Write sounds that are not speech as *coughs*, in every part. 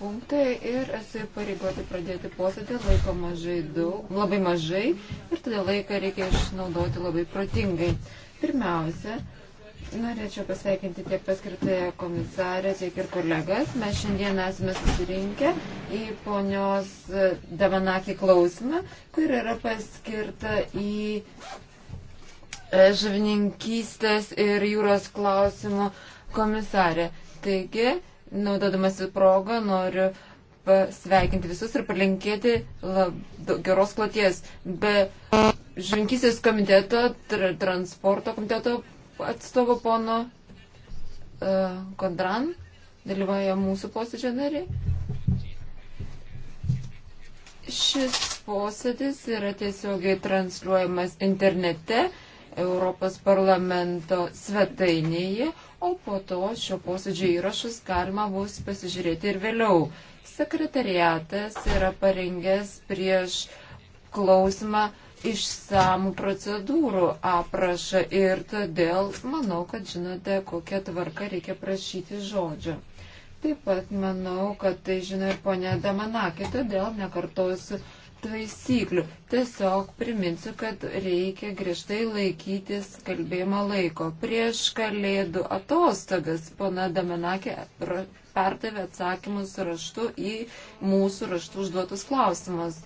punktai ir esu įpareigoti pradėti posėdį, laiko mažai daug, labai mažai ir todėl laiką reikia išnaudoti labai protingai. Pirmiausia, Norėčiau pasveikinti tiek paskirtąją komisarę, tiek ir kolegas. Mes šiandien esame susirinkę į ponios Davanakį klausimą, kur yra paskirta į e, žavininkystės ir jūros klausimų komisarę. Taigi, Naudodamas progą noriu pasveikinti visus ir palinkėti lab, geros kloties. Be žvinkysės komiteto, tra, transporto komiteto atstovo pono uh, Kondran dalyvauja mūsų posėdžio nariai. Šis posėdis yra tiesiogiai transliuojamas internete Europos parlamento svetainėje o po to šio posėdžio įrašus galima bus pasižiūrėti ir vėliau. Sekretariatas yra parengęs prieš klausimą išsamų procedūrų aprašą ir todėl manau, kad žinote, kokią tvarką reikia prašyti žodžio. Taip pat manau, kad tai žino ir ponė Damanakė, todėl nekartosiu taisyklių. Tiesiog priminsiu, kad reikia griežtai laikytis kalbėjimo laiko. Prieš kalėdų atostogas pana Damenakė perdavė atsakymus raštu į mūsų raštų užduotus klausimus.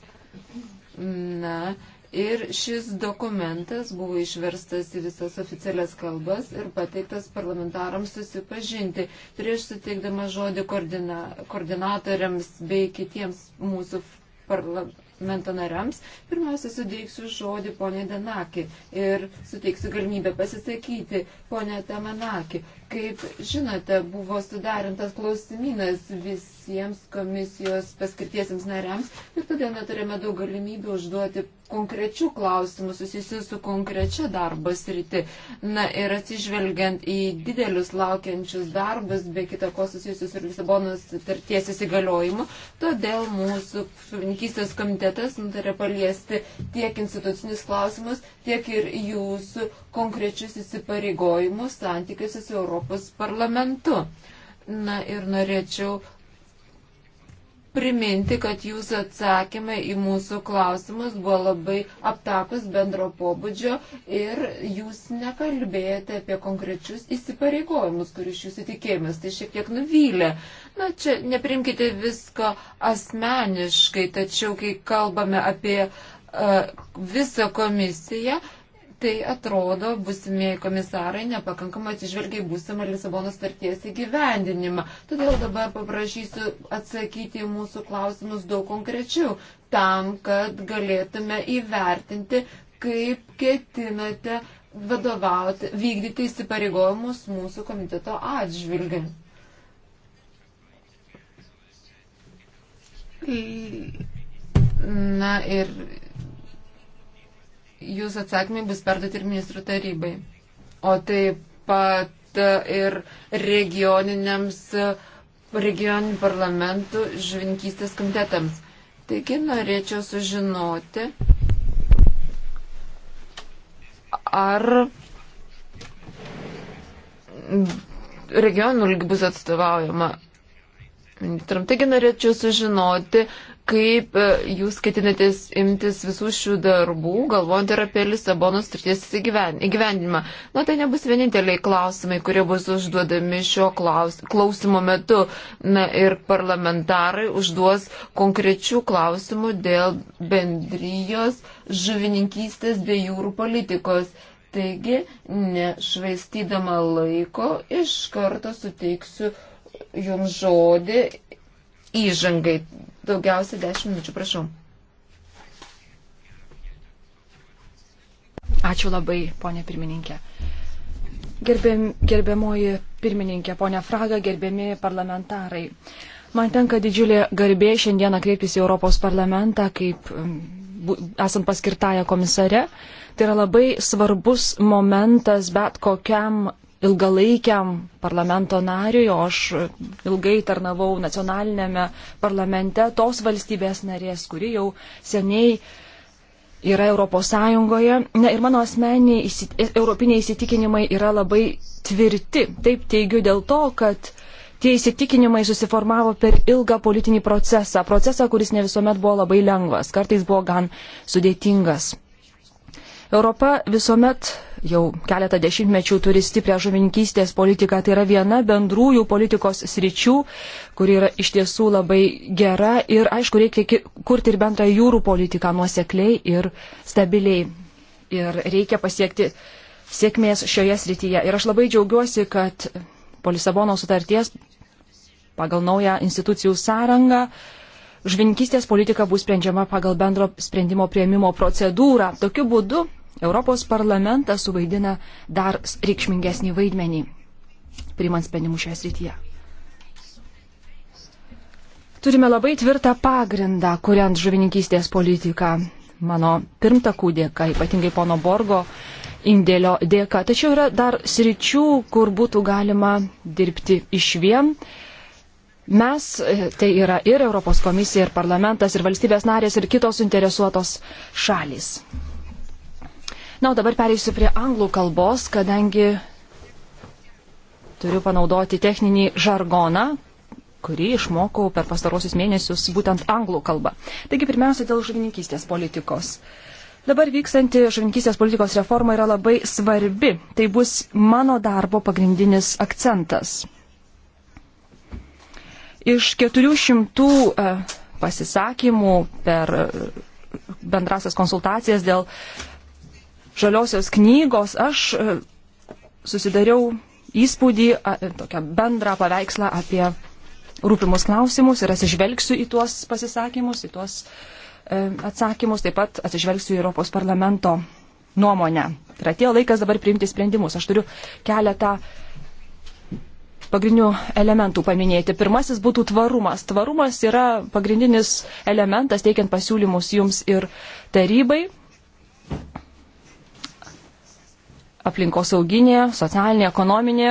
Na, ir šis dokumentas buvo išverstas į visas oficialias kalbas ir pateiktas parlamentarams susipažinti. Prieš suteikdama žodį koordina, koordinatoriams bei kitiems mūsų parlamentarams parlamento nariams. Pirmiausia, suteiksiu žodį poniai Danaki ir suteiksiu galimybę pasisakyti ponė Tamanaki. Kaip žinote, buvo sudarintas klausimynas visi visiems komisijos paskirtiesiams nariams ir todėl neturime daug galimybių užduoti konkrečių klausimų susijusių su konkrečia darbo sriti. Na ir atsižvelgiant į didelius laukiančius darbus, be kita ko susijusius ir Lisabonos tarties įsigaliojimu, todėl mūsų suvininkystės komitetas nutarė paliesti tiek institucinius klausimus, tiek ir jūsų konkrečius įsipareigojimus santykiuose su Europos parlamentu. Na ir norėčiau priminti, kad jūsų atsakymai į mūsų klausimus buvo labai aptakus bendro pobūdžio ir jūs nekalbėjote apie konkrečius įsipareigojimus, kuris jūsų tikėjimas. Tai šiek tiek nuvylė. Na, čia neprimkite visko asmeniškai, tačiau kai kalbame apie uh, visą komisiją, uh, tai atrodo busimieji komisarai nepakankamai atsižvelgia į būsimą Lisabono starties įgyvendinimą. Todėl dabar paprašysiu atsakyti į mūsų klausimus daug konkrečiau, tam, kad galėtume įvertinti, kaip ketinate vadovauti, vykdyti įsipareigojimus mūsų komiteto atžvilgiu. Na ir jūsų atsakymai bus perduoti ir ministrų tarybai. O taip pat ir regioniniams, regioninių parlamentų žvinkystės komitetams. Taigi norėčiau sužinoti, ar regionų lyg bus atstovaujama ministram. Taigi norėčiau sužinoti, Kaip e, jūs ketinatės imtis visų šių darbų, galvojant ir apie Lisabonos sutarties įgyvendinimą? Na, tai nebus vieninteliai klausimai, kurie bus užduodami šio klaus, klausimo metu. Na, ir parlamentarai užduos konkrečių klausimų dėl bendrijos žuvininkystės bei jūrų politikos. Taigi, nešvaistydama laiko, iš karto suteiksiu jums žodį įžangai daugiausiai 10 minučių, prašau. Ačiū labai, ponė pirmininkė. Gerbiam, gerbiamoji pirmininkė, ponė Fraga, gerbiami parlamentarai. Man tenka didžiulė garbė šiandieną kreiptis į Europos parlamentą kaip esant paskirtąją komisare. Tai yra labai svarbus momentas bet kokiam ilgalaikiam parlamento nariui, o aš ilgai tarnavau nacionalinėme parlamente tos valstybės narės, kuri jau seniai yra Europos Sąjungoje. Na ir mano asmeniai įsit... europiniai įsitikinimai yra labai tvirti. Taip teigiu dėl to, kad tie įsitikinimai susiformavo per ilgą politinį procesą. Procesą, kuris ne visuomet buvo labai lengvas, kartais buvo gan sudėtingas. Europa visuomet jau keletą dešimtmečių turi stiprią žuvininkystės politiką. Tai yra viena bendrųjų politikos sričių, kuri yra iš tiesų labai gera. Ir aišku, reikia kurti ir bendrą jūrų politiką nuosekliai ir stabiliai. Ir reikia pasiekti sėkmės šioje srityje. Ir aš labai džiaugiuosi, kad po Lisabono sutarties pagal naują institucijų sąrangą žvinkystės politika bus sprendžiama pagal bendro sprendimo prieimimo procedūrą. Tokiu būdu Europos parlamentas suvaidina dar reikšmingesnį vaidmenį, priimant sprendimus šioje srityje. Turime labai tvirtą pagrindą, kuriant žuvininkystės politiką mano pirmtakų dėka, ypatingai pono Borgo indėlio dėka. Tačiau yra dar sričių, kur būtų galima dirbti iš vien. Mes, e, tai yra ir Europos komisija, ir parlamentas, ir valstybės narės, ir kitos interesuotos šalis. Na, o dabar pereisiu prie anglų kalbos, kadangi turiu panaudoti techninį žargoną, kurį išmokau per pastarosius mėnesius būtent anglų kalbą. Taigi pirmiausia dėl žuvininkystės politikos. Dabar vykstanti žuvininkystės politikos reforma yra labai svarbi. Tai bus mano darbo pagrindinis akcentas. Iš 400 e, pasisakymų per e, bendrasias konsultacijas dėl žaliosios knygos aš e, susidariau įspūdį, e, tokią bendrą paveikslą apie rūpimus klausimus ir atsižvelgsiu į tuos pasisakymus, į tuos e, atsakymus, taip pat atsižvelgsiu į Europos parlamento nuomonę. Tai yra atėjo laikas dabar priimti sprendimus. Aš turiu keletą pagrindinių elementų paminėti. Pirmasis būtų tvarumas. Tvarumas yra pagrindinis elementas teikiant pasiūlymus jums ir tarybai aplinkosauginė, socialinė, ekonominė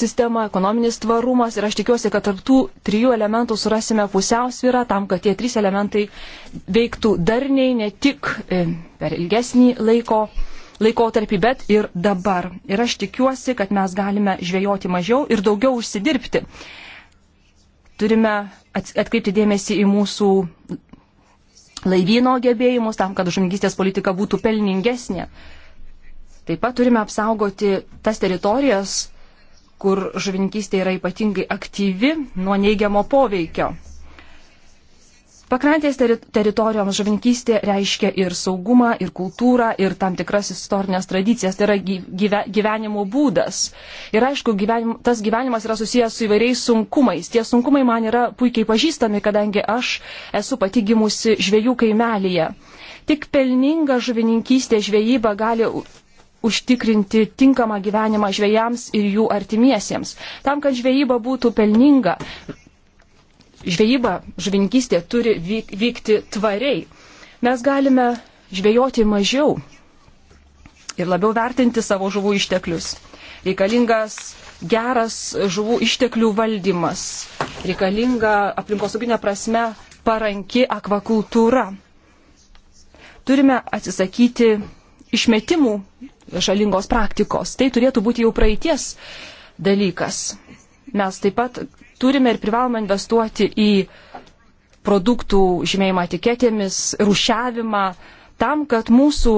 sistema, ekonominis tvarumas ir aš tikiuosi, kad tarp tų trijų elementų surasime pusiausvyrą tam, kad tie trys elementai veiktų darniai ne tik e, per ilgesnį laiko laikotarpį, bet ir dabar. Ir aš tikiuosi, kad mes galime žvejoti mažiau ir daugiau užsidirbti. Turime atkreipti dėmesį į mūsų laivyno gebėjimus tam, kad žungystės politika būtų pelningesnė. Taip pat turime apsaugoti tas teritorijas, kur žuvininkystė yra ypatingai aktyvi nuo neigiamo poveikio. Pakrantės teri teritorijoms žuvininkystė reiškia ir saugumą, ir kultūrą, ir tam tikras istorinės tradicijas. Tai yra gyve gyvenimo būdas. Ir aišku, gyvenim tas gyvenimas yra susijęs su įvairiais sunkumais. Tie sunkumai man yra puikiai pažįstami, kadangi aš esu pati gimusi žviejų kaimelyje. Tik pelninga žuvininkystė žvejyba gali užtikrinti tinkamą gyvenimą žvėjams ir jų artimiesiems. Tam, kad žvėjyba būtų pelninga, žvėjyba, žvinkystė turi vyk, vykti tvariai. Mes galime žvėjoti mažiau ir labiau vertinti savo žuvų išteklius. Reikalingas geras žuvų išteklių valdymas, reikalinga aplinkosauginė prasme paranki akvakultūra. Turime atsisakyti išmetimų žalingos praktikos. Tai turėtų būti jau praeities dalykas. Mes taip pat turime ir privalome investuoti į produktų žymėjimą etiketėmis, rušiavimą, tam, kad mūsų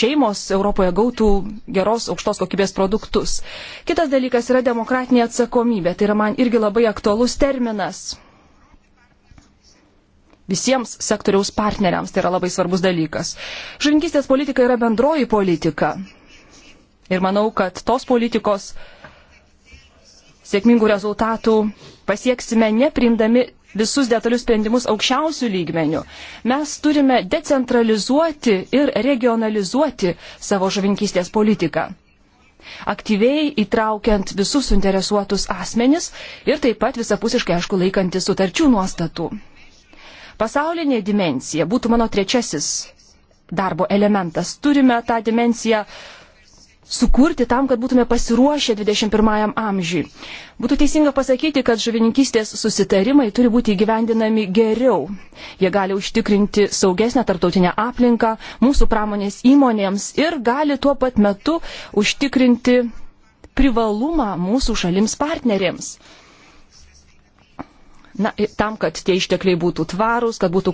šeimos Europoje gautų geros aukštos kokybės produktus. Kitas dalykas yra demokratinė atsakomybė. Tai yra man irgi labai aktualus terminas visiems sektoriaus partneriams. Tai yra labai svarbus dalykas. Žuvininkystės politika yra bendroji politika. Ir manau, kad tos politikos sėkmingų rezultatų pasieksime neprimdami visus detalius sprendimus aukščiausių lygmenių. Mes turime decentralizuoti ir regionalizuoti savo žuvinkystės politiką. Aktyviai įtraukiant visus suinteresuotus asmenis ir taip pat visapusiškai, aišku, laikantis sutarčių nuostatų. Pasaulinė dimensija būtų mano trečiasis darbo elementas. Turime tą dimensiją sukurti tam, kad būtume pasiruošę 21 amžiui. Būtų teisinga pasakyti, kad žuvininkystės susitarimai turi būti įgyvendinami geriau. Jie gali užtikrinti saugesnę tarptautinę aplinką mūsų pramonės įmonėms ir gali tuo pat metu užtikrinti privalumą mūsų šalims partneriams na, tam, kad tie ištekliai būtų tvarūs, kad būtų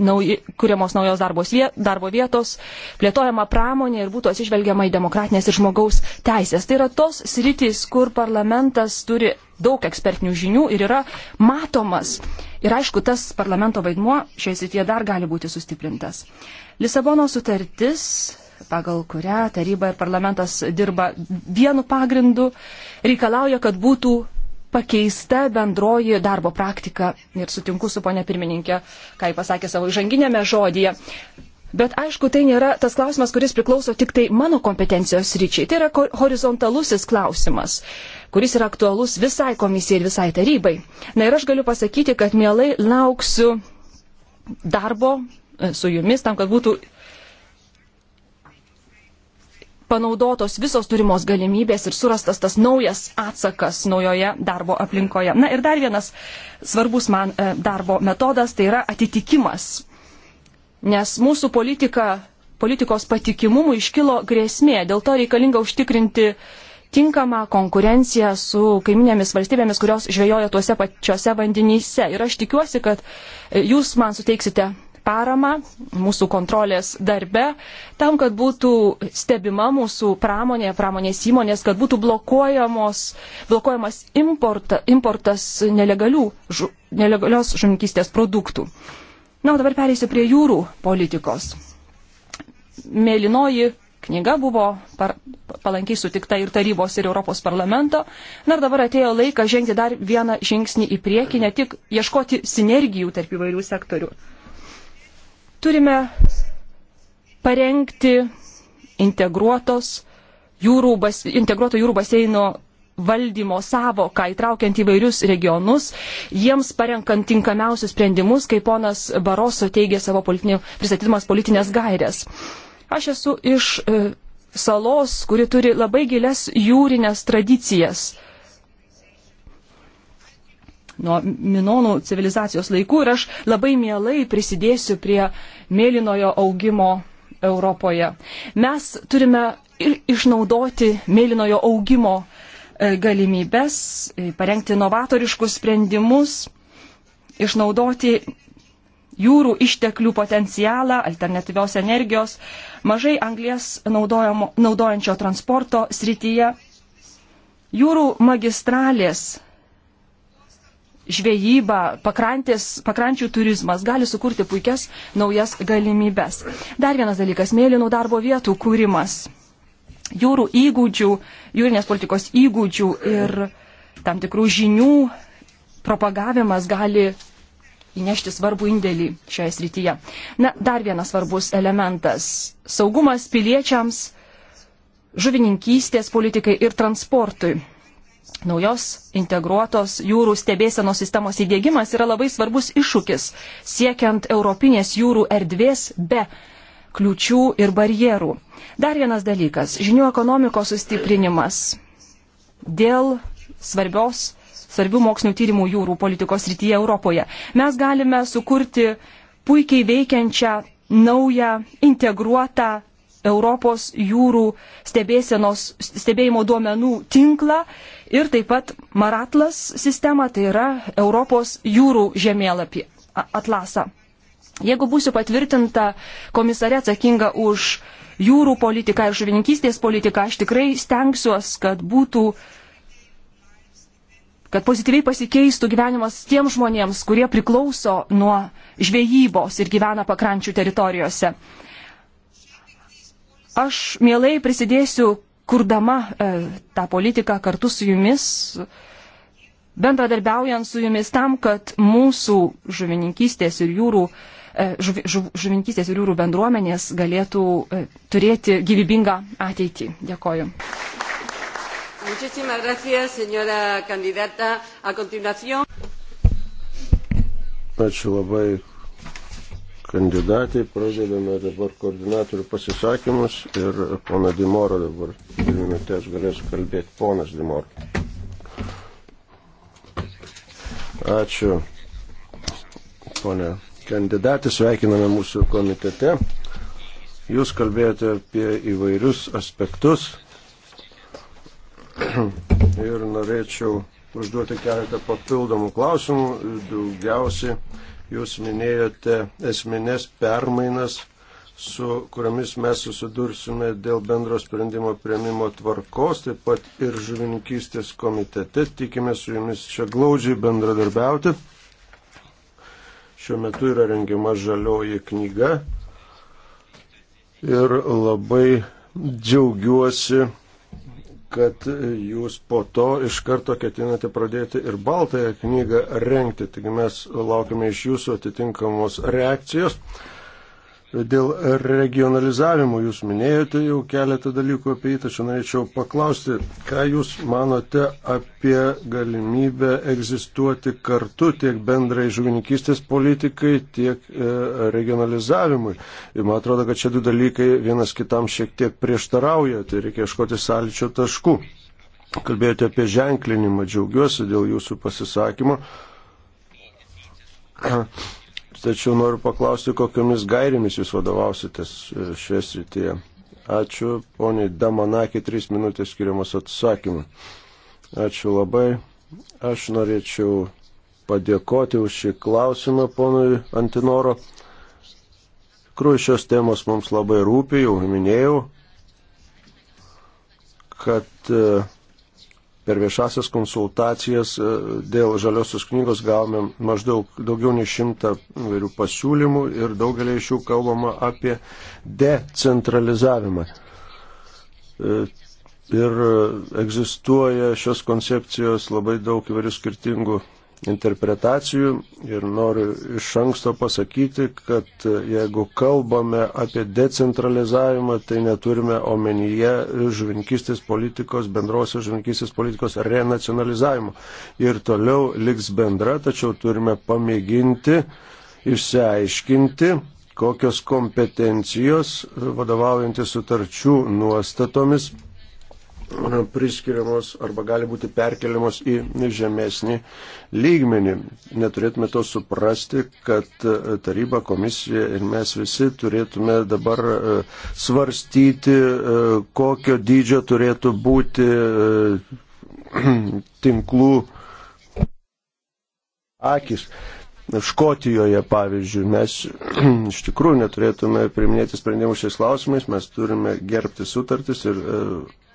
nauji, kuriamos naujos viet, darbo vietos, plėtojama pramonė ir būtų atsižvelgiama į demokratinės ir žmogaus teisės. Tai yra tos sritys, kur parlamentas turi daug ekspertinių žinių ir yra matomas. Ir aišku, tas parlamento vaidmuo šioje srityje dar gali būti sustiprintas. Lisabono sutartis pagal kurią taryba ir parlamentas dirba vienu pagrindu, reikalauja, kad būtų pakeista bendroji darbo praktika. Ir sutinku su ponia pirmininkė, ką ji pasakė savo įžanginėme žodėje. Bet aišku, tai nėra tas klausimas, kuris priklauso tik tai mano kompetencijos ryčiai. Tai yra horizontalusis klausimas, kuris yra aktualus visai komisijai ir visai tarybai. Na ir aš galiu pasakyti, kad mielai lauksiu darbo e, su jumis tam, kad būtų panaudotos visos turimos galimybės ir surastas tas naujas atsakas naujoje darbo aplinkoje. Na ir dar vienas svarbus man e, darbo metodas tai yra atitikimas. Nes mūsų politika, politikos patikimumui iškilo grėsmė, dėl to reikalinga užtikrinti tinkamą konkurenciją su kaiminėmis valstybėmis, kurios žvejoja tuose pačiuose vandenyse. Ir aš tikiuosi, kad e, jūs man suteiksite paramą mūsų kontrolės darbe, tam, kad būtų stebima mūsų pramonė, pramonės įmonės, kad būtų blokuojamas importa, importas žu, nelegalios žuvininkystės produktų. Na, o dabar pereisiu prie jūrų politikos. Mėlynoji knyga buvo par, palankiai sutikta ir tarybos, ir Europos parlamento. Na ir dabar atėjo laikas žengti dar vieną žingsnį į priekį, ne tik ieškoti sinergijų tarp įvairių sektorių. Turime parengti integruotos jūrų, bas, integruoto jūrų baseino valdymo savoką, įtraukiant įvairius regionus, jiems parenkant tinkamiausius sprendimus, kaip ponas Baroso teigė savo politinio, pristatydamas politinės gairias. Aš esu iš e, salos, kuri turi labai giles jūrinės tradicijas nuo Minonų civilizacijos laikų ir aš labai mielai prisidėsiu prie mėlynojo augimo Europoje. Mes turime ir išnaudoti mėlynojo augimo e, galimybės, e, parengti novatoriškus sprendimus, išnaudoti jūrų išteklių potencialą, alternatyvios energijos, mažai anglės naudojančio transporto srityje. Jūrų magistralės žvejyba, pakrančių turizmas gali sukurti puikias naujas galimybes. Dar vienas dalykas - mėlynų darbo vietų kūrimas, jūrų įgūdžių, jūrinės politikos įgūdžių ir tam tikrų žinių propagavimas gali įnešti svarbų indėlį šioje srityje. Na, dar vienas svarbus elementas - saugumas piliečiams, žuvininkystės politikai ir transportui. Naujos integruotos jūrų stebėsenos sistemos įdėgymas yra labai svarbus iššūkis, siekiant Europinės jūrų erdvės be kliučių ir barjerų. Dar vienas dalykas - žinių ekonomikos sustiprinimas dėl svarbios, svarbių mokslinių tyrimų jūrų politikos rytyje Europoje. Mes galime sukurti puikiai veikiančią naują integruotą Europos jūrų stebėjimo duomenų tinklą ir taip pat Maratlas sistemą, tai yra Europos jūrų žemėlapį atlasą. Jeigu būsiu patvirtinta komisare atsakinga už jūrų politiką ir žuvininkystės politiką, aš tikrai stengsiuosi, kad būtų kad pozityviai pasikeistų gyvenimas tiem žmonėms, kurie priklauso nuo žvejybos ir gyvena pakrančių teritorijose. Aš mielai prisidėsiu kurdama e, tą politiką kartu su jumis, bendradarbiaujant su jumis tam, kad mūsų žuvininkystės ir jūrų e, žuv, žuv, žuvininkystės ir jūrų bendruomenės galėtų e, turėti gyvybingą ateitį. Dėkoju. Muchísimas gracias, señora candidata. A continuación. Ačiū labai kandidatai. Pradedame dabar koordinatorių pasisakymus ir pona Dimoro dabar dvi minutės galės kalbėti. Ponas Dimoro. Ačiū, ponė kandidatė, sveikiname mūsų komitete. Jūs kalbėjote apie įvairius aspektus ir norėčiau užduoti keletą papildomų klausimų, daugiausiai Jūs minėjote esminės permainas, su kuriamis mes susidursime dėl bendro sprendimo prieimimo tvarkos, taip pat ir žuvininkystės komitete. Tikime su jumis čia glaudžiai bendradarbiauti. Šiuo metu yra rengiama žalioji knyga ir labai džiaugiuosi kad jūs po to iš karto ketinate pradėti ir baltąją knygą renkti. Taigi mes laukime iš jūsų atitinkamos reakcijos. Dėl regionalizavimo jūs minėjote jau keletą dalykų apie jį, tačiau norėčiau paklausti, ką jūs manote apie galimybę egzistuoti kartu tiek bendrai žuvininkystės politikai, tiek e, regionalizavimui. Ir man atrodo, kad čia du dalykai vienas kitam šiek tiek prieštarauja, tai reikia ieškoti sąlyčio taškų. Kalbėjote apie ženklinimą, džiaugiuosi dėl jūsų pasisakymo. Tačiau noriu paklausti, kokiamis gairėmis jūs vadovausitės e, šioje srityje. Ačiū, poniai Damanakė, trys minutės skiriamas atsakymui. Ačiū labai. Aš norėčiau padėkoti už šį klausimą ponui Antinoro. Krui šios temos mums labai rūpi, jau minėjau, kad uh, per viešasias konsultacijas e, dėl žaliosios knygos gavome maždaug daugiau nei šimtą vairių pasiūlymų ir daugelį iš jų kalbama apie decentralizavimą. E, ir e, egzistuoja šios koncepcijos labai daug įvairių skirtingų interpretacijų ir noriu iš anksto pasakyti, kad jeigu kalbame apie decentralizavimą, tai neturime omenyje žvinkistės politikos, bendrosios žvinkistės politikos renacionalizavimo. Ir toliau liks bendra, tačiau turime pamėginti išsiaiškinti, kokios kompetencijos vadovaujantis sutarčių nuostatomis priskiriamos arba gali būti perkeliamos į žemesnį lygmenį. Neturėtume to suprasti, kad e, taryba, komisija ir mes visi turėtume dabar e, svarstyti, e, kokio dydžio turėtų būti *clears throat* tinklų akis. Škotijoje, pavyzdžiui, mes *clears throat* iš tikrųjų neturėtume priminėti sprendimų šiais klausimais, mes turime gerbti sutartis ir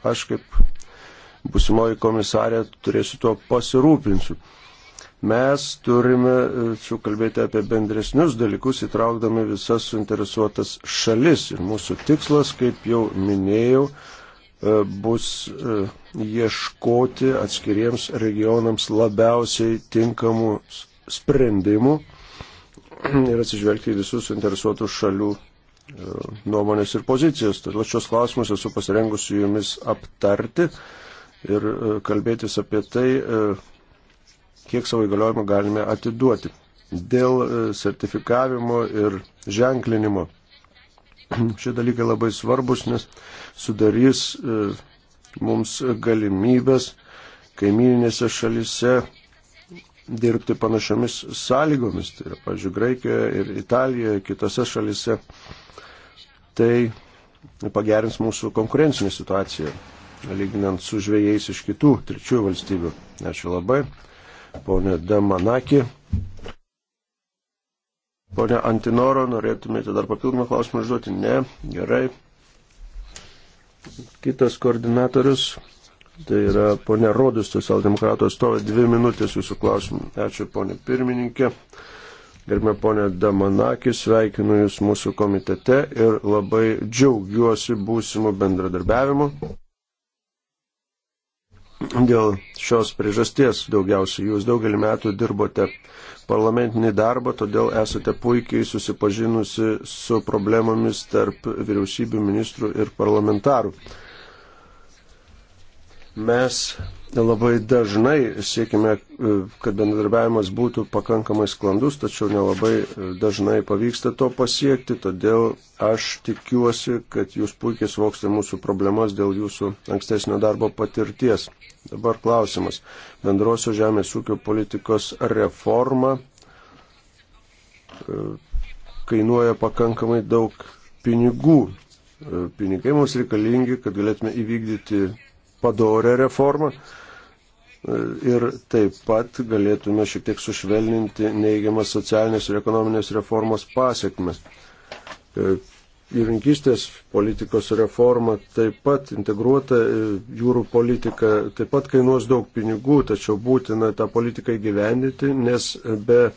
Aš kaip busimoji komisarė turėsiu tuo pasirūpinsiu. Mes turime e, čia kalbėti apie bendresnius dalykus, įtraukdami visas suinteresuotas šalis. Ir mūsų tikslas, kaip jau minėjau, e, bus e, ieškoti atskiriems regionams labiausiai tinkamų sprendimų *clears throat* ir atsižvelgti į visus suinteresuotų šalių nuomonės ir pozicijas. Todėl šios klausimus esu pasirengusi jumis aptarti ir e, kalbėtis apie tai, e, kiek savo įgaliojimą galime atiduoti. Dėl e, sertifikavimo ir ženklinimo. *clears throat* Šie dalykai labai svarbus, nes sudarys mums galimybės kaimininėse šalise dirbti panašiomis sąlygomis. Tai yra, pažiūrėjau, Graikijoje ir Italijoje, kitose šalise tai pagerins mūsų konkurencinį situaciją, lyginant su žvėjais iš kitų trečiųjų valstybių. Ačiū labai. Pone Damanaki. Pone Antinoro, norėtumėte dar papildomą klausimą užduoti? Ne. Gerai. Kitas koordinatorius. Tai yra ponė Rodus, socialdemokratų atstovė, dvi minutės jūsų klausimų. Ačiū, ponė pirmininkė. Gerbė ponė Damanakį, sveikinu Jūs mūsų komitete ir labai džiaugiuosi būsimu bendradarbiavimu. Dėl šios priežasties daugiausiai Jūs daugelį metų dirbote parlamentinį darbą, todėl esate puikiai susipažinusi su problemomis tarp vyriausybių ministrų ir parlamentarų. Mes labai dažnai siekime, e, kad bendradarbiavimas būtų pakankamai sklandus, tačiau nelabai e, dažnai pavyksta to pasiekti, todėl aš tikiuosi, kad jūs puikiai suvoksite mūsų problemas dėl jūsų ankstesnio darbo patirties. Dabar klausimas. Bendrosios žemės ūkio politikos reforma e, kainuoja pakankamai daug pinigų. Pinigai mums reikalingi, kad galėtume įvykdyti padorę reformą ir taip pat galėtume šiek tiek sušvelninti neigiamas socialinės ir ekonominės reformos pasiekmes. Jūrinkystės e, politikos reforma taip pat integruota e, jūrų politika taip pat kainuos daug pinigų, tačiau būtina tą politiką įgyvendyti, nes be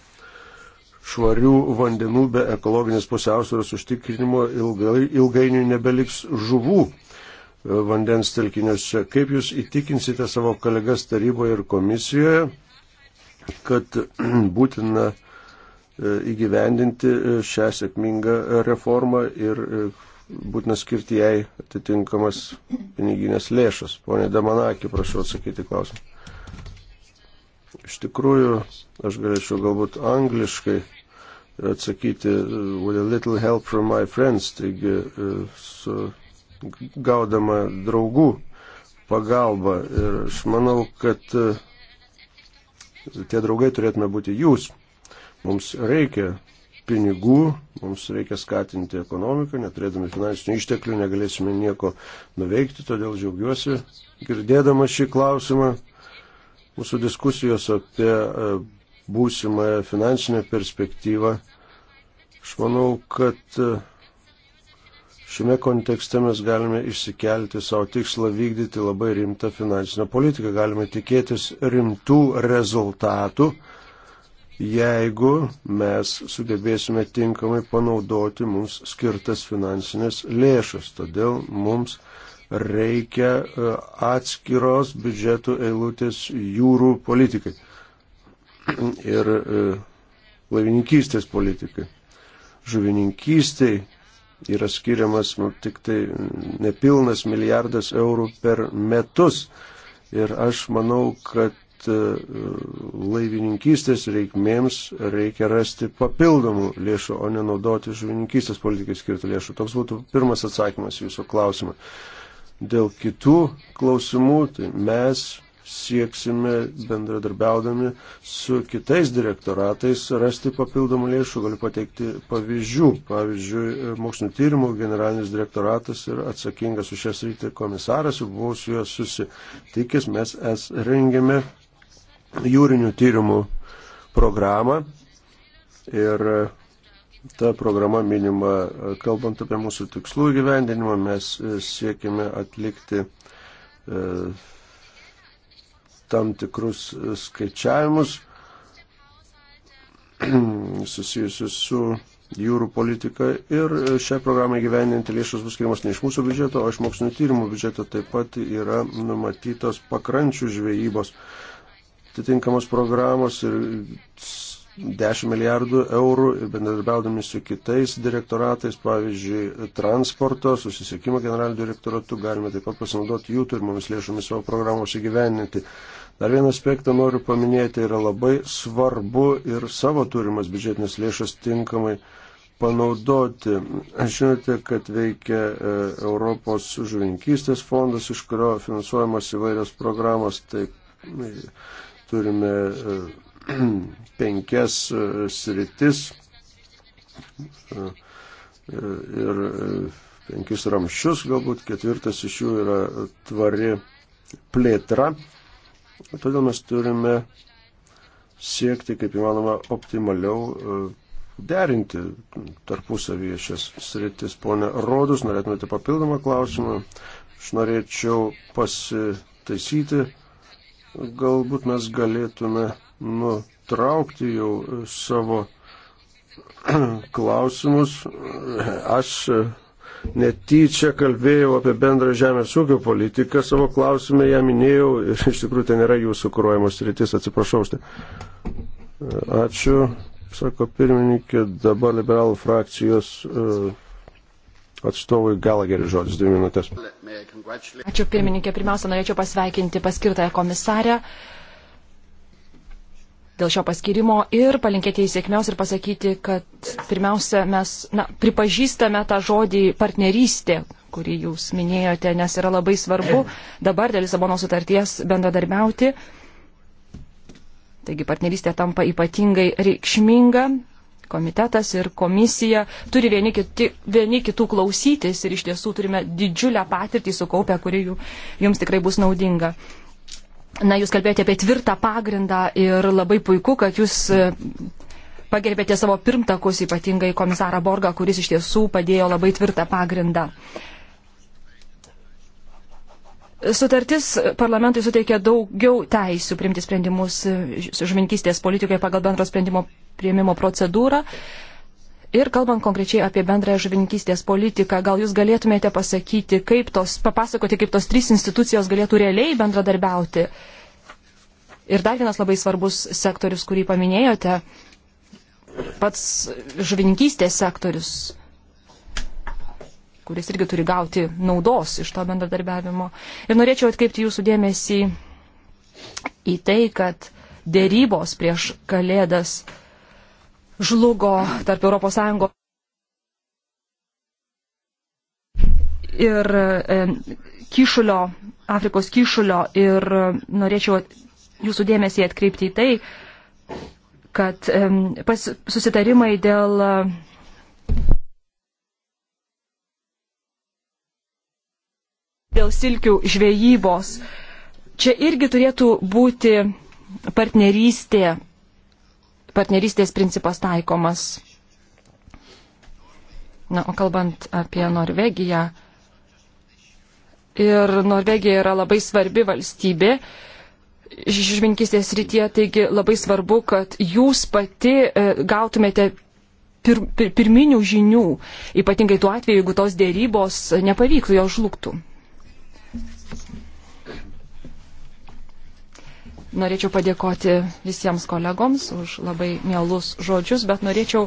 švarių vandenų, be ekologinės pusiausvėros užtikrinimo ilgai, ilgainiui nebeliks žuvų vandens telkiniuose. Kaip jūs įtikinsite savo kolegas taryboje ir komisijoje, kad *clears throat* būtina e, įgyvendinti e, šią sėkmingą reformą ir e, būtina skirti jai atitinkamas piniginės lėšas. Pone Damanakį, prašau atsakyti klausimą. Iš tikrųjų, aš galėčiau galbūt angliškai atsakyti with a little help from my friends, taigi su gaudama draugų pagalbą. Ir aš manau, kad e, tie draugai turėtume būti jūs. Mums reikia pinigų, mums reikia skatinti ekonomiką, neturėdami finansinių išteklių negalėsime nieko nuveikti, todėl džiaugiuosi girdėdama šį klausimą. Mūsų diskusijos apie e, būsimą finansinę perspektyvą. Aš manau, kad e, Šiame kontekste mes galime išsikelti savo tikslą vykdyti labai rimtą finansinę politiką. Galime tikėtis rimtų rezultatų, jeigu mes sugebėsime tinkamai panaudoti mums skirtas finansinės lėšas. Todėl mums reikia e, atskiros biudžeto eilutės jūrų politikai ir e, laivininkystės politikai. Žuvininkystėj yra skiriamas nu, tik tai nepilnas milijardas eurų per metus. Ir aš manau, kad e, laivininkystės reikmėms reikia rasti papildomų lėšų, o nenaudoti žuvininkystės politikai skirtų lėšų. Toks būtų pirmas atsakymas jūsų klausimą. Dėl kitų klausimų, tai mes sieksime bendradarbiaudami su kitais direktoratais rasti papildomų lėšų. Galiu pateikti pavyzdžių. Pavyzdžiui, mokslinio tyrimų generalinis direktoratas ir atsakingas už šias rytį komisaras, jau buvau su juo susitikęs, mes es rengėme jūrinių tyrimų programą ir ta programa minima, kalbant apie mūsų tikslų gyvendinimą, mes siekime atlikti e, tam tikrus skaičiavimus *clears throat* susijusius su jūrų politika ir šią programą gyveninti lėšos bus skiriamas ne iš mūsų biudžeto, o iš mokslinio tyrimų biudžeto taip pat yra numatytos pakrančių žvejybos atitinkamos programos ir 10 milijardų eurų ir bendradarbiaudami su kitais direktoratais, pavyzdžiui, transporto, susisiekimo generaliniu direktoratu, galime taip pat pasinaudoti jų turimomis lėšomis savo programos įgyveninti. Dar vieną aspektą noriu paminėti, yra labai svarbu ir savo turimas biudžetinės lėšas tinkamai panaudoti. Žinote, kad veikia e, Europos žuvinkystės fondas, iš kurio finansuojamas įvairios programos. Taip, turime e, *clears throat* penkias e, sritis e, ir e, penkis ramščius, galbūt ketvirtas iš jų yra tvari plėtra. Todėl mes turime siekti kaip įmanoma optimaliau derinti tarpusavyje šias sritis. Pone Rodus, norėtumėte papildomą klausimą? Aš norėčiau pasitaisyti. Galbūt mes galėtume nutraukti jau savo klausimus. Aš netyčia kalbėjau apie bendrą žemės ūkio politiką, savo klausimą ją minėjau ir iš tikrųjų tai nėra jūsų kūruojamos rytis, atsiprašau. Štai. Ačiū, sako pirmininkė, dabar liberalų frakcijos. Uh, atstovui Galageriui žodis, dvi minutės. Ačiū pirmininkė. Pirmiausia, norėčiau pasveikinti paskirtąją komisarę. Uh, dėl šio paskirimo ir palinkėti jai sėkmės ir pasakyti, kad pirmiausia, mes na, pripažįstame tą žodį partnerystė, kurį jūs minėjote, nes yra labai svarbu dabar dėl Lisabono sutarties bendradarbiauti. Taigi partnerystė tampa ypatingai reikšminga. Komitetas ir komisija turi vieni, kiti, vieni kitų klausytis ir iš tiesų turime didžiulę patirtį sukaupę, kuri jums tikrai bus naudinga. Na, jūs kalbėjote apie tvirtą pagrindą ir labai puiku, kad jūs e, pagerbėte savo pirmtakus, ypatingai komisarą Borgą, kuris iš tiesų padėjo labai tvirtą pagrindą. Sutartis parlamentui suteikia daugiau teisių priimti sprendimus e, žuvinkystės politikai pagal bendro sprendimo prieimimo procedūrą. Ir kalbant konkrečiai apie bendrąją žuvininkystės politiką, gal jūs galėtumėte pasakyti, kaip tos, papasakoti, kaip tos trys institucijos galėtų realiai bendradarbiauti. Ir dar vienas labai svarbus sektorius, kurį paminėjote, pats žuvininkystės sektorius, kuris irgi turi gauti naudos iš to bendradarbiavimo. Ir norėčiau atkreipti jūsų dėmesį į tai, kad dėrybos prieš kalėdas žlugo tarp ES ir e, kyšulio, Afrikos kyšulio ir e, norėčiau jūsų dėmesį atkreipti į tai, kad e, pas, susitarimai dėl dėl silkių žvejybos. Čia irgi turėtų būti partnerystė partnerystės principas taikomas. Na, o kalbant apie Norvegiją. Ir Norvegija yra labai svarbi valstybė žvinkistės rytie, taigi labai svarbu, kad jūs pati e, gautumėte pir, pir, pirminių žinių, ypatingai tuo atveju, jeigu tos dėrybos nepavyktų, jos žlugtų. Norėčiau padėkoti visiems kolegoms už labai mielus žodžius, bet norėčiau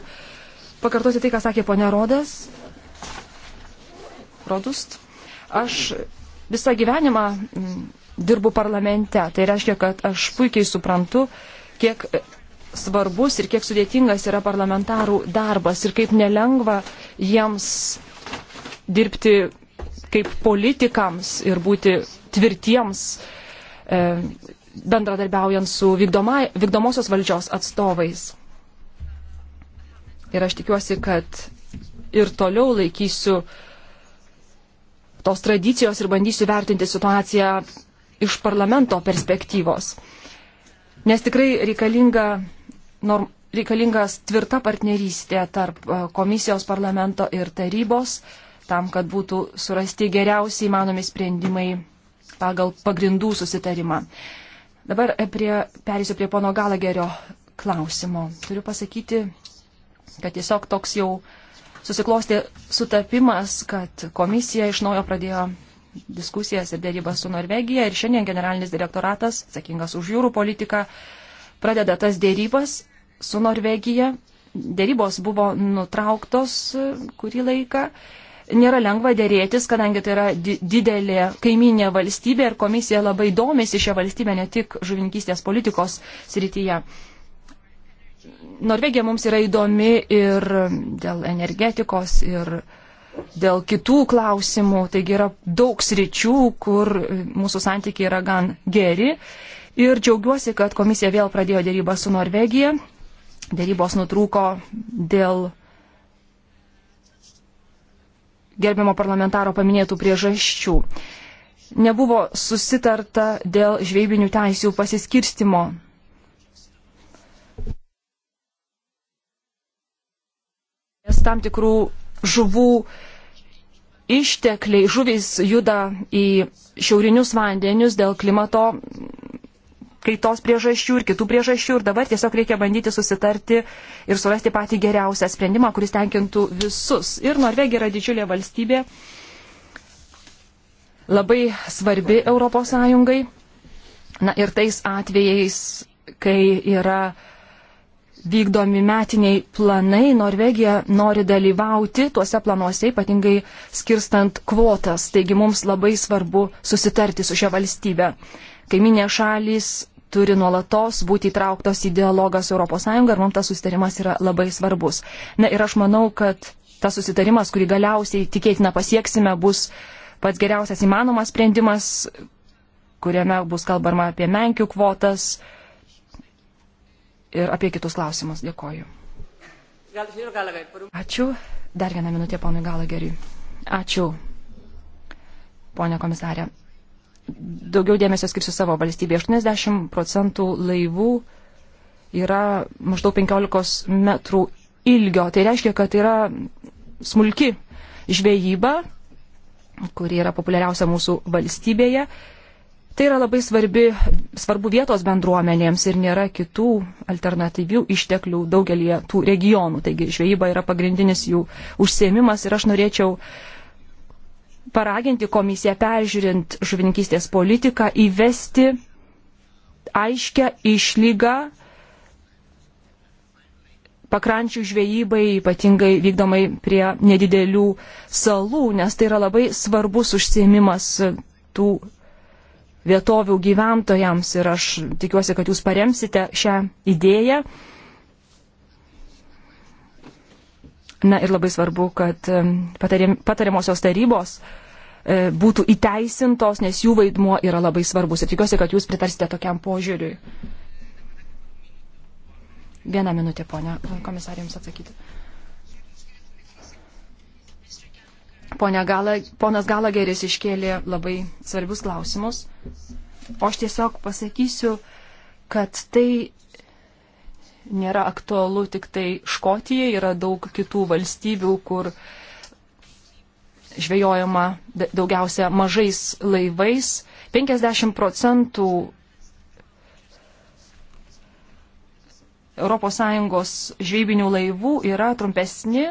pakartoti tai, ką sakė ponė Rodas. Rodust. Aš visą gyvenimą mm, dirbu parlamente. Tai reiškia, kad aš puikiai suprantu, kiek svarbus ir kiek sudėtingas yra parlamentarų darbas ir kaip nelengva jiems dirbti kaip politikams ir būti tvirtiems e, bendradarbiaujant su vykdoma, vykdomosios valdžios atstovais. Ir aš tikiuosi, kad ir toliau laikysiu tos tradicijos ir bandysiu vertinti situaciją iš parlamento perspektyvos. Nes tikrai reikalinga, norm, reikalingas tvirta partnerystė tarp e, komisijos parlamento ir tarybos, tam, kad būtų surasti geriausiai įmanomi sprendimai pagal pagrindų susitarimą. Dabar prie, perėsiu prie pono Galagerio klausimo. Turiu pasakyti, kad tiesiog toks jau susiklosti sutapimas, kad komisija iš naujo pradėjo diskusijas ir dėrybas su Norvegija ir šiandien generalinis direktoratas, atsakingas už jūrų politiką, pradeda tas dėrybas su Norvegija. Dėrybos buvo nutrauktos kurį laiką nėra lengva dėrėtis, kadangi tai yra didelė kaiminė valstybė ir komisija labai domisi šią valstybę ne tik žuvininkystės politikos srityje. Norvegija mums yra įdomi ir dėl energetikos, ir dėl kitų klausimų, taigi yra daug sričių, kur mūsų santykiai yra gan geri. Ir džiaugiuosi, kad komisija vėl pradėjo dėrybą su Norvegija. Dėrybos nutrūko dėl gerbiamo parlamentaro paminėtų priežasčių. Nebuvo susitarta dėl žvejybinių teisių pasiskirstimo. Nes tam tikrų žuvų ištekliai, žuvys juda į šiaurinius vandenius dėl klimato kaitos priežasčių ir kitų priežasčių ir dabar tiesiog reikia bandyti susitarti ir surasti patį geriausią sprendimą, kuris tenkintų visus. Ir Norvegija yra didžiulė valstybė, labai svarbi ES. Na ir tais atvejais, kai yra vykdomi metiniai planai, Norvegija nori dalyvauti tuose planuose, ypatingai skirstant kvotas. Taigi mums labai svarbu susitarti su šia valstybe. Kaiminė šalis turi nuolatos būti įtrauktos į dialogą su ES ir mums tas susitarimas yra labai svarbus. Na ir aš manau, kad tas susitarimas, kurį galiausiai tikėtina pasieksime, bus pats geriausias įmanomas sprendimas, kuriame bus kalbama apie menkių kvotas ir apie kitus klausimus. Dėkoju. Ačiū. Dar vieną minutę ponui Galageriui. Ačiū, ponė komisarė daugiau dėmesio skirsiu savo valstybėje. 80 procentų laivų yra maždaug 15 metrų ilgio. Tai reiškia, kad yra smulki žvejyba, kuri yra populiariausia mūsų valstybėje. Tai yra labai svarbi, svarbu vietos bendruomenėms ir nėra kitų alternatyvių išteklių daugelį tų regionų. Taigi žvejyba yra pagrindinis jų užsiemimas ir aš norėčiau uh, paraginti komisiją peržiūrint žuvininkystės politiką įvesti aiškę išlygą pakrančių žvejybai, ypatingai vykdomai prie nedidelių salų, nes tai yra labai svarbus užsiemimas tų vietovių gyventojams ir aš tikiuosi, kad jūs paremsite šią idėją. Na ir labai svarbu, kad patariamosios tarybos e, būtų įteisintos, nes jų vaidmuo yra labai svarbus. Ir tikiuosi, kad jūs pritarsite tokiam požiūriui. Vieną minutę, ponia komisarė, jums atsakyti. Gala, ponas Galageris iškėlė labai svarbius klausimus. O aš tiesiog pasakysiu, kad tai nėra aktualu tik tai Škotijai, yra daug kitų valstybių, kur žvejojama daugiausia mažais laivais. 50 procentų ES žvejybinių laivų yra trumpesni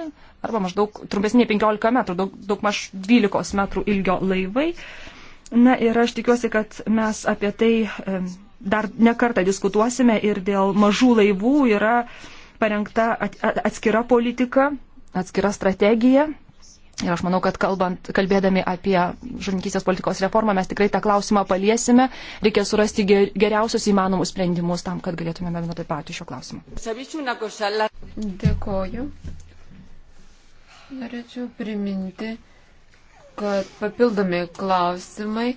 arba maždaug trumpesni 15 metrų, daug, daug maž 12 metrų ilgio laivai. Na ir aš tikiuosi, kad mes apie tai dar nekartą diskutuosime ir dėl mažų laivų yra parengta atskira politika, atskira strategija. Ir aš manau, kad kalbant, kalbėdami apie žuvininkystės politikos reformą, mes tikrai tą klausimą paliesime. Reikia surasti geriausius įmanomus sprendimus tam, kad galėtume bendradarbiauti šio klausimu. Dėkoju. Norėčiau priminti, kad papildomi klausimai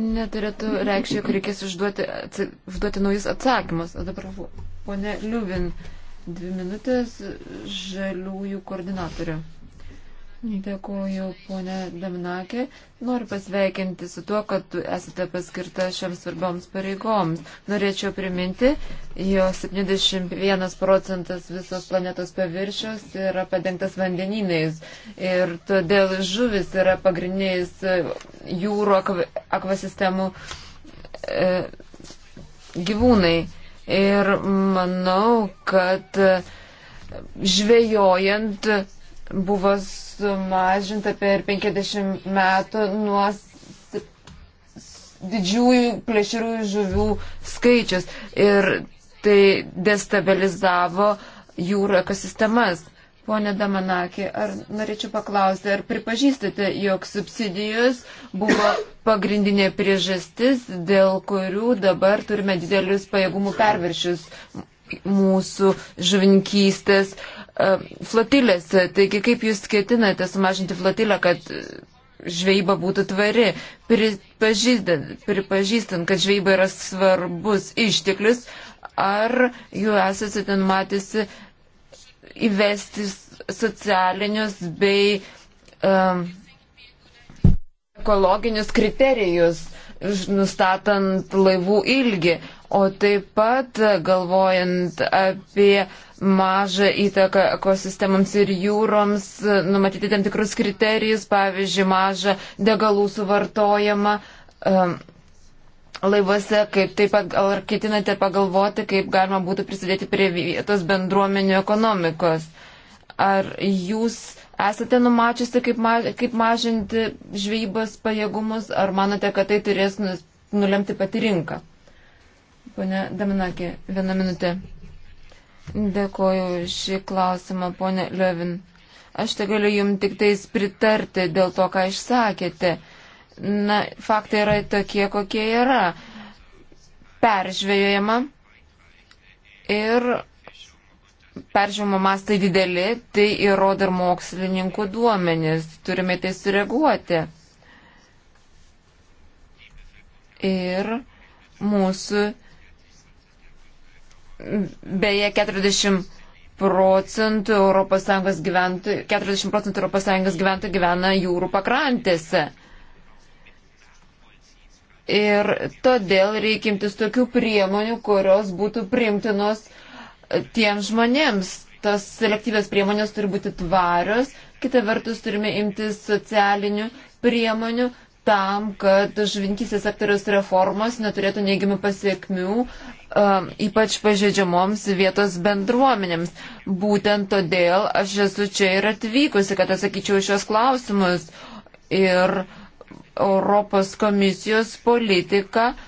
neturėtų reikšti, jog reikės užduoti, užduoti naujus atsakymus. O dabar, ponė Liuvin, dvi minutės žaliųjų koordinatorių. Dėkuoju, ponė Daminakė. Noriu pasveikinti su tuo, kad esate paskirta šiams svarbioms pareigoms. Norėčiau priminti, jo 71 procentas visos planetos paviršiaus yra padengtas vandenynais. Ir todėl žuvis yra pagrindinis e, jūrų akv akvasistemų e, gyvūnai. Ir manau, kad e, žvejojant buvo sumažinta per 50 metų nuo didžiųjų plėšriųjų žuvių skaičius ir tai destabilizavo jūrų ekosistemas. Pone Damanakė, ar norėčiau paklausti, ar pripažįstate, jog subsidijos buvo pagrindinė priežastis, dėl kurių dabar turime didelius pajėgumų perviršius mūsų žvinkystės uh, flotilėse. Taigi kaip jūs ketinate sumažinti flotilę, kad žvejyba būtų tvari, pripažįstant, pripažįstant kad žvejyba yra svarbus išteklius, ar jų esate ten matysi įvesti socialinius bei um, ekologinius kriterijus, nustatant laivų ilgį o taip pat galvojant apie mažą įtaką ekosistemams ir jūroms, numatyti tam tikrus kriterijus, pavyzdžiui, mažą degalų suvartojimą. Um, laivuose, kaip taip pat, ar ketinate pagalvoti, kaip galima būtų prisidėti prie vietos bendruomenių ekonomikos? Ar jūs esate numačiusi, kaip, ma, kaip mažinti žvejybos pajėgumus, ar manote, kad tai turės nulemti pati rinka? Pone Daminakė, vieną minutę. Dėkoju šį klausimą, ponė Levin. Aš tai galiu jums tik tais pritarti dėl to, ką išsakėte. Na, faktai yra tokie, kokie yra. Peržvėjojama ir peržvėjimo mastai dideli, tai įrodo ir mokslininkų duomenys. Turime tai sureaguoti. Ir mūsų Beje, 40 procentų ES gyventojų, 40 procentų ES gyventojų gyvena jūrų pakrantėse. Ir todėl reikimtis tokių priemonių, kurios būtų primtinos e, tiems žmonėms. Tos selektyvės priemonės turi būti tvarios, kita vertus turime imtis socialinių priemonių, tam, kad žuvinkysės sektoriaus reformos neturėtų neigiamų pasiekmių, um, ypač pažeidžiamoms vietos bendruomenėms. Būtent todėl aš esu čia ir atvykusi, kad atsakyčiau šios klausimus. Ir Europos komisijos politika uh,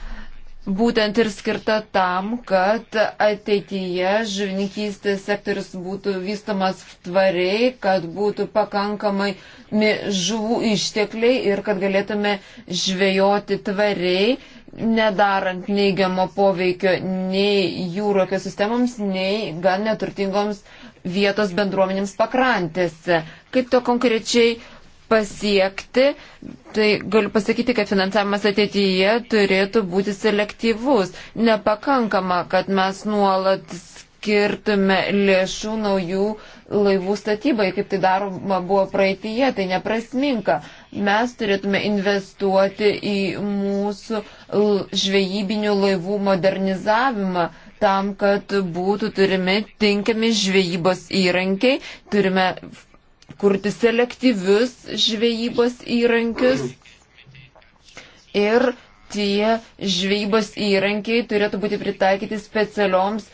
būtent ir skirta tam, kad ateityje žuvininkystės sektorius būtų vystomas tvariai, kad būtų pakankamai žuvų ištekliai ir kad galėtume žvejoti tvariai, nedarant neigiamo poveikio nei jūro ekosistemams, nei gan neturtingoms vietos bendruomenėms pakrantėse. Kaip to konkrečiai uh, pasiekti, tai galiu pasakyti, kad finansavimas ateityje turėtų būti selektyvus. Nepakankama, kad mes nuolat skirtume lėšų naujų laivų statybai, kaip tai daroma buvo praeitie, tai neprasminka. Mes turėtume investuoti į mūsų žvejybinių laivų modernizavimą tam, kad būtų turimi tinkami žvejybos įrankiai, turime kurti selektyvius žvejybos įrankius ir tie žvejybos įrankiai turėtų būti pritaikyti specialioms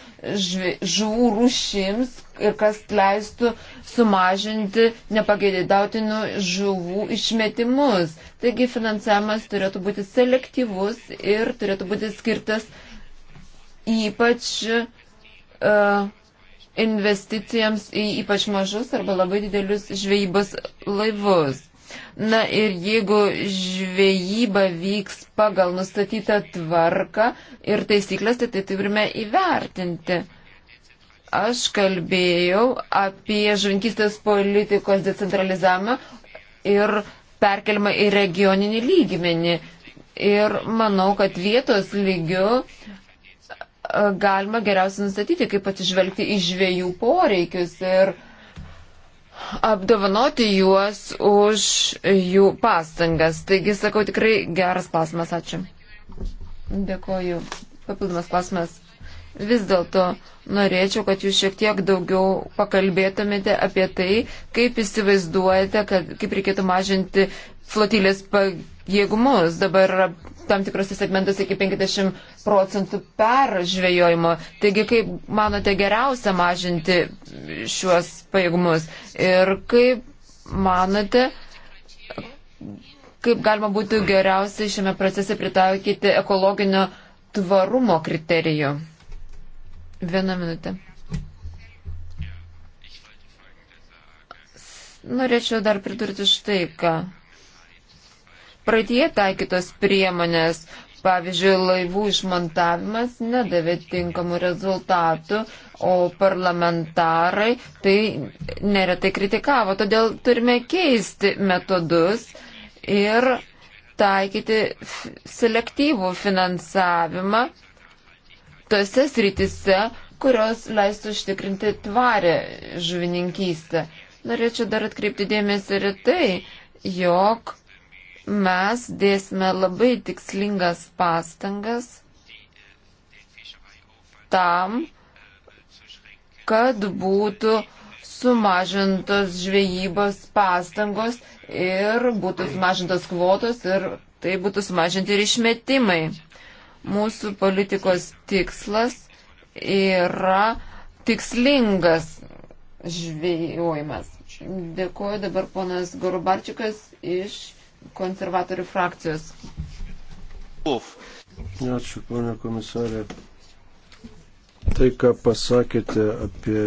žuvų rūšims ir kas leistų sumažinti nepageidautinų žuvų išmetimus. Taigi finansavimas turėtų būti selektyvus ir turėtų būti skirtas ypač uh, investicijams į ypač mažus arba labai didelius žvejybos laivus. Na ir jeigu žvejyba vyks pagal nustatytą tvarką ir taisyklės, tai tai turime įvertinti. Aš kalbėjau apie žvinkistės politikos decentralizavimą ir perkelimą į regioninį lygmenį. Ir manau, kad vietos lygių galima geriausiai nustatyti, kaip atsižvelgti į žviejų poreikius ir apdovanoti juos už jų pastangas. Taigi, sakau, tikrai geras klausimas, ačiū. Dėkoju. Papildomas klausimas. Vis dėlto norėčiau, kad jūs šiek tiek daugiau pakalbėtumėte apie tai, kaip įsivaizduojate, kad, kaip reikėtų mažinti flotilės pakeitimą jeigu mus dabar yra tam tikrose segmentuose iki 50 procentų peržvėjojimo. Taigi, kaip manote geriausia mažinti šiuos pajėgumus ir kaip manote, kaip galima būtų geriausiai šiame procese pritaikyti ekologinio tvarumo kriterijų? Vieną minutę. Norėčiau dar pridurti štai ką praeitie taikytos priemonės, pavyzdžiui, laivų išmontavimas nedavė tinkamų rezultatų, o parlamentarai tai neretai kritikavo. Todėl turime keisti metodus ir taikyti selektyvų finansavimą tose sritise, kurios leistų užtikrinti tvarę žuvininkystę. Norėčiau dar atkreipti dėmesį ir tai, jog mes dėsime labai tikslingas pastangas tam, kad būtų sumažintos žvejybos pastangos ir būtų sumažintos kvotos ir tai būtų sumažinti ir išmetimai. Mūsų politikos tikslas yra tikslingas žvejojimas. Dėkuoju dabar ponas Gorubarčiukas iš konservatorių frakcijos. Uf. Ačiū, ponė komisarė. Tai, ką pasakėte apie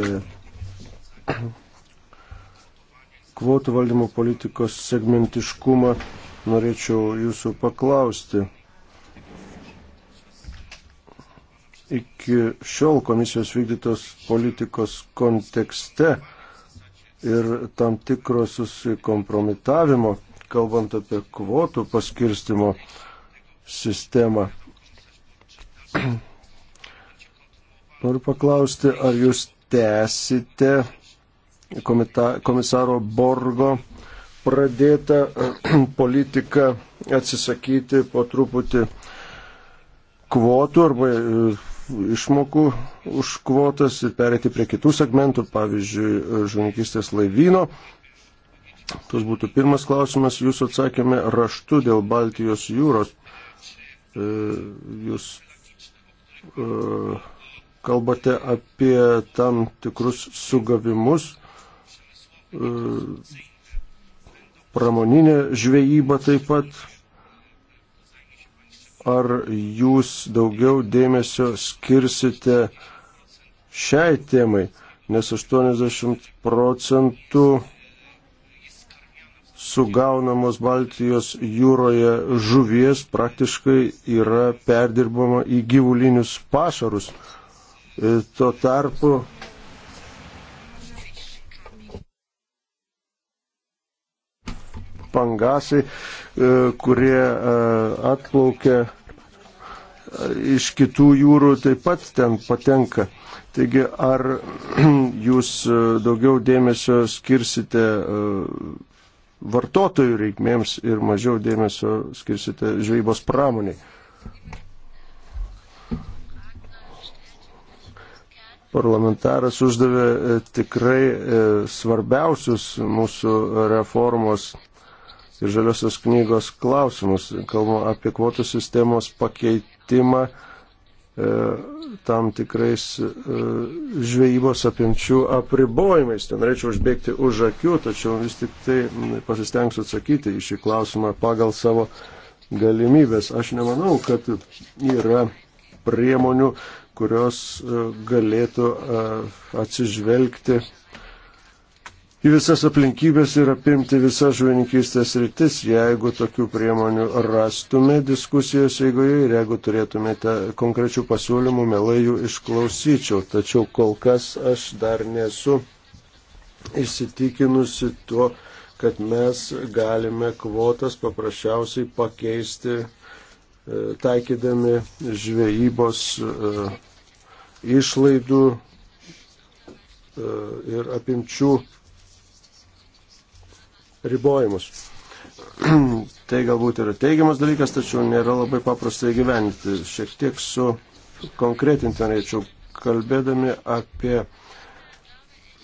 kvotų valdymo politikos segmentiškumą, norėčiau jūsų paklausti. Iki šiol komisijos vykdytos politikos kontekste ir tam tikro susikompromitavimo kalbant apie kvotų paskirstimo sistemą. *clears throat* Noriu paklausti, ar jūs tęsite komisaro Borgo pradėtą *clears throat* politiką atsisakyti po truputį kvotų arba e, išmokų už kvotas ir perėti prie kitų segmentų, pavyzdžiui, žuvininkistės laivyno Toks būtų pirmas klausimas. Jūsų atsakėme raštu dėl Baltijos jūros. E, jūs e, kalbate apie tam tikrus sugavimus. E, pramoninė žvejyba taip pat. Ar jūs daugiau dėmesio skirsite šiai temai, nes 80 procentų sugaunamos Baltijos jūroje žuvies praktiškai yra perdirbama į gyvulinius pašarus. E, tuo tarpu pangasai, e, kurie e, atplaukia iš kitų jūrų, taip pat ten patenka. Taigi, ar *clears throat* jūs daugiau dėmesio skirsite vartotojų reikmėms ir mažiau dėmesio skirsite žvejybos pramoniai. Parlamentaras uždavė e, tikrai e, svarbiausius mūsų reformos ir žaliosios knygos klausimus. Kalbu apie kvotų sistemos pakeitimą E, tam tikrais e, žvejybos apimčių apribojimais. Ten reičiau užbėgti už akių, tačiau vis tik tai pasistengsiu atsakyti į šį klausimą pagal savo galimybės. Aš nemanau, kad yra priemonių, kurios e, galėtų atsižvelgti į visas aplinkybės ir apimti visas žuvininkystės rytis, jeigu tokių priemonių rastume diskusijos eigoje ir jeigu turėtumėte konkrečių pasiūlymų, mielai jų išklausyčiau. Tačiau kol kas aš dar nesu įsitikinusi tuo, kad mes galime kvotas paprasčiausiai pakeisti e, taikydami žvejybos e, išlaidų e, ir apimčių ribojimus. *clears throat* tai galbūt yra teigiamas dalykas, tačiau nėra labai paprasta įgyventi. Šiek tiek su konkretinti norėčiau, kalbėdami apie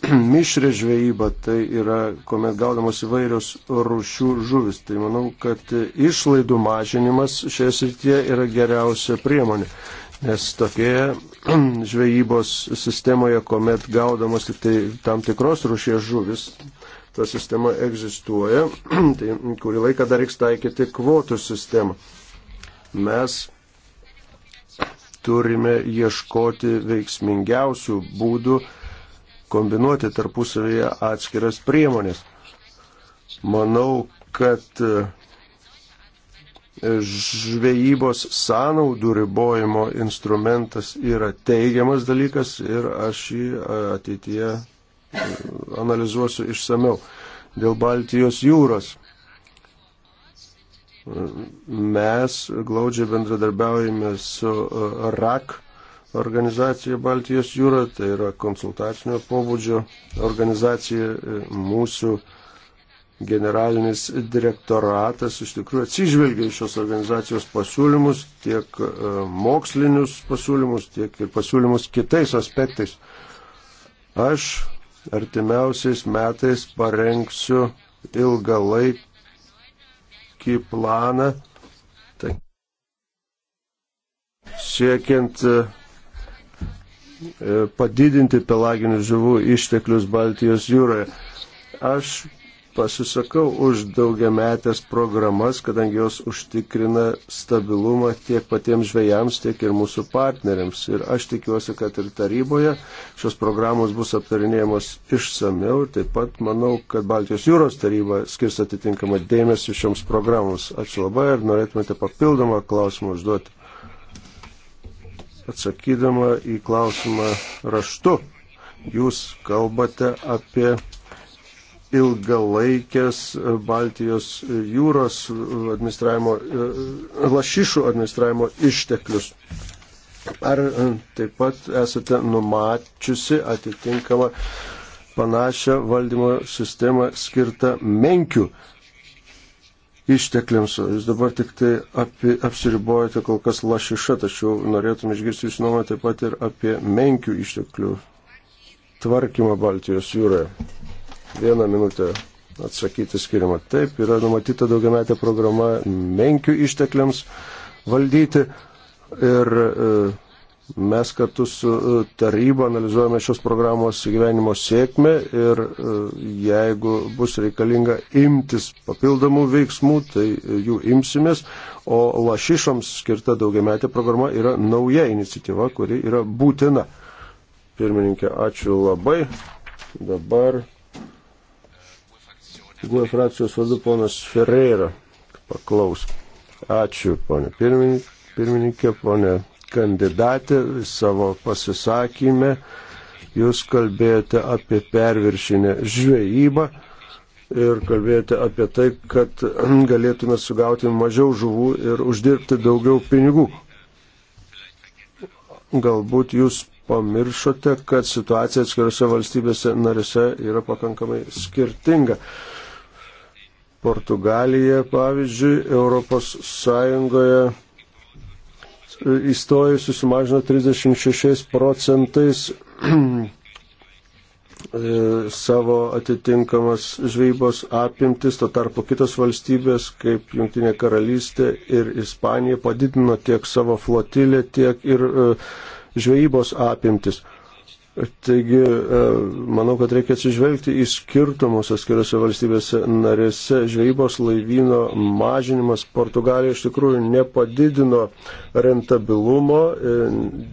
*clears throat* mišrė žvejyba, tai yra, kuomet gaudamos įvairios rūšių žuvis. Tai manau, kad išlaidų mažinimas šioje srityje yra geriausia priemonė. Nes tokioje *clears throat* žvejybos sistemoje, kuomet gaudamos tik tai tam tikros rūšies žuvis, ta sistema egzistuoja, *clears throat* tai kurį laiką dar reiks taikyti kvotų sistemą. Mes turime ieškoti veiksmingiausių būdų kombinuoti tarpusavėje atskiras priemonės. Manau, kad e, žvejybos sąnaudų ribojimo instrumentas yra teigiamas dalykas ir aš jį e, ateityje analizuosiu išsameu. Dėl Baltijos jūros mes glaudžiai bendradarbiaujame su uh, RAK organizacija Baltijos jūra, tai yra konsultacinio pobūdžio organizacija mūsų generalinis direktoratas iš tikrųjų atsižvelgia į šios organizacijos pasiūlymus, tiek uh, mokslinius pasiūlymus, tiek ir pasiūlymus kitais aspektais. Aš artimiausiais metais parengsiu ilgalaikį planą tai, siekiant e, padidinti pelaginių žuvų išteklius Baltijos jūroje. Aš pasisakau už daugiametės programas, kadangi jos užtikrina stabilumą tiek patiems žvėjams, tiek ir mūsų partneriams. Ir aš tikiuosi, kad ir taryboje šios programos bus aptarinėjamos išsameu. Taip pat manau, kad Baltijos jūros taryba skirs atitinkamą dėmesį šioms programoms. Ačiū labai ir norėtumėte papildomą klausimą užduoti. Atsakydama į klausimą raštu, jūs kalbate apie ilgalaikės e, Baltijos jūros administravimo, e, lašišų administravimo išteklius. Ar e, taip pat esate numačiusi atitinkamą panašią valdymo sistemą skirtą menkių ištekliams. Jūs dabar tik tai api, apsiribojate kol kas lašiša, tačiau norėtum išgirsti jūsų nuomonę taip pat ir apie menkių išteklių tvarkymą Baltijos jūroje vieną minutę atsakyti skiriamą. Taip, yra numatyta daugiametė programa menkių ištekliams valdyti ir e, mes kartu su e, taryba analizuojame šios programos gyvenimo sėkmę ir e, jeigu bus reikalinga imtis papildomų veiksmų, tai jų imsimės, o lašišoms skirta daugiametė programa yra nauja iniciatyva, kuri yra būtina. Pirmininkė, ačiū labai. Dabar Guoja frakcijos vardu ponas Ferreira paklaus. Ačiū, ponė pirmininkė, ponė kandidatė, savo pasisakymę. Jūs kalbėjote apie perviršinę žvejybą ir kalbėjote apie tai, kad *clears throat* galėtume sugauti mažiau žuvų ir uždirbti daugiau pinigų. Galbūt jūs pamiršote, kad situacija atskirose valstybėse narise yra pakankamai skirtinga. Portugalija, pavyzdžiui, Europos Sąjungoje įstojus susimažino 36 procentais e, savo atitinkamas žvejybos apimtis, to tarpu kitos valstybės, kaip Junktinė karalystė ir Ispanija, padidino tiek savo flotilę, tiek ir e, žvejybos apimtis. Taigi, e, manau, kad reikia atsižvelgti į skirtumus atskirose valstybėse narėse. Žvejybos laivyno mažinimas Portugalija iš tikrųjų nepadidino rentabilumo, e,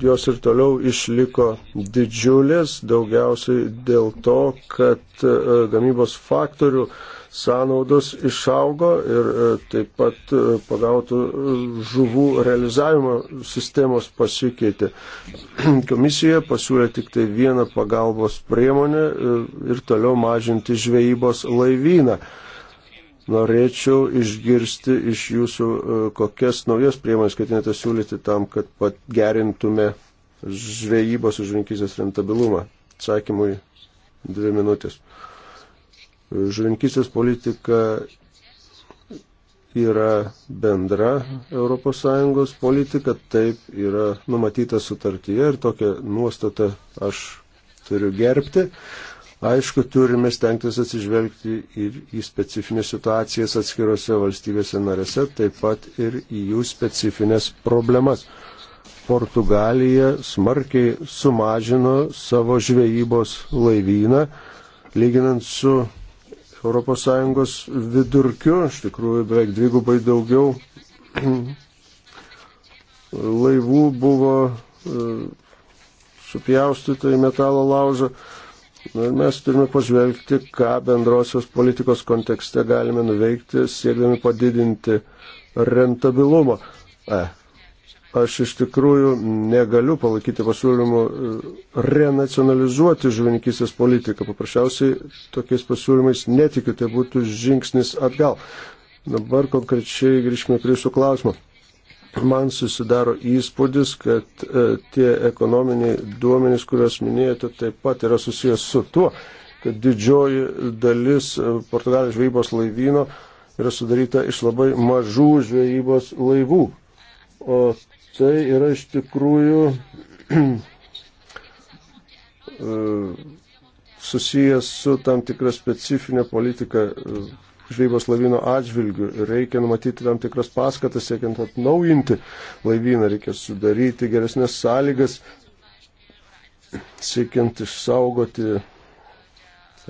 jos ir toliau išliko didžiulės, daugiausiai dėl to, kad e, gamybos faktorių uh, sąnaudos išaugo ir e, taip pat e, pagautų žuvų realizavimo sistemos pasikeitė. *clears throat* Komisija pasiūlė tik tai vieną pagalbos priemonę e, ir toliau mažinti žvejybos laivyną. Norėčiau išgirsti iš jūsų, kokias naujas priemonės ketinate siūlyti tam, kad pagerintume žvejybos ir žvinkysės rentabilumą. Atsakymui dvi minutės. Žuvininkystės politika yra bendra ES politika, taip yra numatyta sutartyje ir tokią nuostatą aš turiu gerbti. Aišku, turime stengtis atsižvelgti ir į specifinės situacijas atskirose valstybėse narėse, taip pat ir į jų specifines problemas. Portugalija smarkiai sumažino savo žvejybos laivyną, lyginant su ES vidurkiu, iš tikrųjų beveik dvigubai daugiau *clears throat* laivų buvo e, supjaustyta į metalo laužą. Ir mes turime pažvelgti, ką bendrosios politikos kontekste galime nuveikti, siekdami padidinti rentabilumą. E, Aš iš tikrųjų negaliu palaikyti pasiūlymų e, renacionalizuoti žuvininkystės politiką. Paprasčiausiai tokiais pasiūlymais netikiu, tai būtų žingsnis atgal. Dabar konkrečiai grįžkime prie jūsų klausimo. Man susidaro įspūdis, kad e, tie ekonominiai duomenys, kuriuos minėjote, taip pat yra susijęs su tuo, kad didžioji dalis e, Portugalijos žvejybos laivyno yra sudaryta iš labai mažų žvejybos laivų. O Tai yra iš tikrųjų *clears throat* e, susijęs su tam tikra specifinė politika e, žvejybos laivyno atžvilgių. Reikia numatyti tam tikras paskatas, siekiant atnaujinti laivyną, reikia sudaryti geresnės sąlygas, siekiant išsaugoti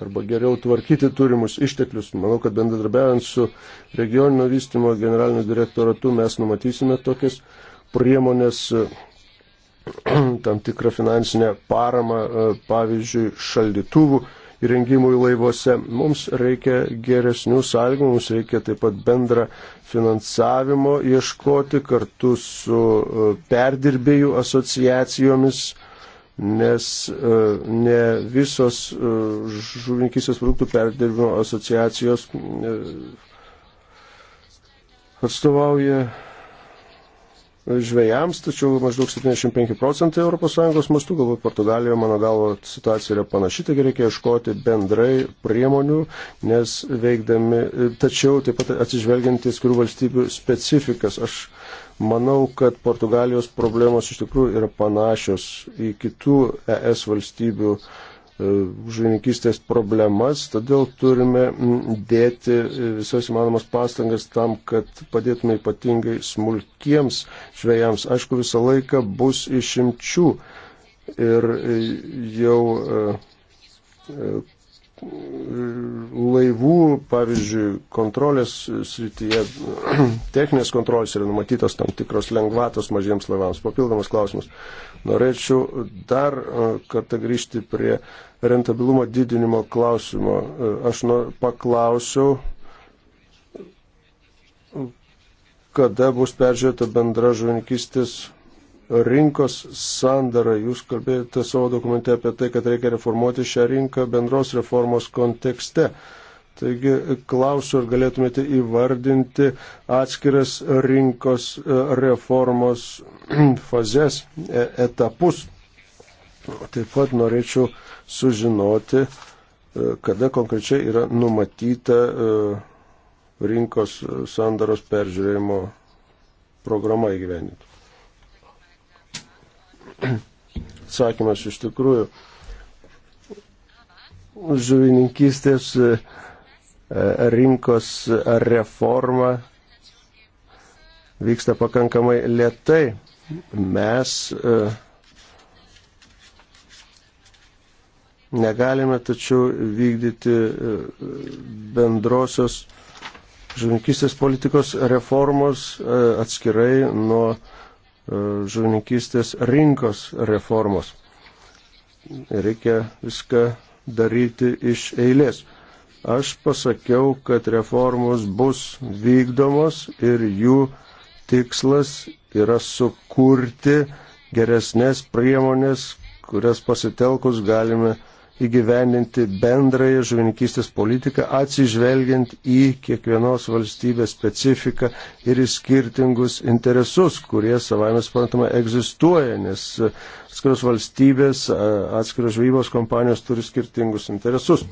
arba geriau tvarkyti turimus išteklius. Manau, kad bendradarbiaujant su regioninio vystimo generaliniu direktoratu mes numatysime tokias priemonės e, *clears throat* tam tikrą finansinę paramą, e, pavyzdžiui, šaldytuvų įrengimui laivuose. Mums reikia geresnių sąlygų, mums reikia taip pat bendrą finansavimo ieškoti kartu su e, perdirbėjų asociacijomis, nes ne visos žuvininkysės produktų perdirbimo asociacijos atstovauja žvėjams, tačiau maždaug 75 procentai ES mastų, galbūt Portugalijoje, mano galvo, situacija yra panaši, taigi reikia ieškoti bendrai priemonių, nes veikdami, tačiau taip pat atsižvelgiant į skirų valstybių specifikas, aš manau, kad Portugalijos problemos iš tikrųjų yra panašios į kitų ES valstybių uh, E, žuvininkystės problemas, todėl turime dėti e, visas įmanomas pastangas tam, kad padėtume ypatingai smulkiems žvėjams. Aišku, visą laiką bus išimčių ir e, jau laivų, pavyzdžiui, kontrolės srityje, *clears throat* techninės kontrolės yra numatytos tam tikros lengvatos mažiems laivams. Papildomas klausimas. Norėčiau dar kartą grįžti prie uh, rentabilumo didinimo klausimo. E, aš paklausiau, kada bus peržiūrėta bendra žuvininkistės rinkos sandara. Jūs kalbėjote savo dokumente apie tai, kad reikia reformuoti šią rinką bendros reformos kontekste. Taigi klausiu, ar galėtumėte įvardinti atskiras rinkos e, reformos *clears throat* fazes, e, etapus. Taip pat norėčiau sužinoti, e, kada konkrečiai yra numatyta e, rinkos sandaros peržiūrėjimo programa įgyveninti. Sakymas iš tikrųjų žuvininkystės e, rinkos reforma vyksta pakankamai lietai. Mes uh, negalime, tačiau vykdyti e, bendrosios žuvininkystės politikos reformos e, atskirai nuo e, žuvininkystės rinkos reformos. Reikia viską daryti iš eilės. Aš pasakiau, kad reformos bus vykdomos ir jų tikslas yra sukurti geresnės priemonės, kurias pasitelkus galime įgyvendinti bendrąją žuvininkystės politiką, atsižvelgiant į kiekvienos valstybės specifiką ir į skirtingus interesus, kurie savame suprantama egzistuoja, nes atskiros valstybės, atskiros žvybos kompanijos turi skirtingus interesus.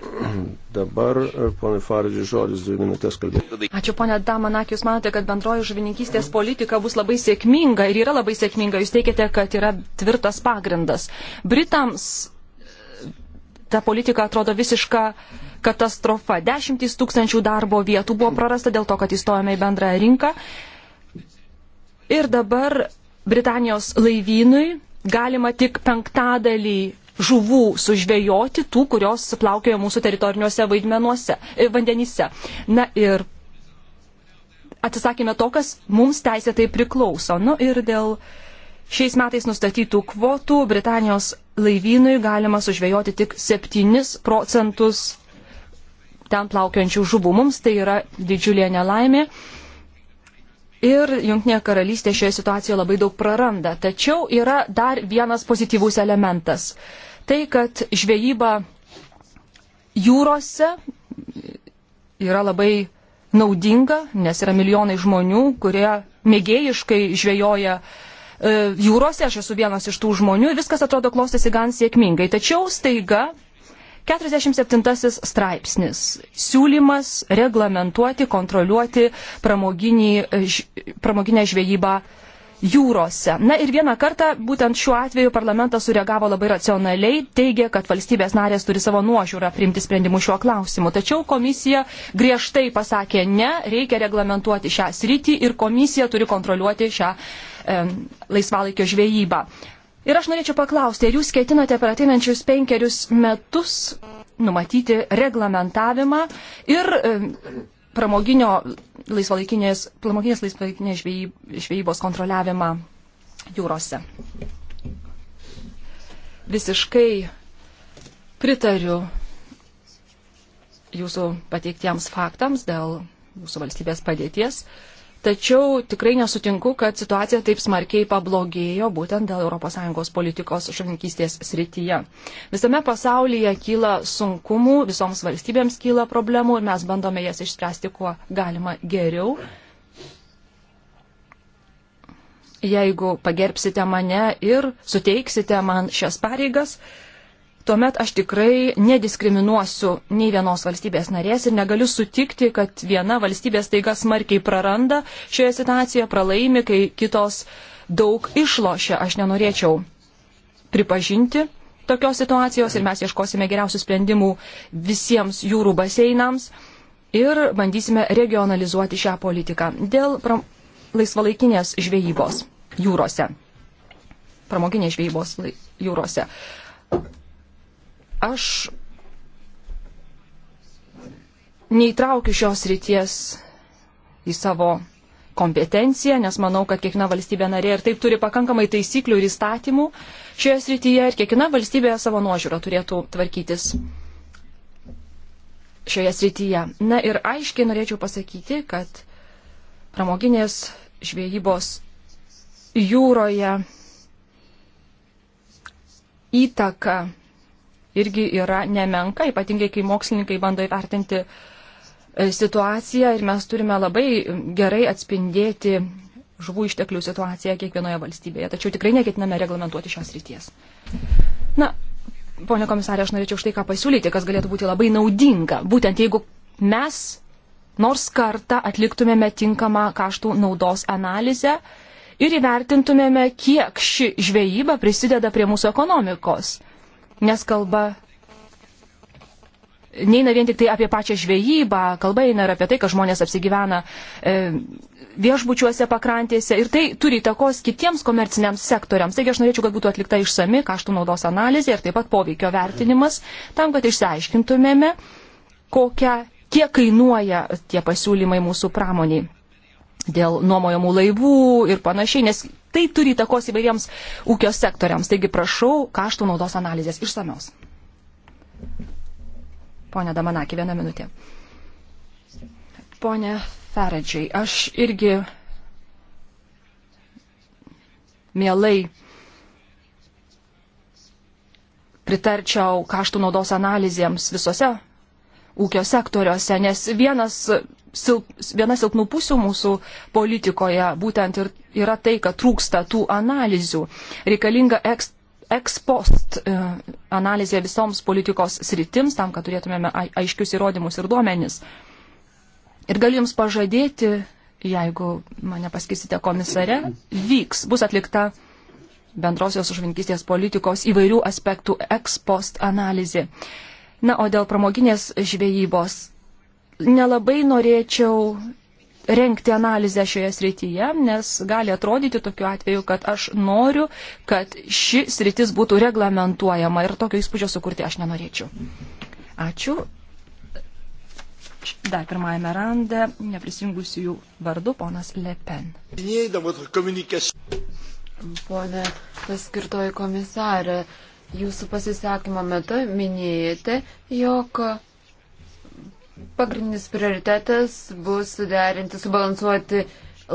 *clears throat* Dabar e, ponai Faradžiui žodis, dvi minutės kalbėti. Ačiū ponia Damanak, jūs manote, kad bendroji žuvininkystės politika bus labai sėkminga ir yra labai sėkminga. Jūs teikiate, kad yra tvirtas pagrindas. Britams ta politika atrodo visiška katastrofa. Dešimtys tūkstančių darbo vietų buvo prarasta dėl to, kad įstojame į bendrąją rinką. Ir dabar Britanijos laivynui galima tik penktadalį žuvų sužvejoti tų, kurios plaukioja mūsų teritoriniuose vaidmenuose, e, vandenyse. Na ir atsisakėme to, kas mums teisėtai priklauso. Nu ir dėl šiais metais nustatytų kvotų Britanijos laivynui galima sužvejoti tik 7 procentus ten plaukiančių žuvų. Mums tai yra didžiulė nelaimė. Ir Junktinė karalystė šioje situacijoje labai daug praranda. Tačiau yra dar vienas pozityvus elementas. Tai, kad žvejyba jūrose yra labai naudinga, nes yra milijonai žmonių, kurie mėgėjiškai žvejoja uh, E, jūrose, aš esu vienas iš tų žmonių, viskas atrodo klostėsi gan sėkmingai. Tačiau staiga 47 straipsnis - siūlymas reglamentuoti, kontroliuoti e, pramoginę žvejybą jūrose. Na ir vieną kartą būtent šiuo atveju parlamentas sureagavo labai racionaliai, teigė, kad valstybės narės turi savo nuožiūrą priimti sprendimus šiuo klausimu. Tačiau komisija griežtai pasakė ne, reikia reglamentuoti šią sritį ir komisija turi kontroliuoti šią e, laisvalaikio žvejybą. Ir aš norėčiau paklausti, ar jūs ketinate per ateinančius penkerius metus numatyti reglamentavimą ir e, pramoginio laisvalaikinės, pramoginės laisvalaikinės žvejybos kontroliavimą jūrose. Visiškai pritariu jūsų pateiktiems faktams dėl jūsų valstybės padėties. Uh, Tačiau tikrai nesutinku, kad situacija taip smarkiai pablogėjo būtent dėl ES politikos žuvininkystės srityje. Visame pasaulyje kyla sunkumų, visoms valstybėms kyla problemų ir mes bandome jas išspręsti kuo galima geriau. Jeigu pagerbsite mane ir suteiksite man šias pareigas, uh, tuomet aš tikrai nediskriminuosiu nei vienos valstybės narės ir negaliu sutikti, kad viena valstybė staiga smarkiai praranda šioje situacijoje, pralaimi, kai kitos daug išlošia. Aš nenorėčiau pripažinti tokios situacijos ir mes ieškosime geriausių sprendimų visiems jūrų baseinams ir bandysime regionalizuoti šią politiką dėl laisvalaikinės žvejybos jūrose, pramoginės žvejybos jūrose aš neįtraukiu šios ryties į savo kompetenciją, nes manau, kad kiekviena valstybė narė ir taip turi pakankamai taisyklių ir įstatymų šioje srityje ir kiekviena valstybė savo nuožiūro turėtų tvarkytis šioje srityje. Na ir aiškiai norėčiau pasakyti, kad pramoginės žvėjybos jūroje įtaka irgi yra nemenka, ypatingai kai mokslininkai bando įvertinti e, situaciją ir mes turime labai gerai atspindėti žuvų išteklių situaciją kiekvienoje valstybėje. Tačiau tikrai neketiname reglamentuoti šios ryties. Na, ponė komisarė, aš norėčiau štai ką pasiūlyti, kas galėtų būti labai naudinga. Būtent jeigu mes nors kartą atliktumėme tinkamą kaštų naudos analizę ir įvertintumėme, kiek ši žvejyba prisideda prie mūsų ekonomikos nes kalba neina vien tik tai apie pačią žvejybą, kalba eina ir apie tai, kad žmonės apsigyvena e, viešbučiuose pakrantėse ir tai turi įtakos kitiems komerciniams sektoriams. Taigi aš norėčiau, kad būtų atlikta išsami kaštų naudos analizė ir taip pat poveikio vertinimas, tam, kad išsiaiškintumėme, kokią, kiek kainuoja tie pasiūlymai mūsų pramoniai dėl nuomojamų laivų ir panašiai, nes tai turi įtakos įvairiems ūkio sektoriams. Taigi prašau kaštų naudos analizės išsamios. Pone Damanaki, vieną minutę. Pone Feradžiai, aš irgi mielai pritarčiau kaštų naudos analizėms visose ūkio sektoriuose, nes vienas silp, viena silpnų pusių mūsų politikoje būtent ir yra tai, kad trūksta tų analizių. Reikalinga ekst ekspost e, analizė visoms politikos sritims, tam, kad turėtumėme aiškius įrodymus ir duomenis. Ir galiu Jums pažadėti, jeigu mane paskisite komisare, vyks, bus atlikta bendrosios žuvinkystės politikos įvairių aspektų ekspost analizė. Na, o dėl pramoginės žvejybos nelabai norėčiau renkti analizę šioje srityje, nes gali atrodyti tokiu atveju, kad aš noriu, kad ši sritis būtų reglamentuojama ir tokio įspūdžio sukurti aš nenorėčiau. Ačiū. Dar pirmajame rande neprisijungusių vardų ponas Lepen. Pone paskirtoji komisarė, jūsų pasisakymo metu minėjote, jog Pagrindinis prioritetas bus suderinti, subalansuoti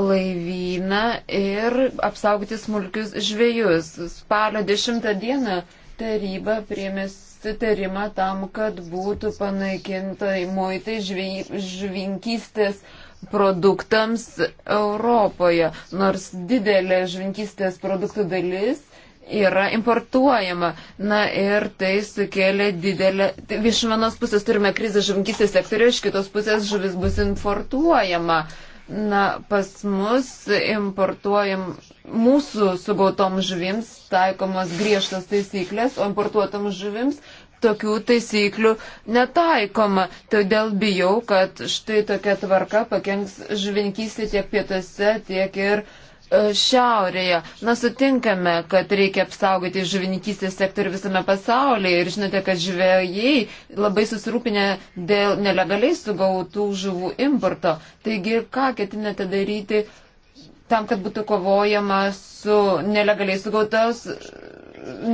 laivyną ir apsaugoti smulkius žvėjus. Spalio 10 dieną taryba priėmė sutarimą tam, kad būtų panaikinta muitai žvėj, žvinkystės produktams Europoje, nors didelė žvinkystės produktų dalis yra importuojama. Na ir tai sukėlė didelę. Tai iš vienos pusės turime krizę žuvininkystės sektoriuje, iš kitos pusės žuvis bus importuojama. Na, pas mus importuojam mūsų sugautom žuvims taikomos griežtas taisyklės, o importuotam žuvims tokių taisyklių netaikoma. Todėl bijau, kad štai tokia tvarka pakenks žuvininkystė tiek pietuose, tiek ir uh, E, šiaurėje. Na, sutinkame, kad reikia apsaugoti žuvininkystės sektorių visame pasaulyje ir žinote, kad žvėjai labai susirūpinę dėl nelegaliai sugautų žuvų importo. Taigi, ką ketinate daryti tam, kad būtų kovojama su nelegaliai sugautos,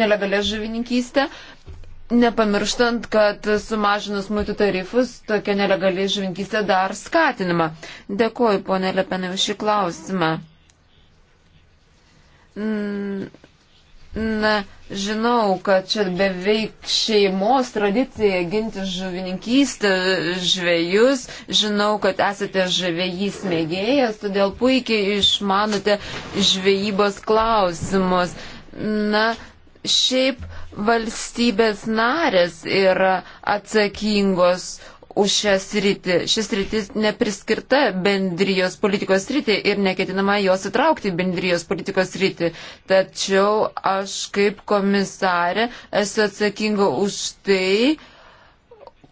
nelegalia žuvininkystė? Nepamirštant, kad sumažinus muitų tarifus tokia nelegali žuvininkystė dar skatinama. Dėkoju, ponė Lepenai, už šį klausimą. Na, žinau, kad čia beveik šeimos tradicija ginti žuvininkystę žvėjus. Žinau, kad esate žvėjys mėgėjas, todėl puikiai išmanote žvėjybos klausimus. Na, šiaip valstybės narės yra atsakingos už šią sritį. Šis sritis nepriskirta bendrijos politikos sritį ir neketinama jos įtraukti bendrijos politikos sritį. Tačiau aš kaip komisarė esu atsakinga už tai,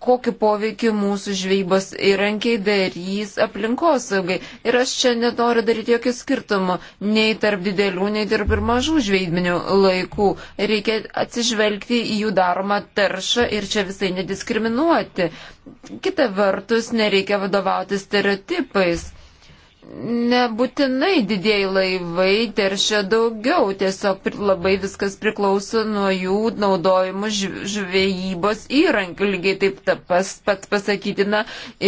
kokį poveikį mūsų žvejybos įrankiai darys aplinkosaugai. Ir aš čia nenoriu daryti jokių skirtumų nei tarp didelių, nei tarp ir mažų žvejybinių laikų. Reikia atsižvelgti į jų daromą taršą ir čia visai nediskriminuoti. Kita vertus, nereikia vadovauti stereotipais. Nebūtinai didėjai laivai teršia daugiau, tiesiog labai viskas priklauso nuo jų naudojimų žvejybos įrankių, lygiai taip ta pas, pat pasakytina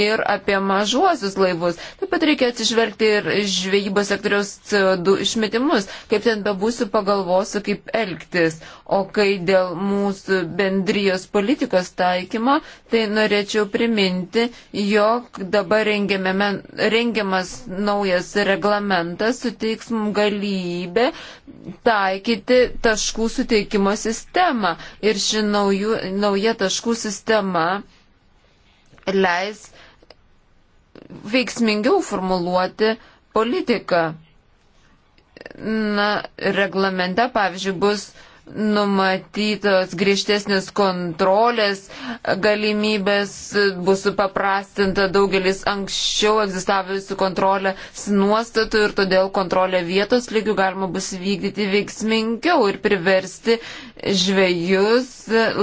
ir apie mažuosius laivus. Taip pat reikia atsižvelgti ir žvejybos sektoriaus CO2 išmetimus, kaip ten bebūsiu pagalvosiu, kaip elgtis. O kai dėl mūsų bendrijos politikos taikymo, tai norėčiau priminti, jog dabar rengiamas naujas reglamentas suteiks mums galybę taikyti taškų suteikimo sistemą. Ir ši naujų, nauja taškų sistema leis veiksmingiau formuluoti politiką. Na, reglamente, pavyzdžiui, bus numatytos griežtesnės kontrolės galimybės, bus supaprastinta daugelis anksčiau egzistavusių kontrolės nuostatų ir todėl kontrolę vietos lygių galima bus vykdyti veiksmingiau ir priversti žvėjus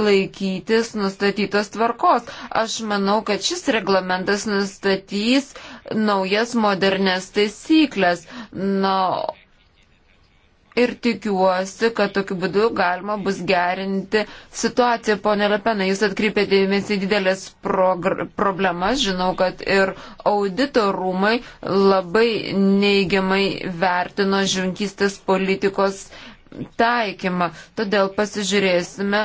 laikytis nustatytos tvarkos. Aš manau, kad šis reglamentas nustatys naujas modernės taisyklės. Na, ir tikiuosi, kad tokiu būdu galima bus gerinti situaciją. Pone Lepena, jūs atkreipėte dėmesį į didelės problemas. Žinau, kad ir auditorumai labai neigiamai vertino žvinkistės politikos taikymą. Todėl pasižiūrėsime,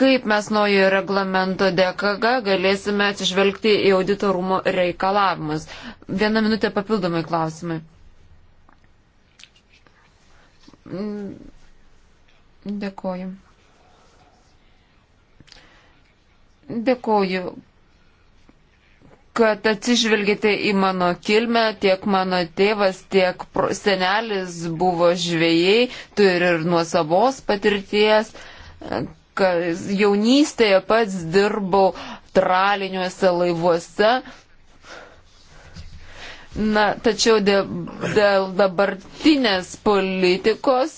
kaip mes naujojo reglamento dėka galėsime atsižvelgti į auditorumo reikalavimus. Vieną minutę papildomai klausimai. Mm, dėkoju. Dėkoju, kad atsižvelgėte į mano kilmę, tiek mano tėvas, tiek senelis buvo žvėjai, turi ir nuo savos patirties, jaunystėje pats dirbau traliniuose laivuose. Na, tačiau dėl, dėl dabartinės politikos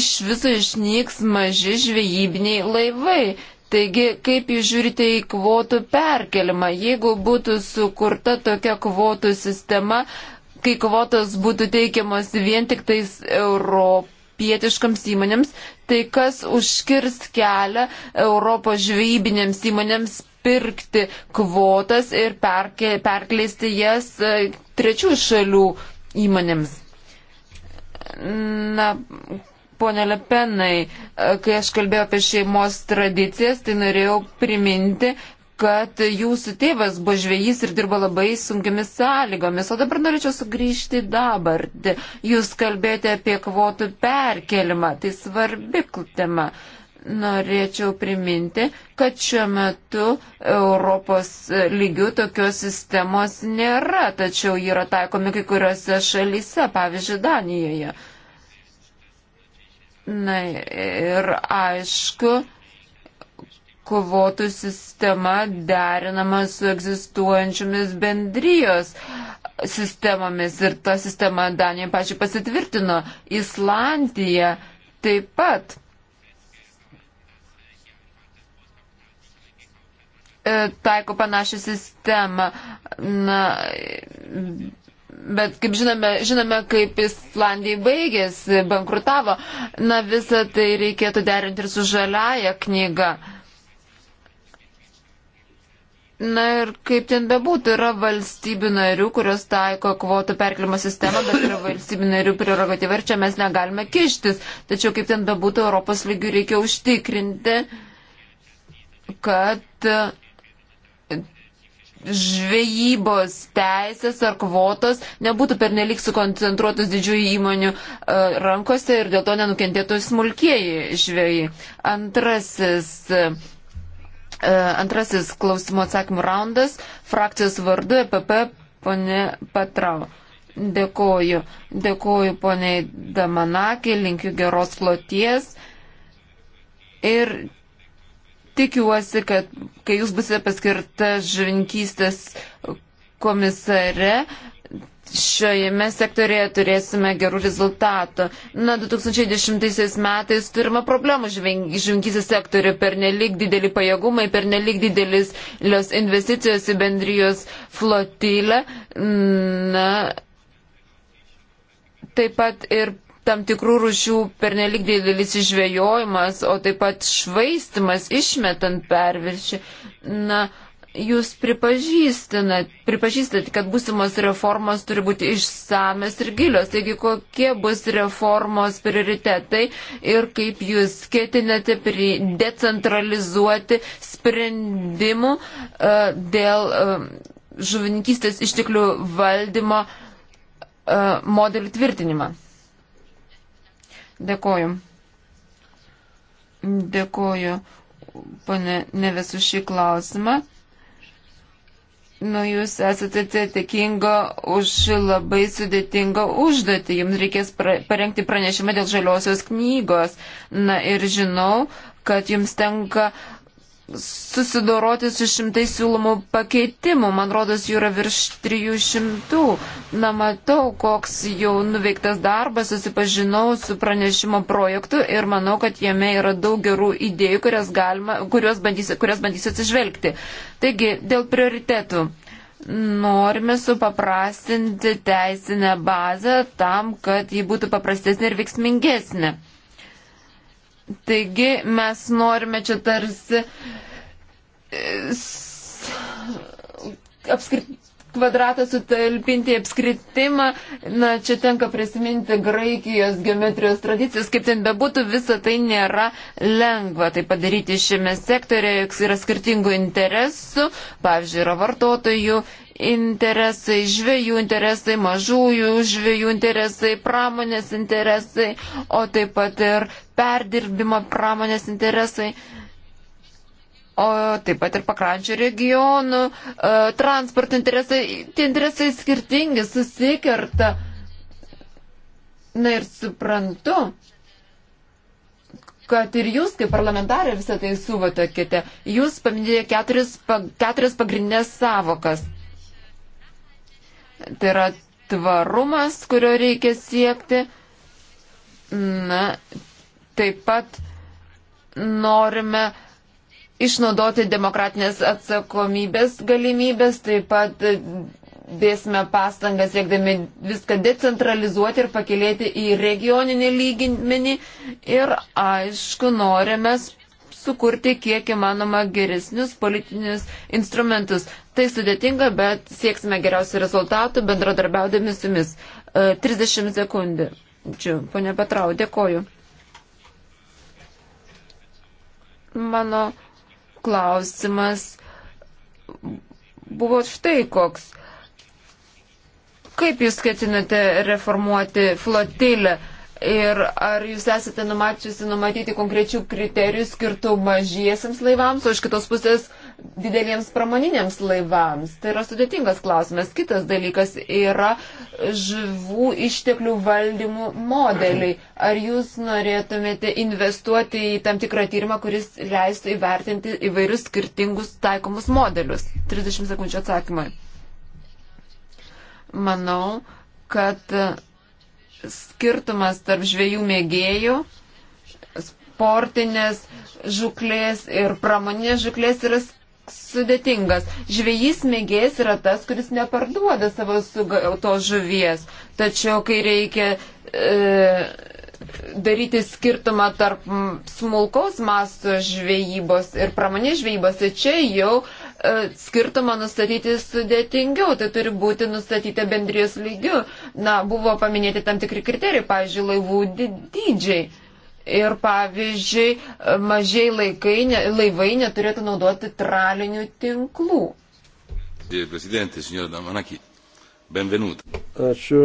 iš viso išnyks maži žvejybiniai laivai. Taigi, kaip jūs žiūrite į kvotų perkelimą? Jeigu būtų sukurta tokia kvotų sistema, kai kvotos būtų teikiamos vien tik tais europietiškams įmonėms, tai kas užkirs kelią Europos žvejybinėms įmonėms pirkti kvotas ir perke, perkleisti jas e, trečių šalių įmonėms. Na, ponė Lepenai, e, kai aš kalbėjau apie šeimos tradicijas, tai norėjau priminti, kad jūsų tėvas buvo žvėjys ir dirbo labai sunkiamis sąlygomis. O dabar norėčiau sugrįžti dabar. Jūs kalbėjote apie kvotų perkelimą. Tai svarbi tema. Uh, norėčiau priminti, kad šiuo metu Europos lygių tokios sistemos nėra, tačiau yra taikomi kai kuriuose šalyse, pavyzdžiui, Danijoje. Na ir aišku, kovotų sistema derinama su egzistuojančiomis bendrijos sistemomis ir ta sistema Danija pačiai pasitvirtino. Islandija taip pat E, taiko panašią sistemą. Na, bet kaip žinome, žinome, kaip Islandijai baigėsi, bankrutavo. Na, visą tai reikėtų derinti ir su žaliaja knyga. Na ir kaip ten bebūtų, yra valstybių narių, kurios taiko kvotų perkelimo sistemą, bet yra valstybių narių prerogatyva ir čia mes negalime kištis. Tačiau kaip ten bebūtų, Europos lygių reikia užtikrinti, kad žvejybos teisės ar kvotos nebūtų pernelik sukoncentruotos didžiųjų įmonių e, rankose ir dėl to nenukentėtų smulkieji žvejai. Antrasis. E, antrasis klausimo atsakymų raundas. Frakcijos vardu EPP ponė Patrau. Dėkoju. Dėkoju poniai Damanakį, linkiu geros floties. Ir Tikiuosi, kad kai jūs busite paskirta žvinkystės komisare, šioje sektorėje turėsime gerų rezultatų. Na, 2010 metais turime problemų žvinkysės sektoriu per nelik didelį pajėgumai, per nelik didelis lios investicijos į bendrijos flotilę. Na, taip pat ir tam tikrų rušių pernelik didelis išvėjojimas, o taip pat švaistimas išmetant perviršį. Na, jūs pripažįstate, kad būsimos reformos turi būti išsames ir gilios. Taigi, kokie bus reformos prioritetai ir kaip jūs ketinate decentralizuoti sprendimų uh, dėl uh, žuvininkystės išteklių valdymo uh, e, modelių tvirtinimą. Dėkoju. Dėkoju, pane Neves, už šį klausimą. Nu, jūs esate atsakinga už labai sudėtingą užduotį. Jums reikės pra parengti pranešimą dėl žaliosios knygos. Na ir žinau, kad jums tenka uh, susidoroti su šimtai siūlomų pakeitimų. Man rodos, jų yra virš 300. Na, matau, koks jau nuveiktas darbas, susipažinau su pranešimo projektu ir manau, kad jame yra daug gerų idėjų, kurias, galima, kurios bandysiu, kurias bandysiu atsižvelgti. Taigi, dėl prioritetų. Norime supaprastinti teisinę bazę tam, kad ji būtų paprastesnė ir veiksmingesnė. Taigi mes norime čia tarsi e, apskritai kvadratą sutalpinti apskritimą, na, čia tenka prisiminti Graikijos geometrijos tradicijas, kaip ten bebūtų, visa tai nėra lengva. Tai padaryti šiame sektorėje yra skirtingų interesų, pavyzdžiui, yra vartotojų, interesai, žvėjų interesai, mažųjų žvėjų interesai, pramonės interesai, o taip pat ir perdirbimo pramonės interesai, o taip pat ir pakrančių regionų, e, transporto interesai, tie interesai skirtingi, susikerta. Na ir suprantu, kad ir jūs, kaip parlamentarė, visą tai suvotokite. Jūs paminėjote keturis, keturis pagrindinės savokas Tai yra tvarumas, kurio reikia siekti. Na, taip pat norime išnaudoti demokratinės atsakomybės galimybės, taip pat dėsime pastangas siekdami viską decentralizuoti ir pakilėti į regioninį lyginmenį ir aišku norime sukurti kiek įmanoma geresnius politinius instrumentus. Tai sudėtinga, bet sieksime geriausių rezultatų bendradarbiaudami su jumis. 30 e, sekundžių. Pone Petrau, dėkoju. Mano klausimas buvo štai koks. Kaip jūs ketinate reformuoti flotilę? Ir ar jūs esate numačiusi numatyti konkrečių kriterijų skirtų mažiesiams laivams, o iš kitos pusės dideliems pramoniniams laivams? Tai yra sudėtingas klausimas. Kitas dalykas yra žuvų išteklių valdymų modeliai. Ar jūs norėtumėte investuoti į tam tikrą tyrimą, kuris leistų įvertinti įvairius skirtingus taikomus modelius? 30 sekundžių atsakymai. Manau, kad skirtumas tarp žvėjų mėgėjų, sportinės žuklės ir pramoninės žuklės yra sudėtingas. Žvėjys mėgėjas yra tas, kuris neparduoda savo sugautos žuvies. Tačiau, kai reikia e, daryti skirtumą tarp smulkaus masto žvėjybos ir pramonės žvėjybos, tai čia jau e, E, skirtumą nustatyti sudėtingiau, tai turi būti nustatyta bendrijos lygiu. Na, buvo paminėti tam tikri kriterijai, pavyzdžiui, laivų dydžiai. Ir pavyzdžiui, mažiai laikai, ne, laivai neturėtų naudoti tralinių tinklų. Ačiū.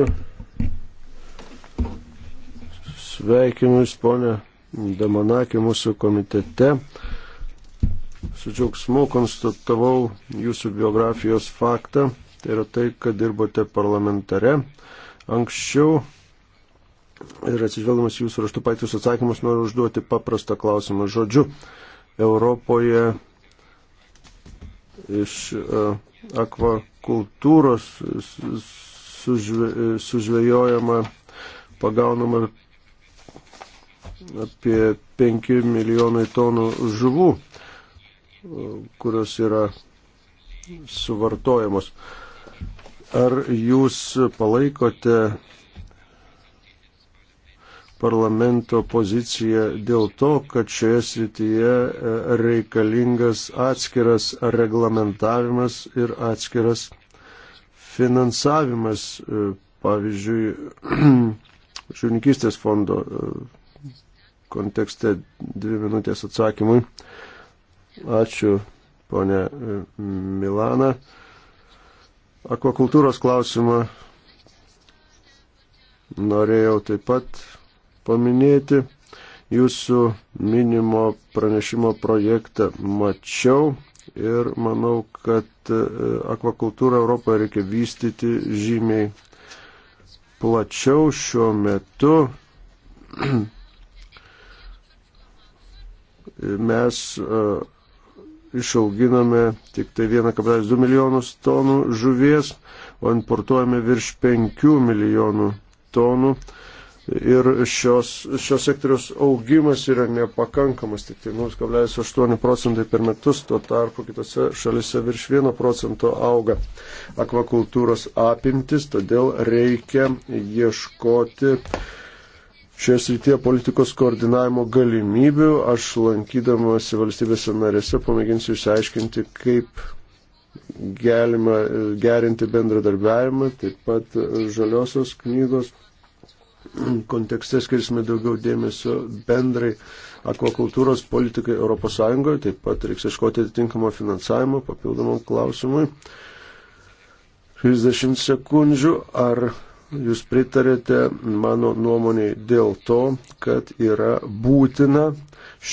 Sveikinu Jūs, ponė Damanakė, mūsų komitete su džiaugsmu konstatavau jūsų biografijos faktą, tai yra tai, kad dirbote parlamentare. Anksčiau ir atsižvelgdamas jūsų raštų paiktus atsakymus noriu užduoti paprastą klausimą žodžiu. Europoje iš e, akvakultūros sužvėjojama, pagaunama apie 5 milijonai tonų žuvų kurios yra suvartojamos. Ar jūs palaikote parlamento poziciją dėl to, kad šioje srityje e, reikalingas atskiras reglamentavimas ir atskiras finansavimas, e, pavyzdžiui, *clears throat* žuvininkystės fondo e, kontekste dvi minutės atsakymui. Ačiū, ponė e, Milana. Akvakultūros klausimą norėjau taip pat paminėti. Jūsų minimo pranešimo projektą mačiau ir manau, kad e, akvakultūrą Europoje reikia vystyti žymiai plačiau šiuo metu. *clears throat* Mes e, išauginame tik tai 1,2 milijonus tonų žuvies, o importuojame virš 5 milijonų tonų. Ir šios, šios sektoriaus augimas yra nepakankamas, tik tai 0,8 procentai per metus, tuo tarpu kitose šalise virš 1 procento auga akvakultūros apimtis, todėl reikia ieškoti uh, šioje srityje politikos koordinavimo galimybių. Aš lankydamas valstybėse narėse pamėginsiu išsiaiškinti, kaip galima e, gerinti bendradarbiavimą, taip pat e, žaliosios knygos *clears throat* kontekste skirsime daugiau dėmesio bendrai akvakultūros politikai ES, taip pat reiks iškoti atitinkamą finansavimą papildomam klausimui. 30 sekundžių, ar Jūs pritarėte mano nuomoniai dėl to, kad yra būtina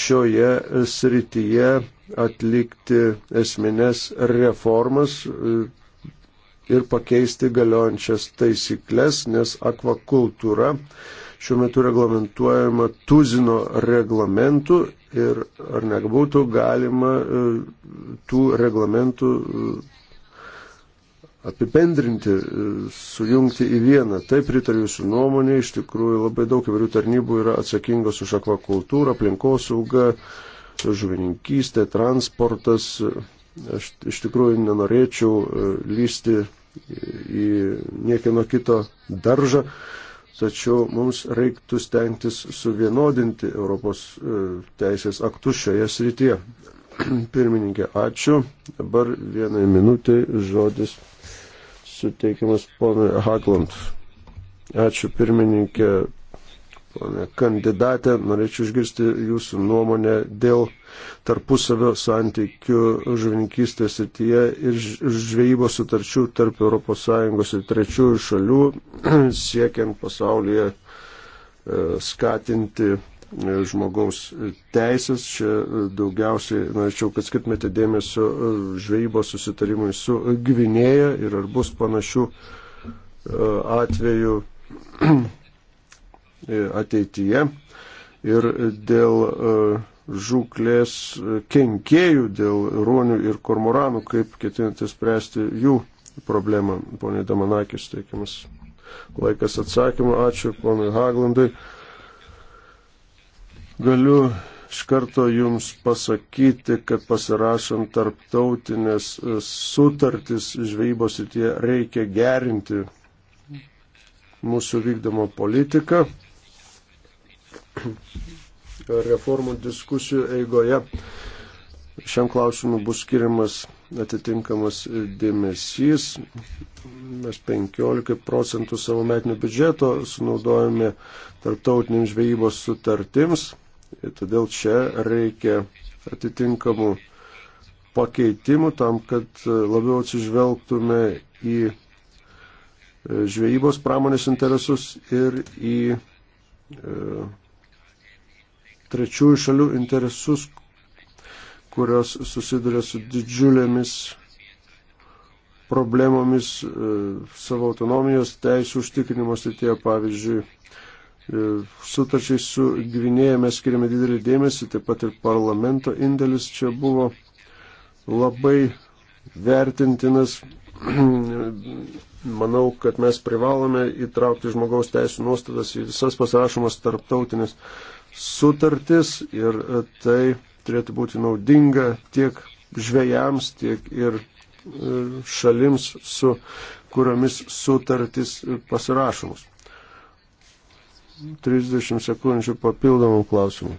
šioje srityje atlikti esminės reformas e, ir pakeisti galiojančias taisyklės, nes akvakultūra šiuo metu reglamentuojama tuzino reglamentų ir ar nebūtų galima e, tų reglamentų apibendrinti, e, sujungti į vieną. Taip pritariu jūsų nuomonė, iš tikrųjų labai daug įvairių tarnybų yra atsakingos už akvakultūrą, aplinkosaugą, žuvininkystę, transportas. Aš iš tikrųjų nenorėčiau e, lysti į niekieno kito daržą, tačiau mums reiktų stengtis suvienodinti Europos e, teisės aktus šioje srityje. *clears throat* Pirmininkė, ačiū. Dabar vienai minutė žodis suteikiamas ponui Hagland. Ačiū pirmininkė, ponė kandidatė. Norėčiau išgirsti jūsų nuomonę dėl tarpusavio santykių žuvininkystės srityje ir žvejybos sutarčių tarp ES ir trečiųjų šalių *clears throat* siekiant pasaulyje e, skatinti žmogaus teisės. Čia daugiausiai norėčiau, kad skirtumėte dėmesio žvejybos susitarimui su Gvinėja ir ar bus panašių e, atvejų *clears throat* ateityje. Ir dėl e, žūklės kenkėjų, dėl ruonių ir kormoranų, kaip ketinate spręsti jų problemą. Pone Damanakis, teikiamas laikas atsakymų. Ačiū ponui Haglandui. Galiu iš karto Jums pasakyti, kad pasirašant tarptautinės e, sutartis žvejybos ir tie reikia gerinti mūsų vykdomą politiką. *clears throat* Reformų diskusijų eigoje šiam klausimui bus skiriamas atitinkamas dėmesys. Mes 15 procentų savo metinio biudžeto sunaudojame tarptautiniams žvejybos sutartims. Todėl čia reikia atitinkamų pakeitimų tam, kad e, labiau atsižvelgtume į e, žvejybos pramonės interesus ir į e, trečiųjų šalių interesus, kurios susiduria su didžiulėmis problemomis e, savo autonomijos teisų užtikrinimo srityje, pavyzdžiui, E, sutarčiai su Gvinėja mes skiriame didelį dėmesį, taip pat ir parlamento indėlis čia buvo labai vertintinas. *clears throat* Manau, kad mes privalome įtraukti žmogaus teisų nuostatas į visas pasirašomas tarptautinės sutartis ir e, tai turėtų būti naudinga tiek žvėjams, tiek ir e, šalims, su kuriomis sutartis pasirašomus. 30 sekundžių papildomų klausimų.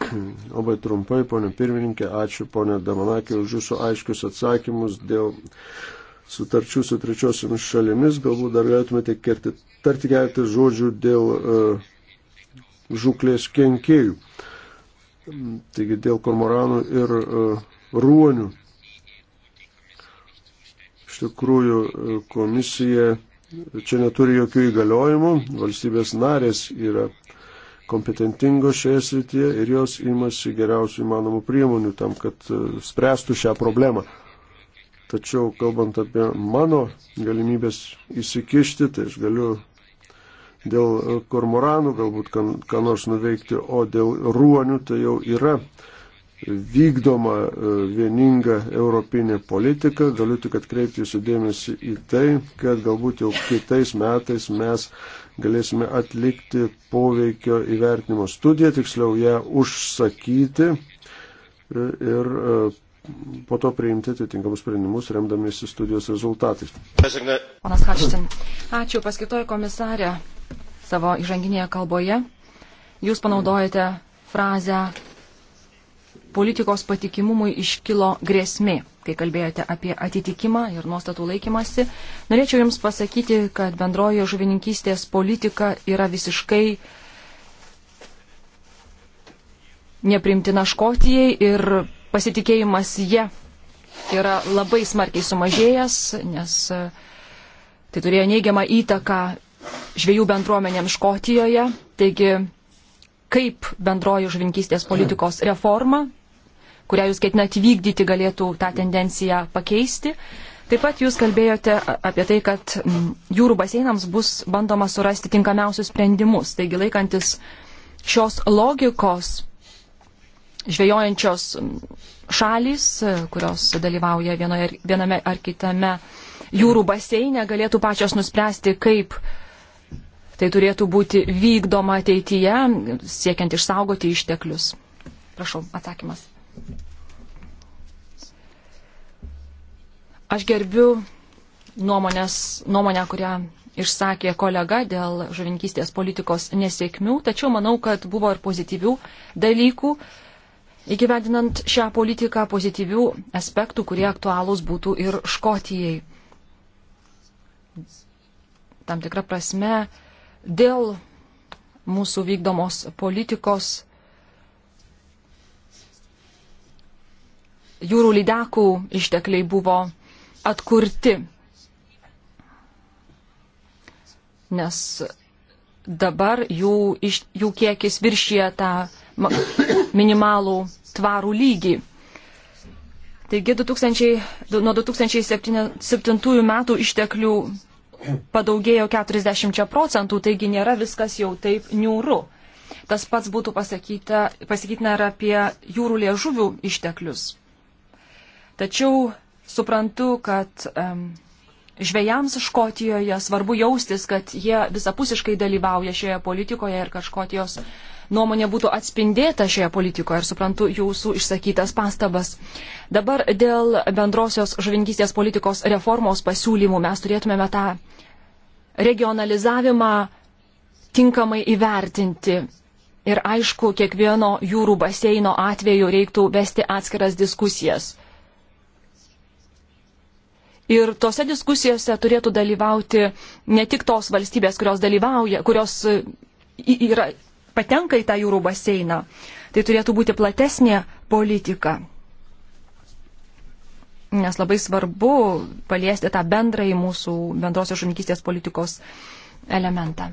*clears throat* Labai trumpai, ponė pirmininkė, ačiū ponė Damanakė už jūsų aiškius atsakymus dėl sutarčių su trečiosiomis šalimis. Galbūt dar galėtumėte kerti, tarti keletą žodžių dėl uh, e, žuklės kenkėjų. Taigi dėl kormoranų ir uh, ruonių. Iš tikrųjų, e, komisija uh, čia neturi jokių įgaliojimų, valstybės narės yra kompetentingos šioje srityje ir jos imasi geriausių įmanomų priemonių tam, kad e, spręstų šią problemą. Tačiau, kalbant apie mano galimybės įsikišti, tai aš galiu dėl e, kormoranų galbūt ką nors nuveikti, o dėl ruonių tai jau yra vykdoma e, vieninga europinė politika. Galiu tik atkreipti jūsų dėmesį į tai, kad galbūt jau kitais metais mes galėsime atlikti poveikio įvertinimo studiją, tiksliau ją užsakyti e, ir e, po to priimti atitinkamus sprendimus, remdamiesi studijos rezultatais. Panas Hačtin, ačiū paskitoji komisarė savo įžanginėje kalboje. Jūs panaudojate frazę politikos patikimumui iškilo grėsmė, kai kalbėjote apie atitikimą ir nuostatų laikymasi. Norėčiau Jums pasakyti, kad bendroji žuvininkystės politika yra visiškai neprimtina Škotijai ir pasitikėjimas jie yra labai smarkiai sumažėjęs, nes e, tai turėjo neigiamą įtaką žviejų bendruomenėms Škotijoje. Taigi kaip bendroji žuvinkystės politikos reforma kurią jūs ketinat vykdyti, galėtų tą tendenciją pakeisti. Taip pat jūs kalbėjote apie tai, kad mm, jūrų baseinams bus bandoma surasti tinkamiausius sprendimus. Taigi laikantis šios logikos žvejojančios mm, šalys, e, kurios dalyvauja vienoje, viename ar kitame jūrų baseine, galėtų pačios nuspręsti, kaip tai turėtų būti vykdoma ateityje, siekiant išsaugoti išteklius. Prašau, atsakymas. Aš gerbiu nuomonės, nuomonę, kurią išsakė kolega dėl žuvinkystės politikos nesėkmių, tačiau manau, kad buvo ir pozityvių dalykų. Įgyvendinant šią politiką pozityvių aspektų, kurie aktualūs būtų ir Škotijai. Tam tikrą prasme, dėl mūsų vykdomos politikos jūrų lydekų ištekliai buvo atkurti. Nes dabar jų, iš, jų kiekis viršyje tą *coughs* minimalų tvarų lygį. Taigi 2000, nuo 2007 metų išteklių padaugėjo 40 procentų, taigi nėra viskas jau taip niūru. Tas pats būtų pasakyta, pasakytina ir apie jūrų liežuvių išteklius. Tačiau suprantu, kad um, žvėjams Škotijoje svarbu jaustis, kad jie visapusiškai dalyvauja šioje politikoje ir kad Škotijos nuomonė būtų atspindėta šioje politikoje ir suprantu jūsų išsakytas pastabas. Dabar dėl bendrosios žuvingystės politikos reformos pasiūlymų mes turėtumėme tą regionalizavimą tinkamai įvertinti. Ir aišku, kiekvieno jūrų baseino atveju reiktų vesti atskiras diskusijas Ir tose diskusijose turėtų dalyvauti ne tik tos valstybės, kurios dalyvauja, kurios e, yra, patenka į tą jūrų baseiną. Tai turėtų būti platesnė politika. Nes labai svarbu paliesti tą bendrąjį mūsų bendrosios žuvininkystės politikos elementą.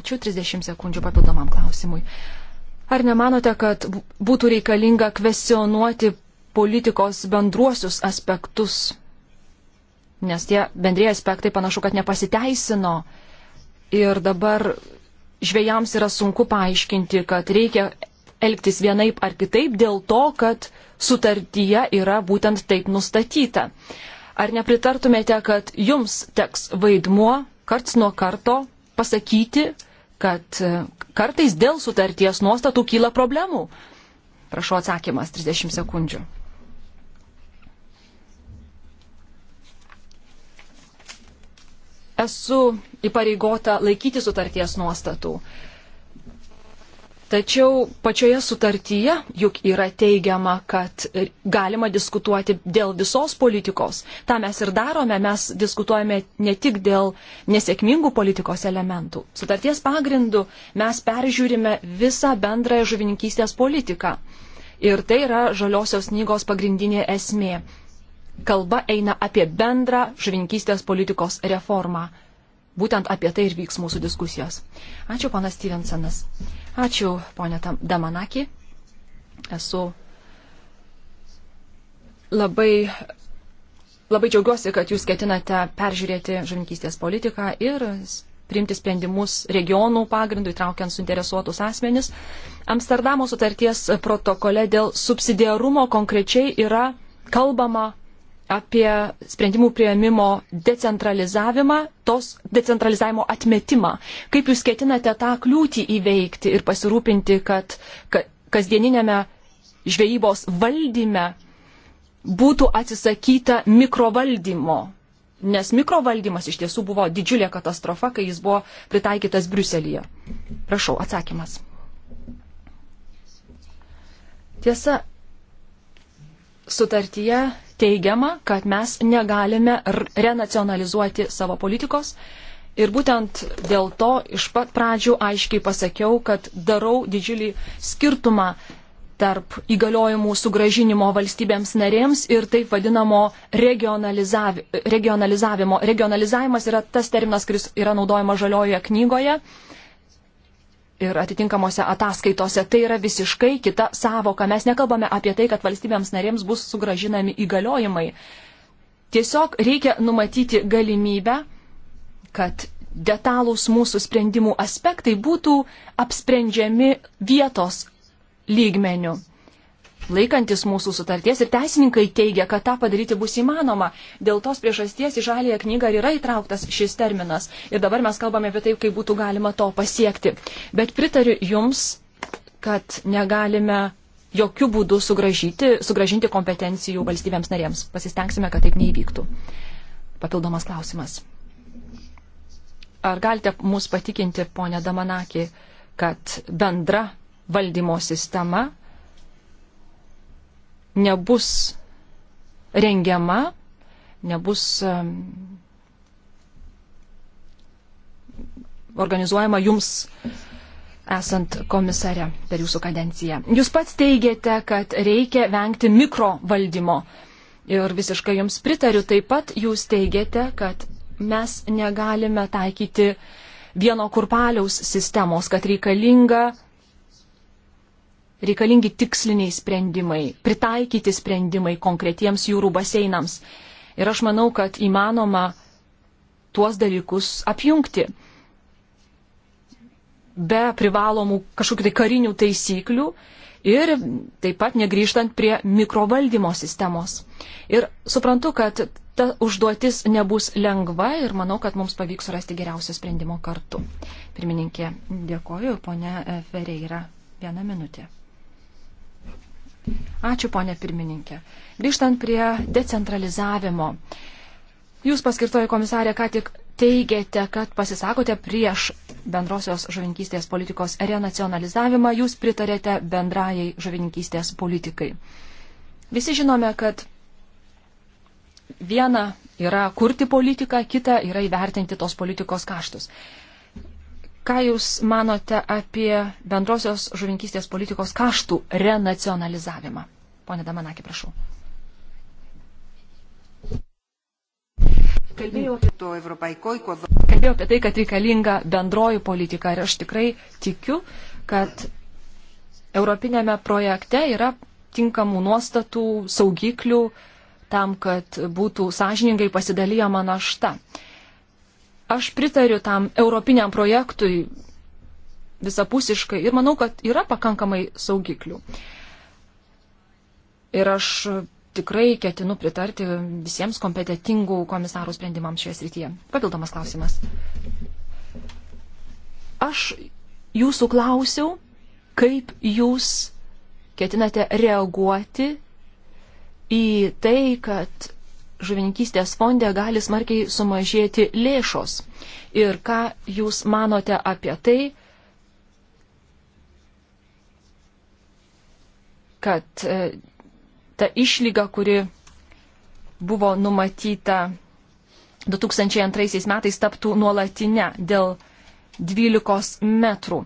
Ačiū 30 sekundžių papildomam klausimui. Ar nemanote, kad būtų reikalinga kvesionuoti politikos bendruosius aspektus nes tie bendrėjai aspektai panašu, kad nepasiteisino. Ir dabar žvėjams yra sunku paaiškinti, kad reikia elgtis vienaip ar kitaip dėl to, kad sutartyje yra būtent taip nustatyta. Ar nepritartumėte, kad jums teks vaidmuo karts nuo karto pasakyti, kad e, kartais dėl sutarties nuostatų kyla problemų? Prašau atsakymas 30 sekundžių. esu įpareigota laikyti sutarties nuostatų. Tačiau pačioje sutartyje juk yra teigiama, kad galima diskutuoti dėl visos politikos. Ta mes ir darome, mes diskutuojame ne tik dėl nesėkmingų politikos elementų. Sutarties pagrindu mes peržiūrime visą bendrąją žuvininkystės politiką. Ir tai yra žaliosios knygos pagrindinė esmė kalba eina apie bendrą žuvininkystės politikos reformą. Būtent apie tai ir vyks mūsų diskusijos. Ačiū, ponas Stevensonas. Ačiū, ponė Damanaki. Esu labai, labai džiaugiuosi, kad jūs ketinate peržiūrėti žuvininkystės politiką ir priimti sprendimus regionų pagrindų, įtraukiant suinteresuotus asmenis. Amsterdamo sutarties protokole dėl subsidiarumo konkrečiai yra kalbama apie sprendimų prieimimo decentralizavimą, tos decentralizavimo atmetimą. Kaip jūs ketinate tą kliūtį įveikti ir pasirūpinti, kad, kad kasdieninėme žvejybos valdyme būtų atsisakyta mikrovaldymo? Nes mikrovaldymas iš tiesų buvo didžiulė katastrofa, kai jis buvo pritaikytas Briuselėje. Prašau, atsakymas. Tiesa, sutartyje teigiama, kad mes negalime renacionalizuoti savo politikos. Ir būtent dėl to iš pat pradžių aiškiai pasakiau, kad darau didžiulį skirtumą tarp įgaliojimų sugražinimo valstybėms narėms ir taip vadinamo regionalizav... regionalizavimo. Regionalizavimas yra tas terminas, kuris yra naudojama žaliojoje knygoje. Uh, ir atitinkamose ataskaitose. Tai yra visiškai kita savoka. Mes nekalbame apie tai, kad valstybėms narėms bus sugražinami įgaliojimai. Tiesiog reikia numatyti galimybę, kad detalūs mūsų sprendimų aspektai būtų apsprendžiami vietos lygmenių laikantis mūsų sutarties ir teisininkai teigia, kad tą padaryti bus įmanoma. Dėl tos priežasties į žalėją knygą yra įtrauktas šis terminas. Ir dabar mes kalbame apie tai, kaip būtų galima to pasiekti. Bet pritariu Jums, kad negalime jokių būdų sugražyti, sugražinti kompetencijų valstybėms narėms. Pasistengsime, kad taip neįvyktų. Papildomas klausimas. Ar galite mus patikinti, ponė Damanaki, kad bendra valdymo sistema nebus rengiama, nebus organizuojama jums esant komisare per jūsų kadenciją. Jūs pats teigiate, kad reikia vengti mikrovaldymo. Ir visiškai jums pritariu, taip pat jūs teigiate, kad mes negalime taikyti vieno kurpaliaus sistemos, kad reikalinga reikalingi tiksliniai sprendimai, pritaikyti sprendimai konkretiems jūrų baseinams. Ir aš manau, kad įmanoma tuos dalykus apjungti be privalomų kažkokių tai karinių taisyklių ir taip pat negryžtant prie mikrovaldymo sistemos. Ir suprantu, kad ta užduotis nebus lengva ir manau, kad mums pavyks surasti geriausią sprendimo kartu. Pirmininkė, dėkoju, ponė Fereira. Vieną minutę. Ačiū, ponė pirmininkė. Grįžtant prie decentralizavimo. Jūs paskirtoji komisarė, ką tik teigiate, kad pasisakote prieš bendrosios žuvininkystės politikos renacionalizavimą, jūs pritarėte bendrajai žuvininkystės politikai. Visi žinome, kad viena yra kurti politiką, kita yra įvertinti tos politikos kaštus. Ką Jūs manote apie bendrosios žuvinkystės politikos kaštų renacionalizavimą? Pone Damanakė, prašau. Kalbėjau apie, Kalbėjau apie tai, kad reikalinga bendroji politika ir aš tikrai tikiu, kad Europinėme projekte yra tinkamų nuostatų, saugiklių tam, kad būtų sąžiningai pasidalyjama našta. Na Aš pritariu tam europiniam projektui visapusiškai ir manau, kad yra pakankamai saugiklių. Ir aš tikrai ketinu pritarti visiems kompetitingų komisarų sprendimams šioje srityje. Papildomas klausimas. Aš jūsų klausiau, kaip jūs ketinate reaguoti į tai, kad žuvininkystės fonde gali smarkiai sumažėti lėšos. Ir ką Jūs manote apie tai, kad e, ta išlyga, kuri buvo numatyta 2002 metais, taptų nuolatinę dėl 12 metrų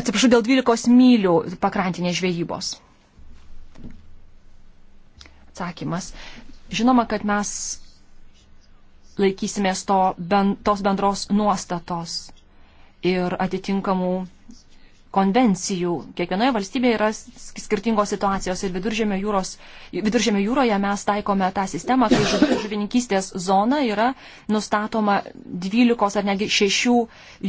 atsiprašau, dėl 12 mylių pakrantinės žvejybos atsakymas. Žinoma, kad mes laikysimės to, ben, tos bendros nuostatos ir atitinkamų konvencijų. Kiekvienoje valstybėje yra skirtingos situacijos ir viduržėmio, jūros, viduržėmio jūroje mes taikome tą sistemą, kai žuvininkystės zona yra nustatoma 12 ar netgi 6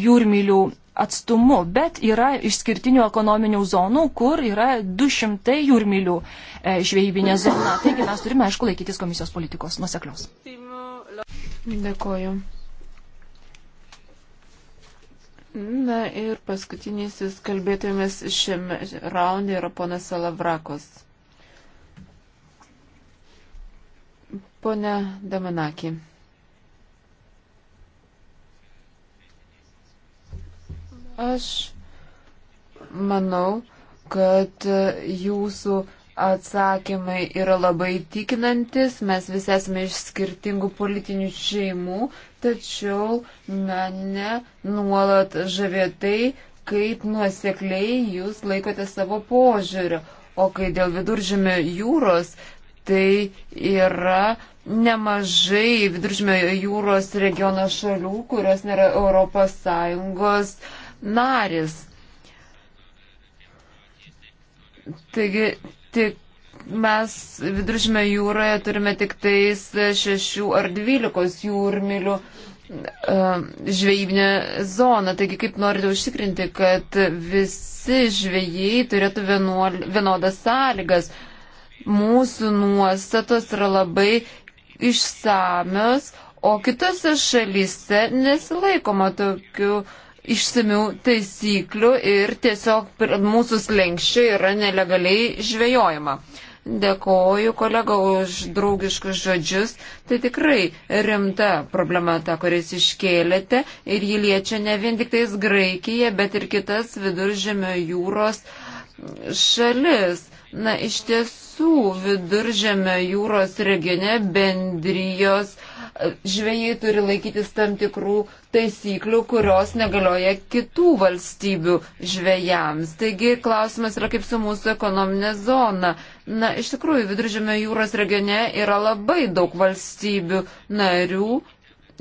jūrmylių atstumu, bet yra išskirtinių ekonominių zonų, kur yra 200 jūrmylių e, žvejybinė zona. Taigi mes turime, aišku, laikytis komisijos politikos nuseklios. Dėkoju. Na ir paskutinysis kalbėtumės šiame raunde yra ponas Salavrakos. Pone Damanaki. Aš manau, kad jūsų atsakymai yra labai tikinantis, mes visi esame iš skirtingų politinių šeimų, tačiau mane nuolat žavė tai, kaip nuosekliai jūs laikote savo požiūriu. O kai dėl viduržėmio jūros, tai yra nemažai viduržėmio jūros regiono šalių, kurios nėra Europos Sąjungos uh, narės. Taigi, tik mes viduržime jūroje turime tik tais 6 ar 12 jūrmilių e, žvejybinę zoną. Taigi, kaip norite užtikrinti, kad visi žvėjai turėtų vienuol, vienodas sąlygas. Mūsų nuostatos yra labai išsamios, o kitose šalyse nesilaikoma tokių uh, išsimių taisyklių ir tiesiog mūsų slengščių yra nelegaliai žvejojama. Dėkoju kolega už draugiškus žodžius. Tai tikrai rimta problema ta, kuris iškėlėte ir jį liečia ne vien tik tais Graikiją, bet ir kitas viduržėmio jūros šalis. Na, iš tiesų, viduržėmio jūros regione bendrijos e, žvėjai turi laikytis tam tikrų taisyklių, kurios negalioja kitų valstybių žvėjams. Taigi klausimas yra kaip su mūsų ekonominė zona. Na, iš tikrųjų, viduržėme jūros regione yra labai daug valstybių narių.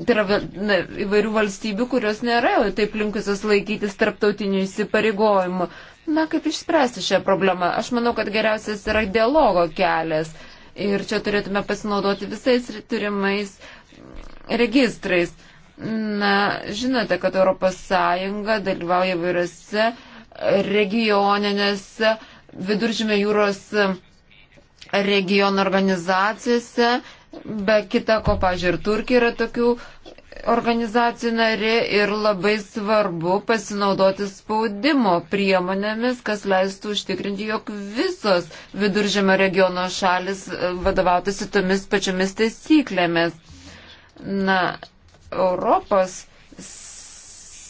Tai yra na, įvairių valstybių, kurios nėra taip linkusios laikytis tarptautinių įsipareigojimų. Na, kaip išspręsti šią problemą? Aš manau, kad geriausias yra dialogo kelias. Ir čia turėtume pasinaudoti visais turimais registrais. Na, žinote, kad ES dalyvauja vairiose regioninėse viduržymė jūros regiono organizacijose, be kita ko, pažiūrėjau, ir Turkija yra tokių organizacijų nari ir labai svarbu pasinaudoti spaudimo priemonėmis, kas leistų užtikrinti, jog visos viduržėmio regiono šalis e, vadovautųsi tomis pačiomis taisyklėmis. Na, Europos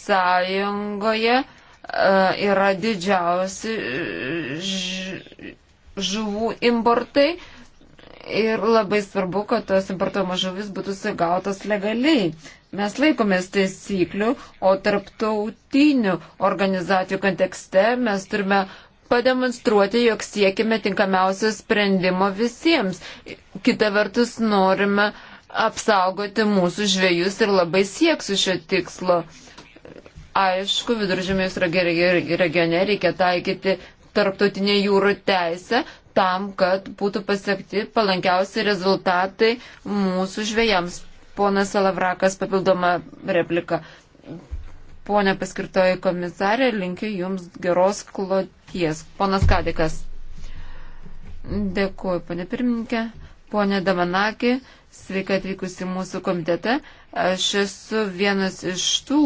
Sąjungoje e, yra didžiausi žuvų importai ir labai svarbu, kad tos importuojamos žuvis būtų sugautos legaliai. Mes laikomės taisyklių, o tarptautinių organizacijų kontekste mes turime pademonstruoti, jog siekime tinkamiausio sprendimo visiems. Kita vertus norime uh, apsaugoti mūsų žvėjus ir labai sieksiu šio tikslo. Aišku, viduržėmės regione reikia taikyti tarptautinę jūrų teisę tam, kad būtų pasiekti palankiausi rezultatai mūsų žvėjams. Ponas Salavrakas papildoma replika. Pone paskirtoji komisarė, linkiu Jums geros kloties. Ponas Kadikas. Dėkuoju, ponė pirmininkė. Pone Damanaki, Sveika atvykusi mūsų komitete. Aš esu vienas iš tų,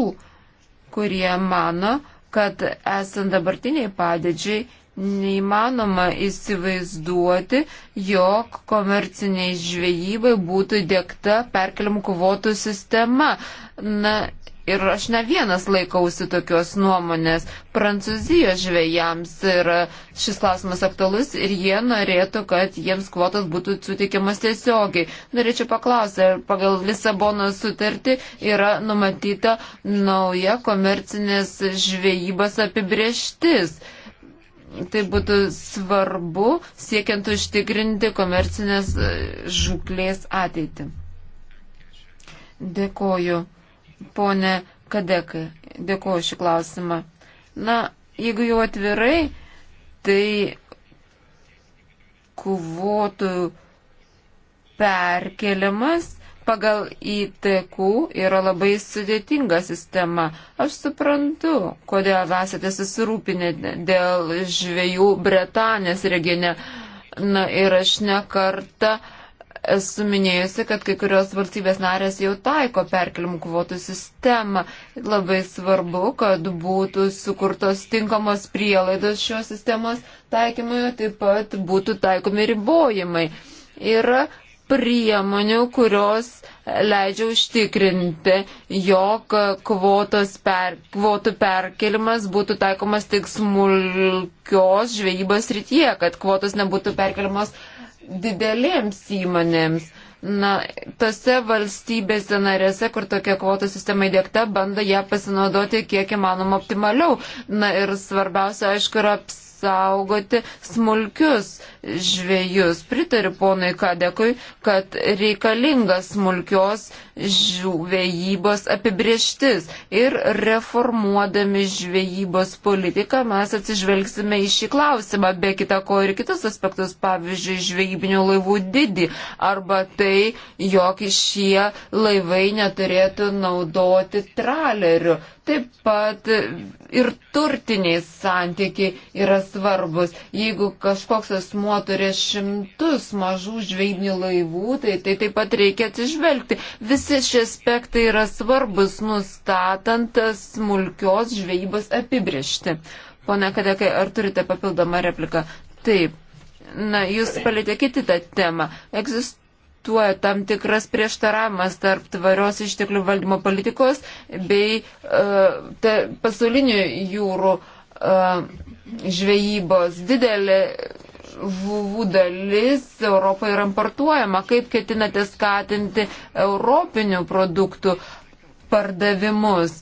kurie mano, kad esant dabartiniai padėdžiai neįmanoma įsivaizduoti, jog komerciniai žvejybai būtų dėkta perkeliamų kvotų sistema. Na Ir aš ne vienas laikausi tokios nuomonės. Prancūzijos žvėjams yra šis klausimas aktualus ir jie norėtų, kad jiems kvotas būtų suteikiamas tiesiogiai. Norėčiau paklausti, ar pagal Lisabono sutartį yra numatyta nauja komercinės žvėjybos apibrieštis. Tai būtų svarbu siekiant užtikrinti komercinės žuklės ateitį. Dėkoju. Pone Kadekai, dėkuoju šį klausimą. Na, jeigu jau atvirai, tai kovotojų perkeliamas pagal ITQ yra labai sudėtinga sistema. Aš suprantu, kodėl esate susirūpinę dėl žvėjų Bretanės regione. Na ir aš nekartą uh, esu minėjusi, kad kai kurios valstybės narės jau taiko perkelimų kvotų sistemą. Labai svarbu, kad būtų sukurtos tinkamos prielaidos šios sistemos taikymui, taip pat būtų taikomi ribojimai. Yra priemonių, kurios leidžia užtikrinti, jog kvotos per, kvotų perkelimas būtų taikomas tik smulkios žvejybos rytyje, kad kvotos nebūtų perkeliamos didelėms įmonėms. Na, tose valstybėse narėse, kur tokia kvotų sistema įdėkta, bando ją pasinaudoti kiek įmanoma optimaliau. Na ir svarbiausia, aišku, yra apsispręsti apsaugoti smulkius žvėjus. Pritariu ponui Kadekui, kad reikalinga smulkios žvėjybos apibrieštis ir reformuodami žvėjybos politiką mes atsižvelgsime į šį klausimą, be kita ko ir kitus aspektus, pavyzdžiui, žvėjybinių laivų didį arba tai, jog šie laivai neturėtų naudoti tralerių. Taip pat ir turtiniai santykiai yra svarbus. Jeigu kažkoks asmuo turi šimtus mažų žveidinių laivų, tai tai taip pat reikia atsižvelgti. Visi šie aspektai yra svarbus nustatant smulkios žvejybos apibriešti. Pone Kadekai, ar turite papildomą repliką? Taip. Na, jūs palėtėkite tą temą. Egzist egzistuoja tam tikras prieštaravimas tarp tvarios išteklių valdymo politikos bei uh, e, te, pasaulinių jūrų uh, žvejybos. Didelė žuvų dalis Europoje yra importuojama. Kaip ketinate skatinti europinių produktų pardavimus?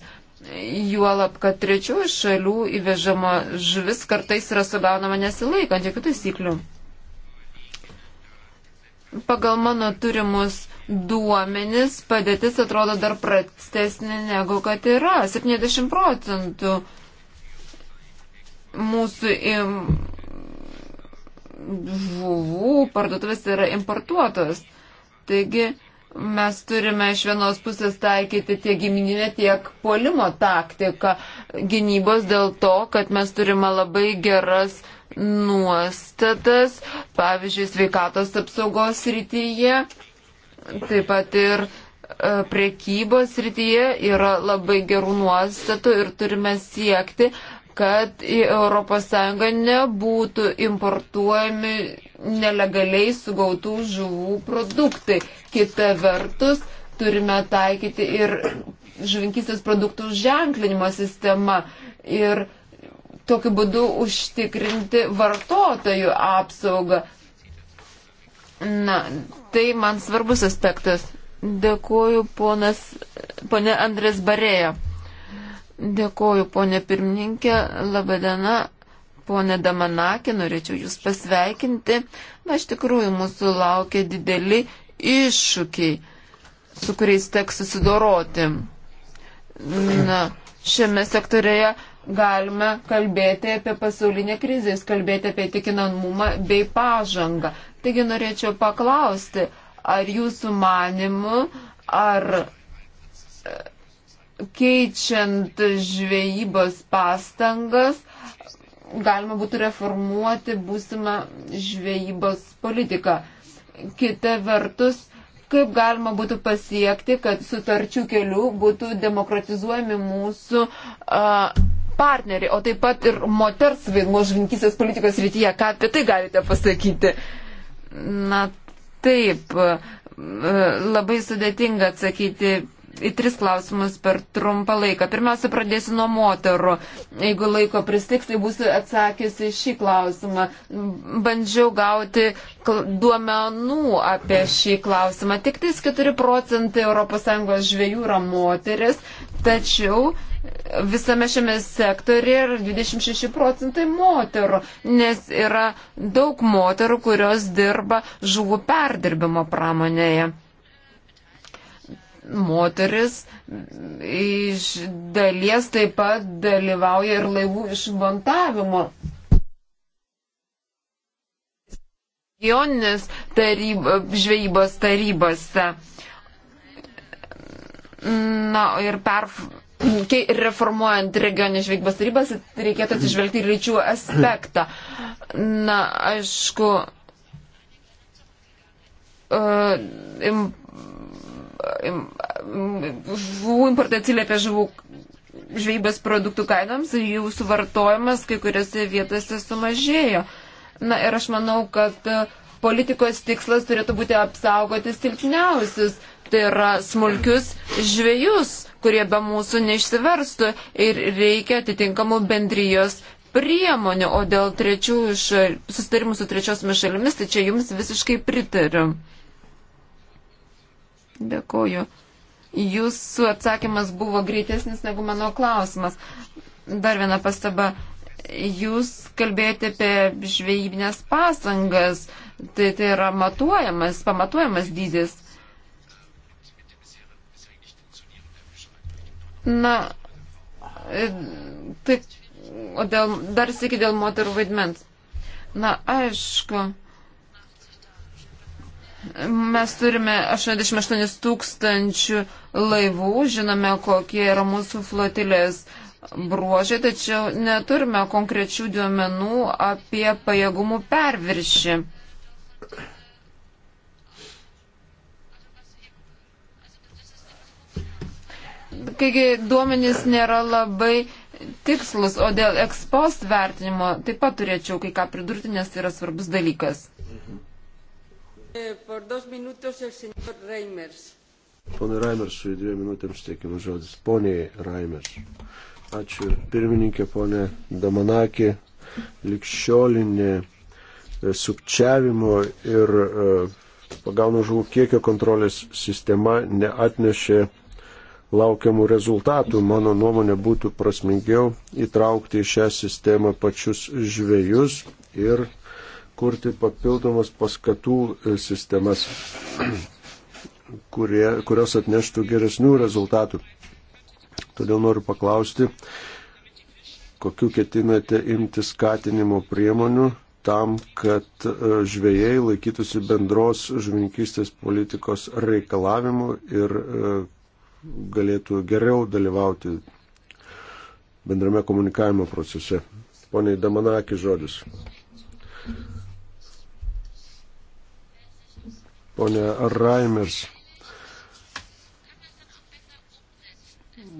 Juolab, kad trečiųjų šalių įvežama žuvis kartais yra sugaunama nesilaikant jokių taisyklių pagal mano turimus duomenis padėtis atrodo dar prastesnė negu kad yra. 70 procentų mūsų im... žuvų parduotuvės yra importuotos. Taigi mes turime iš vienos pusės taikyti tiek gimininę, tiek puolimo taktiką gynybos dėl to, kad mes turime labai geras nuostatas, pavyzdžiui, sveikatos apsaugos rytyje, taip pat ir e, priekybos rytyje yra labai gerų nuostatų ir turime siekti, kad į ES nebūtų importuojami nelegaliai sugautų žuvų produktai. Kita vertus, turime taikyti ir žuvinkistės produktų ženklinimo sistemą. Ir tokiu būdu užtikrinti vartotojų apsaugą. Na, tai man svarbus aspektas. Dėkuoju ponas, ponė Andrės Barėja. Dėkuoju ponė pirmininkė, labadiena, ponė Damanakė, norėčiau jūs pasveikinti. Na, iš tikrųjų, mūsų laukia dideli iššūkiai, su kuriais teks susidoroti. Na, šiame sektorėje galime kalbėti apie pasaulinę krizę, kalbėti apie tikinamumą bei pažangą. Taigi norėčiau paklausti, ar jūsų manimu, ar e, keičiant žvejybos pastangas, galima būtų reformuoti būsimą žvejybos politiką. Kita vertus, kaip galima būtų pasiekti, kad sutarčių kelių būtų demokratizuojami mūsų uh, partneriai, o taip pat ir moters vaidmo žvinkysės politikos rytyje. Ką apie tai galite pasakyti? Na taip, e, labai sudėtinga atsakyti į tris klausimus per trumpą laiką. Pirmiausia, pradėsiu nuo moterų. Jeigu laiko pristiks, tai būsiu atsakiusi šį klausimą. Bandžiau gauti duomenų apie šį klausimą. Tik tais 4 procentai ES žvėjų yra moteris, tačiau visame šiame sektorėje yra 26 procentai moterų, nes yra daug moterų, kurios dirba žuvų perdirbimo pramonėje moteris iš dalies taip pat dalyvauja ir laivų išmontavimo. Joninės taryba, žvejybos tarybose. Na ir per reformuojant regioninės žvejybos tarybas reikėtų atsižvelgti ir lyčių aspektą. Na, aišku, uh, žuvų importai atsiliepia žuvų žvejybės produktų kainoms ir jų suvartojimas kai kuriuose vietose sumažėjo. Na ir aš manau, kad politikos tikslas turėtų būti apsaugoti silpniausius, tai yra smulkius žvėjus, kurie be mūsų neišsiverstų ir reikia atitinkamų bendrijos priemonių, o dėl šal... susitarimų su trečiosiomis šalimis, tai čia jums visiškai pritariu. Dėkoju. Jūsų atsakymas buvo greitesnis negu mano klausimas. Dar viena pastaba. Jūs kalbėjote apie žvejybinės pasangas. Tai, tai yra matuojamas, pamatuojamas dydis. Na, e, tai, o dėl, dar sėki dėl moterų vaidmens. Na, aišku, Mes turime 88 tūkstančių laivų, žinome, kokie yra mūsų flotilės bruožai, tačiau neturime konkrečių duomenų apie pajėgumų perviršį. Kaigi duomenys nėra labai tikslus, o dėl ekspost vertinimo taip pat turėčiau kai ką pridurti, nes tai yra svarbus dalykas. Mhm. Eh, pone Raimers, su dviem minutėms teikiamas žodis. Poniai Raimers. Ačiū pirmininkė, ponė Damanakė. Likščiolinė e, sukčiavimo ir e, pagaunų žuvų kiekio kontrolės sistema neatnešė laukiamų rezultatų. Mano nuomonė būtų prasmingiau įtraukti į šią sistemą pačius žvėjus ir kurti papildomas paskatų e, sistemas, *clears throat* kurie, kurios atneštų geresnių rezultatų. Todėl noriu paklausti, kokiu ketinate imti skatinimo priemonių tam, kad e, žvėjai laikytųsi bendros žvininkystės politikos reikalavimų ir e, galėtų geriau dalyvauti bendrame komunikavimo procese. Pone Damanakis žodis. ponė Raimers.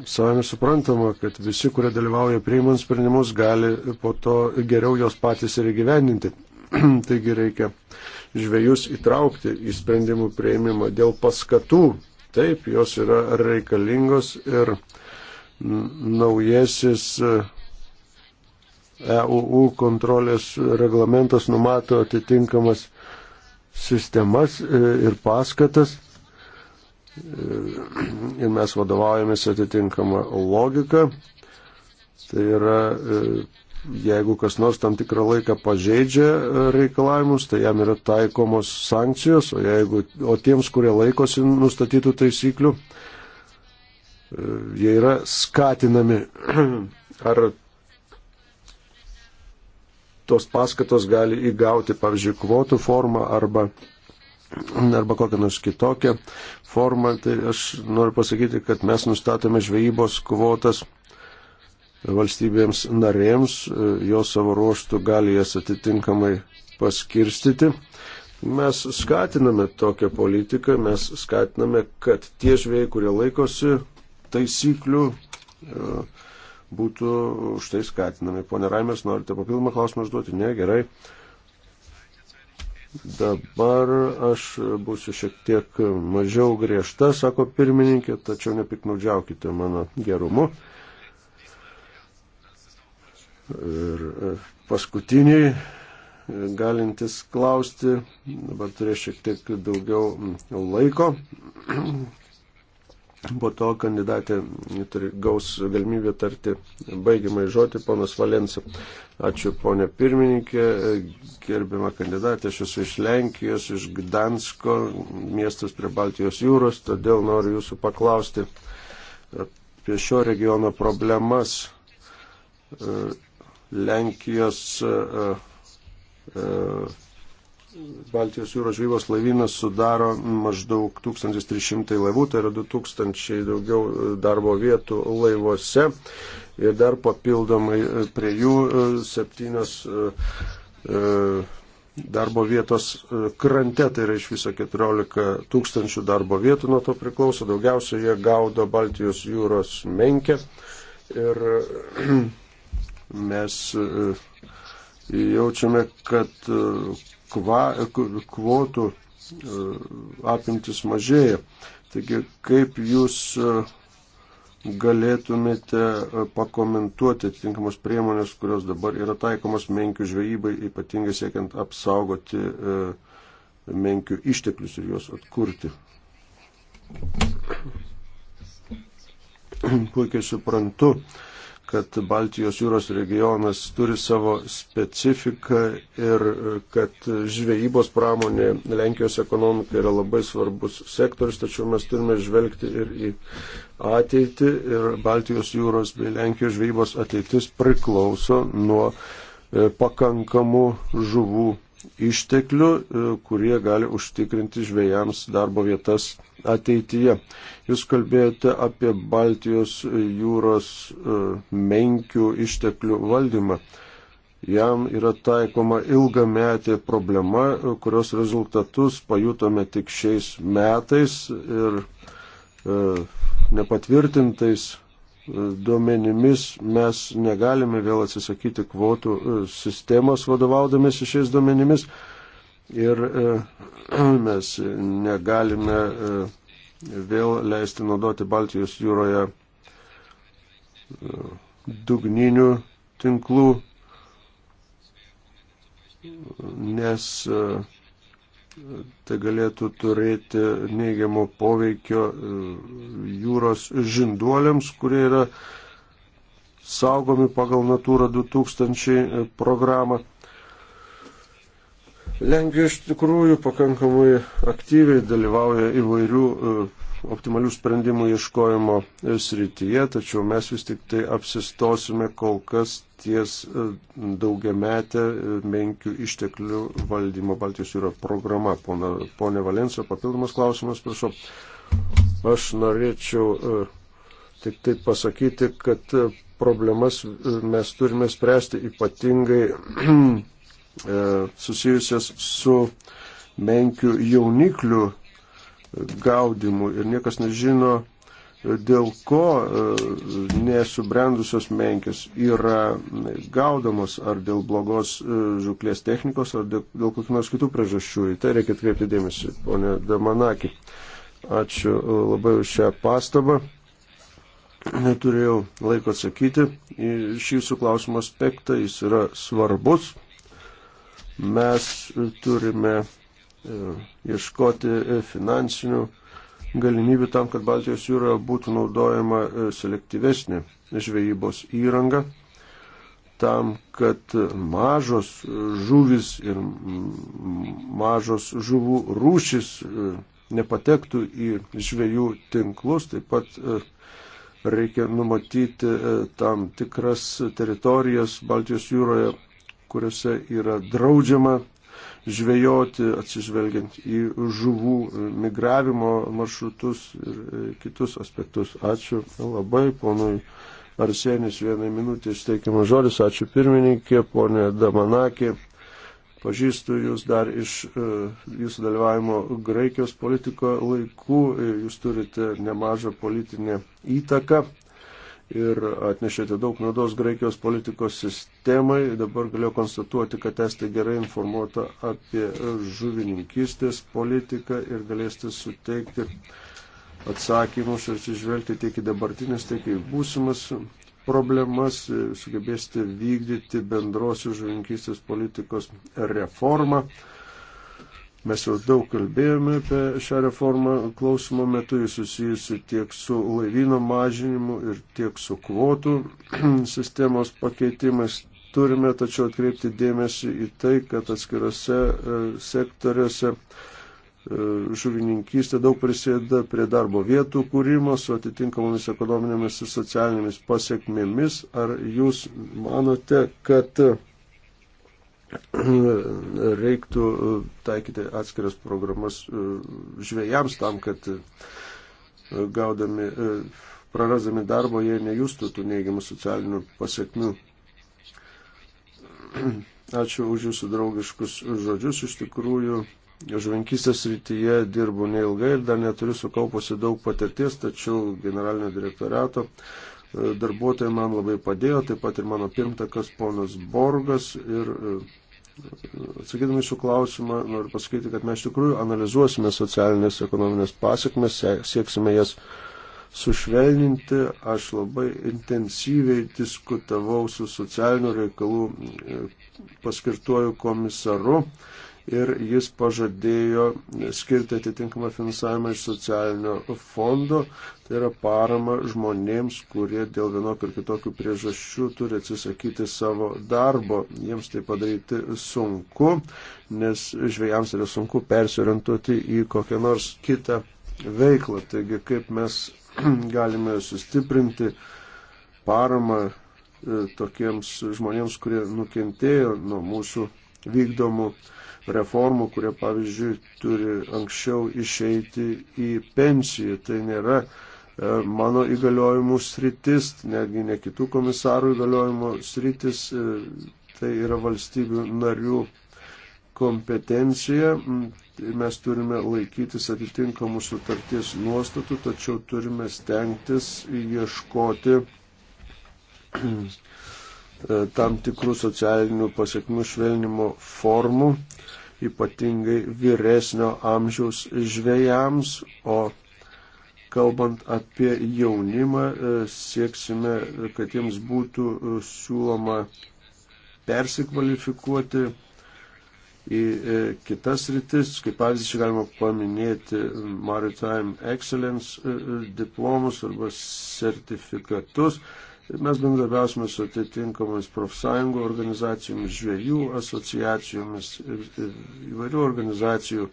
Savame suprantama, kad visi, kurie dalyvauja priimant sprendimus, gali po to geriau jos patys ir įgyvendinti. *clears throat* Taigi reikia žvėjus įtraukti į sprendimų prieimimą dėl paskatų. Taip, jos yra reikalingos ir naujasis EUU e kontrolės reglamentas numato atitinkamas sistemas e, ir paskatas. E, ir mes vadovaujamės atitinkamą logiką. Tai yra, e, jeigu kas nors tam tikrą laiką pažeidžia reikalavimus, tai jam yra taikomos sankcijos, o, jeigu, o tiems, kurie laikosi nustatytų taisyklių, jie yra skatinami *clears throat* ar tos paskatos gali įgauti, pavyzdžiui, kvotų formą arba, arba kokią nors kitokią formą. Tai aš noriu pasakyti, kad mes nustatome žvejybos kvotas valstybėms narėms, jos savo ruoštų gali jas atitinkamai paskirstyti. Mes skatiname tokią politiką, mes skatiname, kad tie žvėjai, kurie laikosi taisyklių, uh, būtų už tai skatinami. Pone Raimers, norite papildomą klausimą užduoti? Ne, gerai. Dabar aš būsiu šiek tiek mažiau griežta, sako pirmininkė, tačiau nepiknaudžiaukite mano gerumu. Ir paskutiniai galintis klausti, dabar turės šiek tiek daugiau laiko, Po to kandidatė gaus galimybę tarti baigiamai žodį, ponas Valensa. Ačiū, ponė pirmininkė, gerbiama kandidatė, aš esu iš Lenkijos, iš Gdansko, miestas prie Baltijos jūros, todėl noriu jūsų paklausti apie šio regiono problemas. E, Lenkijos e, e, Baltijos jūros žvybos laivynas sudaro maždaug 1300 laivų, tai yra 2000 daugiau darbo vietų laivuose ir dar papildomai e, prie jų e, septynios e, darbo vietos krante, tai yra iš viso 14 tūkstančių darbo vietų nuo to priklauso, daugiausia jie gaudo Baltijos jūros menkę ir *clears throat* mes jaučiame, kad kva, kvotų e, apimtis mažėja. Taigi, kaip jūs e, galėtumėte e, pakomentuoti atitinkamas priemonės, kurios dabar yra taikomas menkių žvejybai, ypatingai siekiant apsaugoti menkių išteklius ir juos atkurti. Puikiai suprantu, kad Baltijos jūros regionas turi savo specifiką ir kad žvejybos pramonė Lenkijos ekonomika yra labai svarbus sektorius, tačiau mes turime žvelgti ir į ateitį ir Baltijos jūros bei Lenkijos žvejybos ateitis priklauso nuo e, pakankamų žuvų išteklių, e, kurie gali užtikrinti žvėjams darbo vietas ateityje. Jūs kalbėjote apie Baltijos jūros e, menkių išteklių valdymą. Jam yra taikoma ilgametė problema, e, kurios rezultatus pajutome tik šiais metais ir e, nepatvirtintais duomenimis mes negalime vėl atsisakyti kvotų e, sistemos vadovaudamėsi šiais duomenimis ir e, *clears throat* mes negalime e, vėl leisti naudoti Baltijos jūroje dugninių tinklų, nes uh, tai galėtų turėti neigiamo poveikio e, jūros žinduoliams, kurie yra saugomi pagal Natūra 2000 e, programą. Lenkija iš tikrųjų pakankamai aktyviai dalyvauja įvairių e, optimalių sprendimų ieškojimo srityje, tačiau mes vis tik tai apsistosime kol kas ties e, daugiametę e, menkių išteklių valdymo Baltijos jūro programa. Pone, pone Valenso, papildomas klausimas, prašau. Aš norėčiau e, tik taip pasakyti, kad problemas mes turime spręsti ypatingai *clears throat* susijusias su menkių jauniklių gaudimu ir niekas nežino, dėl ko e, nesubrendusios menkės yra gaudomos ar dėl blogos e, žuklės technikos, ar dėl, dėl kokių nors kitų priežasčių. Į tai reikia atkreipti dėmesį, ponė Damanaki. Ačiū e, labai už šią pastabą. Neturėjau laiko atsakyti į šį jūsų klausimo aspektą, jis yra svarbus. Mes turime ieškoti finansinių galimybių tam, kad Baltijos jūroje būtų naudojama e, selektyvesnė žvejybos įranga, tam, kad mažos žuvis ir mažos žuvų rūšis e, nepatektų į žvejų tinklus, taip pat e, reikia numatyti tam tikras teritorijas Baltijos jūroje, kuriuose yra draudžiama žvejoti, atsižvelgiant į žuvų migravimo maršrutus ir e, kitus aspektus. Ačiū labai, ponui Arsenis, vienai minutė išteikiamas žodis. Ačiū pirmininkė, ponė Damanakė. Pažįstu jūs dar iš e, jūsų dalyvavimo Graikijos politiko laikų, e, jūs turite nemažą politinę įtaką ir atnešėte daug naudos Graikijos politikos sistemai. Dabar galiu konstatuoti, kad esate gerai informuota apie žuvininkystės politiką ir galėsite suteikti atsakymus ir atsižvelgti tiek į dabartinės, tiek į būsimas problemas, sugebėsite vykdyti bendrosios žuvininkystės politikos reformą. Mes jau daug kalbėjome apie šią reformą klausimo metu, jis susijusi tiek su laivyno mažinimu ir tiek su kvotų *clears throat* sistemos pakeitimais. Turime tačiau atkreipti dėmesį į tai, kad atskirose e, sektoriuose e, žuvininkystė daug prisėda prie darbo vietų kūrimo su atitinkamomis ekonominėmis ir socialinėmis pasiekmėmis. Ar jūs manote, kad reiktų e, taikyti atskiras programas e, žvėjams tam, kad e, gaudami, prarasdami darbo, jie nejustų tų neigiamų socialinių pasiekmių. *clears throat* Ačiū už jūsų draugiškus žodžius. Iš tikrųjų, žvenkystės rytyje dirbu neilgai ir dar neturiu sukaupusi daug patirties, tačiau generalinio direktoriato darbuotojai man labai padėjo, taip pat ir mano pirmtakas ponas Borgas. Ir e, atsakydami šių klausimą noriu pasakyti, kad mes tikrųjų analizuosime socialinės ekonominės pasiekmes, sieksime jas sušvelninti. Aš labai intensyviai diskutavau su socialinių reikalų e, paskirtuoju komisaru ir jis pažadėjo skirti atitinkamą finansavimą iš socialinio fondo, tai yra parama žmonėms, kurie dėl vienokio ir kitokių priežasčių turi atsisakyti savo darbo. Jiems tai padaryti sunku, nes žvėjams yra sunku persiorientuoti į kokią nors kitą veiklą. Taigi, kaip mes *clears throat* galime sustiprinti paramą e, tokiems žmonėms, kurie nukentėjo nuo mūsų vykdomų uh, reformų, kurie, pavyzdžiui, turi anksčiau išeiti į pensiją. Tai nėra e, mano įgaliojimų sritis, netgi ne kitų komisarų įgaliojimų sritis, e, tai yra valstybių narių kompetencija. Mes turime laikytis atitinkamų sutarties nuostatų, tačiau turime stengtis ieškoti *clears throat* e, tam tikrų socialinių pasiekmių švelnimo formų ypatingai vyresnio amžiaus žvėjams, o kalbant apie jaunimą, e, sieksime, kad jiems būtų e, siūloma persikvalifikuoti į e, kitas rytis. Kaip pavyzdį galima paminėti Maritime Excellence diplomus arba sertifikatus. Mes bendrabiausime su atitinkamomis profsąjungų organizacijomis, žvėjų asociacijomis ir, ir įvairių organizacijų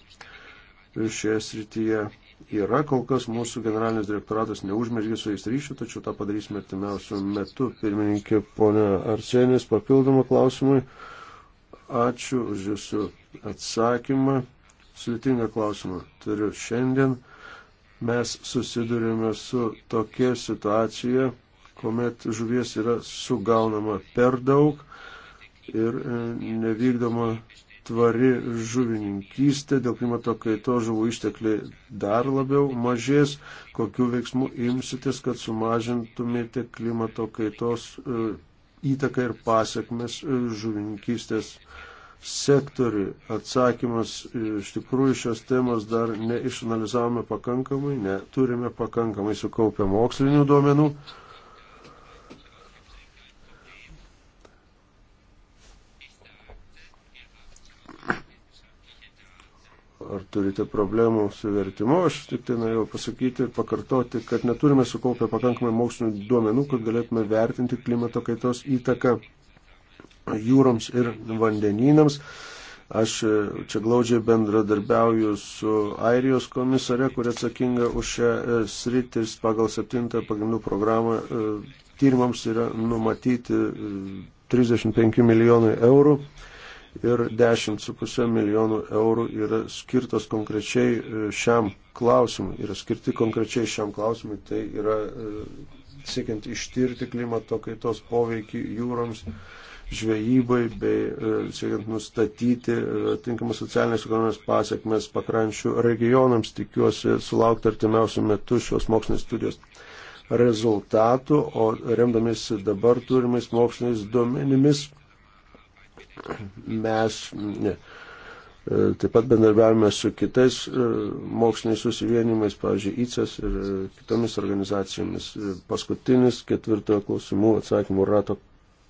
šioje srityje. Yra kol kas mūsų generalinis direktoratas neužmergė su jais ryšių, tačiau tą padarysime artimiausių metų. Pirmininkė ponia Arsenis, papildomą klausimui. Ačiū už jūsų atsakymą. Slitingą klausimą turiu šiandien. Mes susidurime su tokia situacija, kuomet žuvies yra sugaunama per daug ir e, nevykdoma tvari žuvininkystė, dėl klimato kaito žuvų ištekliai dar labiau mažės, kokiu veiksmu imsitės, kad sumažintumėte klimato kaitos e, įtaką ir pasiekmes e, žuvininkystės sektoriui. Atsakymas iš tikrųjų šios temos dar neišanalizavome pakankamai, neturime pakankamai sukaupę mokslinių duomenų. ar turite problemų su vertimu. Aš tik tai norėjau pasakyti ir pakartoti, kad neturime sukaupę pakankamai mokslinių duomenų, kad galėtume vertinti klimato kaitos įtaką jūroms ir vandenynams. Aš e, čia glaudžiai bendradarbiauju su Airijos komisare, kuri atsakinga už šią e, sritį ir pagal septintą pagrindų programą e, tyrimams yra numatyti 35 milijonai eurų ir 10,5 milijonų eurų yra skirtos konkrečiai e, šiam klausimui, yra skirti konkrečiai šiam klausimui, tai yra e, siekiant ištirti klimato kaitos poveikį jūroms, žvejybai bei e, siekiant nustatyti tinkamas socialinės ekonomijos pasiekmes pakrančių regionams, tikiuosi sulaukti artimiausių metų šios mokslinės studijos rezultatų, o remdamis dabar turimais moksliniais duomenimis Mes e, taip pat bendarbiavime su kitais e, moksliniais susivienimais, pavyzdžiui, ICES ir e, kitomis organizacijomis. Paskutinis ketvirtojo klausimų atsakymų rato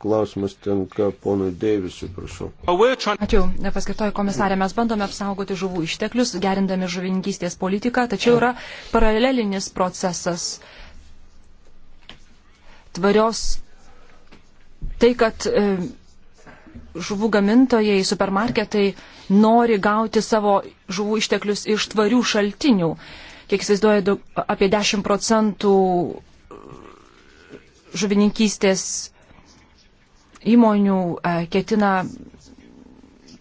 klausimas tenka ponui Deivisui, prašau. Ačiū, nepaskirtoji komisarė, mes bandome apsaugoti žuvų išteklius, gerindami žuvininkystės politiką, tačiau yra paralelinis procesas tvarios. Tai, kad e, žuvų gamintojai, supermarketai nori gauti savo žuvų išteklius iš tvarių šaltinių. Kiek įsivaizduoju, apie 10 procentų žuvininkystės įmonių e, ketina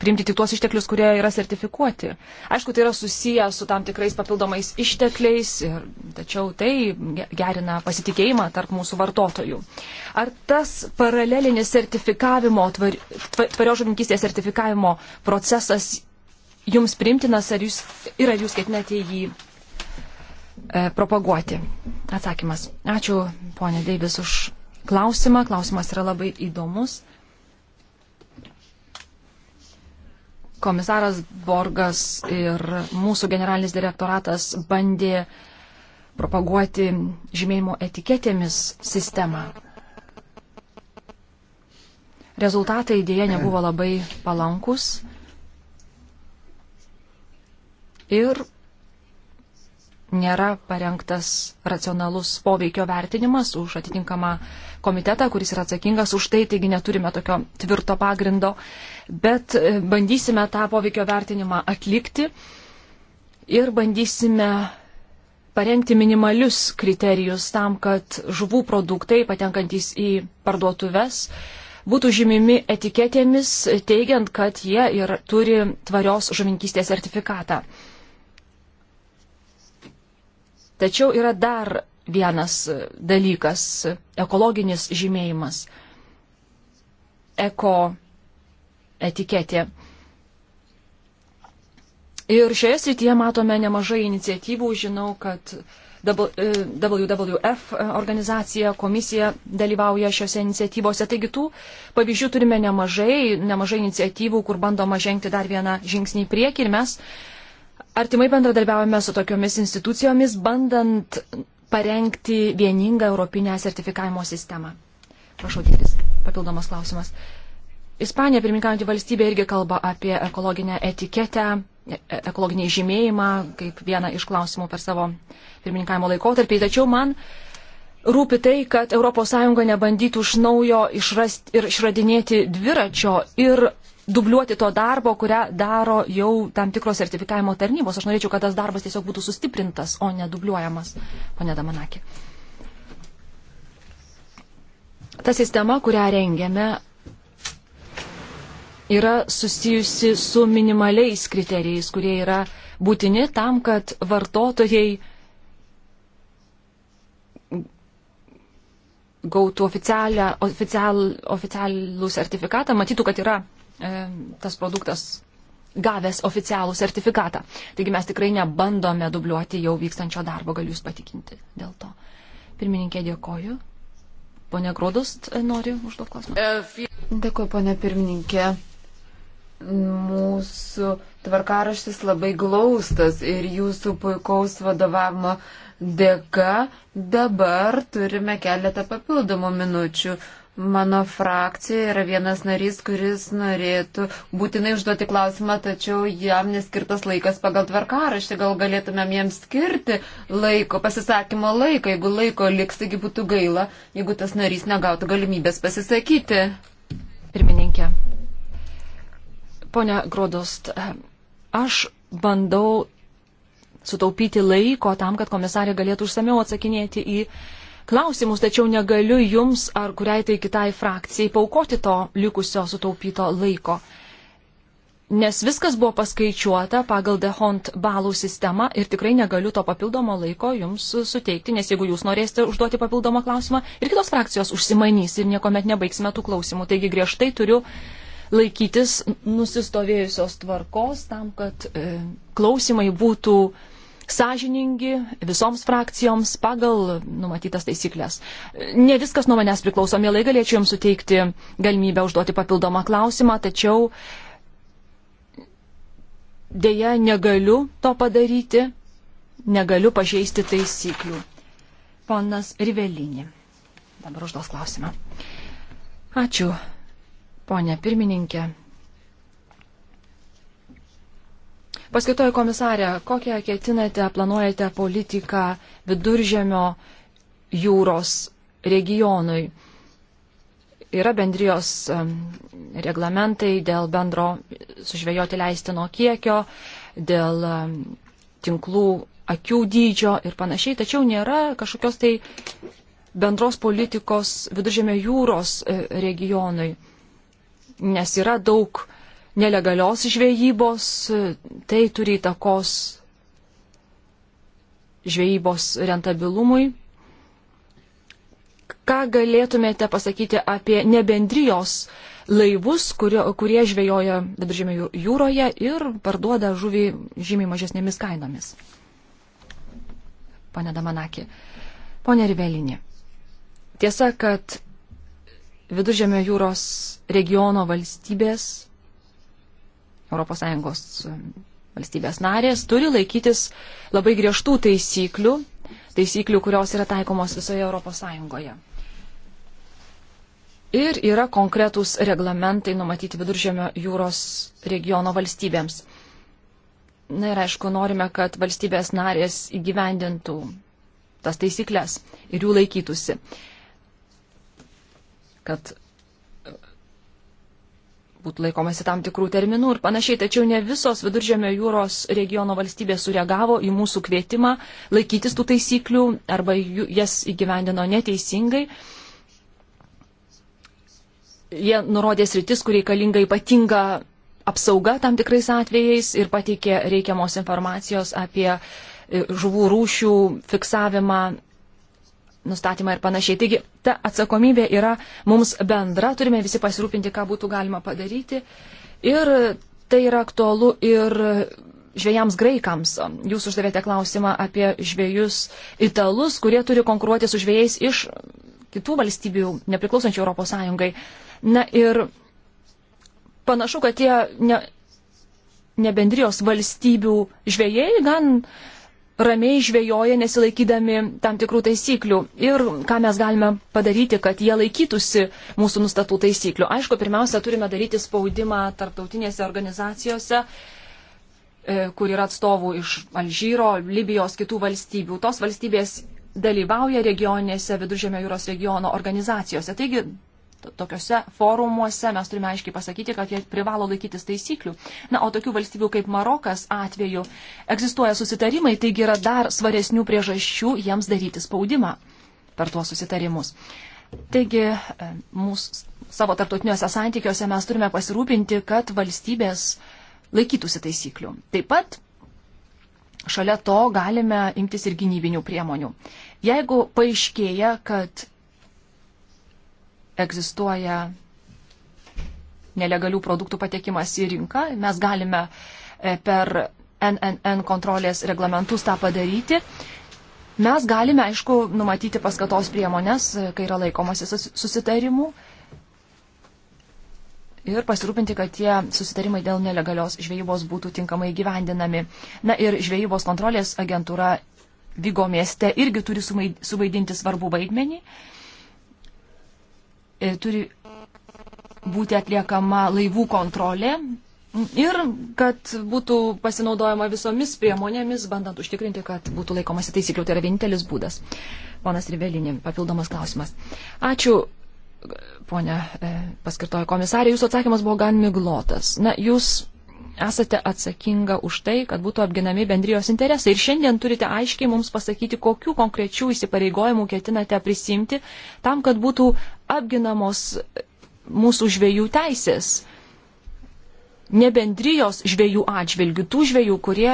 priimti tik tuos išteklius, kurie yra sertifikuoti. Aišku, tai yra susiję su tam tikrais papildomais ištekliais, ir, tačiau tai gerina pasitikėjimą tarp mūsų vartotojų. Ar tas paralelinis sertifikavimo, tvar, tvarios žuvininkystės sertifikavimo procesas jums primtinas, ar jūs, ir ar jūs ketinate jį e, propaguoti? Atsakymas. Ačiū, ponė Deivis, už klausimą. Klausimas yra labai įdomus. komisaras Borgas ir mūsų generalinis direktoratas bandė propaguoti žymėjimo etiketėmis sistemą. Rezultatai dėja nebuvo labai palankus ir nėra parengtas racionalus poveikio vertinimas už atitinkamą komitetą, kuris yra atsakingas už tai, taigi neturime tokio tvirto pagrindo, bet e, bandysime tą poveikio vertinimą atlikti ir bandysime parengti minimalius kriterijus tam, kad žuvų produktai patenkantys į parduotuves būtų žymimi etiketėmis, teigiant, kad jie ir turi tvarios žuvinkystės sertifikatą. Tačiau yra dar vienas dalykas - ekologinis žymėjimas. Eko etiketė. Ir šioje srityje matome nemažai iniciatyvų. Žinau, kad e, WWF organizacija, komisija dalyvauja šiuose iniciatyvose. Taigi tų pavyzdžių turime nemažai, nemažai iniciatyvų, kur bandoma žengti dar vieną žingsnį į priekį ir mes artimai bendradarbiavome su tokiomis institucijomis, bandant parengti vieningą europinę sertifikavimo sistemą. Prašau, dėlis papildomas klausimas. Ispanija, pirmininkaujantį valstybę, irgi kalba apie ekologinę etiketę, e, e, ekologinį žymėjimą kaip vieną iš klausimų per savo pirmininkavimo laikotarpį. Tačiau man rūpi tai, kad ES nebandytų iš naujo išrast ir išradinėti dviračio ir dubliuoti to darbo, kurią daro jau tam tikros sertifikavimo tarnybos. Aš norėčiau, kad tas darbas tiesiog būtų sustiprintas, o ne dubliuojamas, ponė Damanakė. Ta sistema, kurią rengiame, yra susijusi su minimaliais kriterijais, kurie yra būtini tam, kad vartotojai gautų oficialią, oficial, oficialų sertifikatą, matytų, kad yra E, tas produktas gavęs oficialų sertifikatą. Taigi mes tikrai nebandome dubliuoti jau vykstančio darbo, galiu Jūs patikinti dėl to. Pirmininkė, dėkoju. Pone Grodus e, nori užduoti klausimą. Dėkoju, pone pirmininkė. Mūsų tvarkaraštis labai glaustas ir jūsų puikaus vadovavimo dėka dabar turime keletą papildomų minučių. Mano frakcija yra vienas narys, kuris norėtų būtinai užduoti klausimą, tačiau jam neskirtas laikas pagal tvarkaraštį. Gal galėtumėm jam skirti laiko, pasisakymo laiko. Jeigu laiko liks, taigi būtų gaila, jeigu tas narys negautų galimybės pasisakyti. Pirmininkė. Pone Grodost, aš bandau sutaupyti laiko tam, kad komisarė galėtų užsameu atsakinėti į klausimus, tačiau negaliu jums ar kuriai tai kitai frakcijai paukoti to likusio sutaupyto laiko. Nes viskas buvo paskaičiuota pagal Dehont balų sistemą ir tikrai negaliu to papildomo laiko jums suteikti, nes jeigu jūs norėsite užduoti papildomą klausimą ir kitos frakcijos užsimanys ir niekuomet nebaigsime tų klausimų. Taigi griežtai turiu laikytis nusistovėjusios tvarkos tam, kad e, klausimai būtų e, sąžiningi visoms frakcijoms pagal numatytas taisyklės. Ne viskas nuo manęs priklauso, mielai galėčiau Jums suteikti galimybę užduoti papildomą klausimą, tačiau dėja negaliu to padaryti, negaliu pažeisti taisyklių. Ponas Rivelinė. Dabar užduos klausimą. Ačiū, ponė pirmininkė. Paskaitoju komisarę, kokią ketinate, planuojate politiką viduržėmio jūros regionui. Yra bendrijos reglamentai dėl bendro sužvejoti leistino kiekio, dėl tinklų akių dydžio ir panašiai, tačiau nėra kažkokios tai bendros politikos viduržėmio jūros e, regionui, nes yra daug nelegalios žvejybos, tai turi įtakos žvejybos rentabilumui. Ką galėtumėte pasakyti apie nebendrijos laivus, kurie, kurie žvejoja viduržėmio jūroje ir parduoda žuvį žymiai mažesnėmis kainomis? Pane Damanaki. Pone Rivelinė. Tiesa, kad viduržėmio jūros regiono valstybės ES um, valstybės narės turi laikytis labai griežtų taisyklių, taisyklių, kurios yra taikomos visoje ES. Ir yra konkretūs reglamentai numatyti viduržėmio jūros regiono valstybėms. Na ir aišku, norime, kad valstybės narės įgyvendintų tas taisyklės ir jų laikytųsi. Kad būtų laikomasi tam tikrų terminų ir panašiai, tačiau ne visos viduržėmio jūros regiono valstybės sureagavo į mūsų kvietimą laikytis tų taisyklių arba jas įgyvendino neteisingai. Jie nurodė sritis, kur reikalinga ypatinga apsauga tam tikrais atvejais ir pateikė reikiamos informacijos apie e, žuvų rūšių fiksavimą nustatymą ir panašiai. Taigi ta atsakomybė yra mums bendra, turime visi pasirūpinti, ką būtų galima padaryti. Ir tai yra aktualu ir žvėjams graikams. Jūs uždavėte klausimą apie žvėjus italus, kurie turi konkuruoti su žvėjais iš kitų valstybių, nepriklausančių Europos Sąjungai. Na ir panašu, kad tie ne, nebendrijos valstybių žvėjai gan uh, ramiai žvejoja nesilaikydami tam tikrų taisyklių ir ką mes galime padaryti, kad jie laikytųsi mūsų nustatų taisyklių. Aišku, pirmiausia, turime daryti spaudimą tarptautinėse organizacijose, e, kur yra atstovų iš Alžyro, Libijos, kitų valstybių. Tos valstybės dalyvauja regioninėse viduržėmio jūros regiono organizacijose. Taigi tokiuose forumuose mes turime aiškiai pasakyti, kad jie privalo laikytis taisyklių. Na, o tokių valstybių kaip Marokas atveju egzistuoja susitarimai, taigi yra dar svaresnių priežasčių jiems daryti spaudimą per tuos susitarimus. Taigi, e, mūsų savo tarptautiniuose santykiuose mes turime pasirūpinti, kad valstybės laikytųsi taisyklių. Taip pat šalia to galime imtis ir gynybinių priemonių. Jeigu paaiškėja, kad egzistuoja nelegalių produktų patekimas į rinką, mes galime e, per NNN kontrolės reglamentus tą padaryti. Mes galime, aišku, numatyti paskatos priemonės, e, kai yra laikomasi susitarimų ir pasirūpinti, kad tie susitarimai dėl nelegalios žvejybos būtų tinkamai gyvendinami. Na ir žvejybos kontrolės agentūra Vygo mieste irgi turi suvaidinti svarbų vaidmenį. Uh, E, turi būti atliekama laivų kontrolė ir kad būtų pasinaudojama visomis priemonėmis, bandant užtikrinti, kad būtų laikomasi taisyklių. Tai yra vienintelis būdas. Ponas Rivelinė, papildomas klausimas. Ačiū, e, ponia e, paskirtojo komisarė, jūsų atsakymas buvo gan miglotas. Na, jūs esate atsakinga už tai, kad būtų apginami bendrijos interesai. Ir šiandien turite aiškiai mums pasakyti, kokiu konkrečiu įsipareigojimu ketinate prisimti tam, kad būtų apginamos mūsų žvėjų teisės. Ne bendrijos žvėjų atžvilgių, tų žvėjų, kurie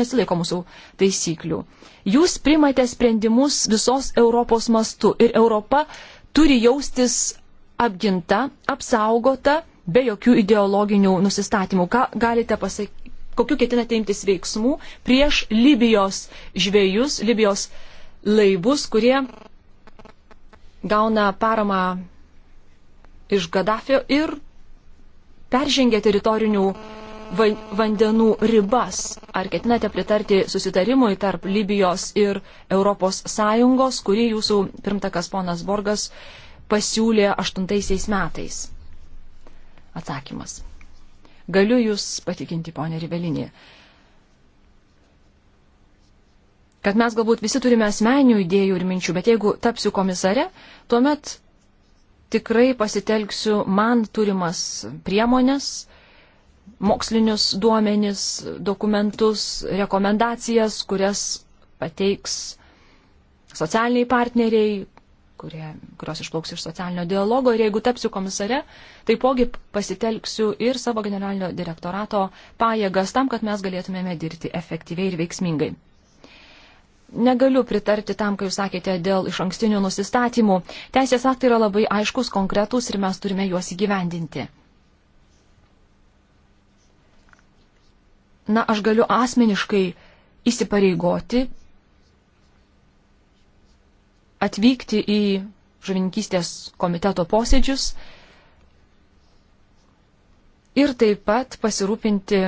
nesilaiko mūsų taisyklių. Jūs primate sprendimus visos Europos mastu ir Europa turi jaustis apginta, apsaugota be jokių ideologinių nusistatymų. Ką galite pasakyti, kokiu ketinate imtis veiksmų prieš Libijos žvėjus, Libijos laivus, kurie gauna paramą iš Gaddafio ir peržengia teritorinių vandenų ribas. Ar ketinate pritarti susitarimui tarp Libijos ir ES, kurį jūsų pirmtakas ponas Borgas pasiūlė aštuntaisiais metais? Atsakymas. Galiu Jūs patikinti, ponė Rivelinė, kad mes galbūt visi turime asmenių idėjų ir minčių, bet jeigu tapsiu komisare, tuomet tikrai pasitelksiu man turimas priemonės, mokslinius duomenis, dokumentus, rekomendacijas, kurias pateiks socialiniai partneriai, kurie, kurios išplauks iš socialinio dialogo. Ir jeigu tapsiu komisare, taipogi pasitelksiu ir savo generalinio direktorato pajėgas tam, kad mes galėtumėme dirbti efektyviai ir veiksmingai. Negaliu pritarti tam, kai jūs sakėte, dėl iš ankstinių nusistatymų. Teisės aktai yra labai aiškus, konkretūs ir mes turime juos įgyvendinti. Na, aš galiu asmeniškai įsipareigoti atvykti į žuvininkystės komiteto posėdžius ir taip pat pasirūpinti,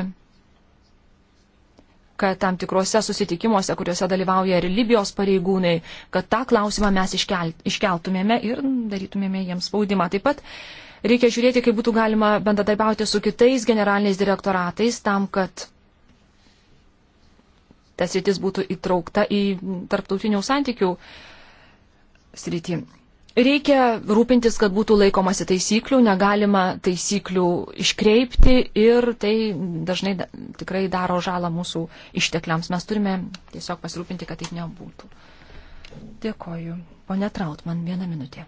kad tam tikrose susitikimuose, kuriuose dalyvauja ir Libijos pareigūnai, kad tą klausimą mes iškeltumėme ir darytumėme jiems spaudimą. Taip pat reikia žiūrėti, kaip būtų galima bendradarbiauti su kitais generaliniais direktoratais tam, kad tas rytis būtų įtraukta į tarptautinių santykių uh, srity. Reikia rūpintis, kad būtų laikomasi taisyklių, negalima taisyklių iškreipti ir tai dažnai da, tikrai daro žalą mūsų ištekliams. Mes turime tiesiog pasirūpinti, kad taip nebūtų. Dėkoju. Pone Trautman, vieną minutę.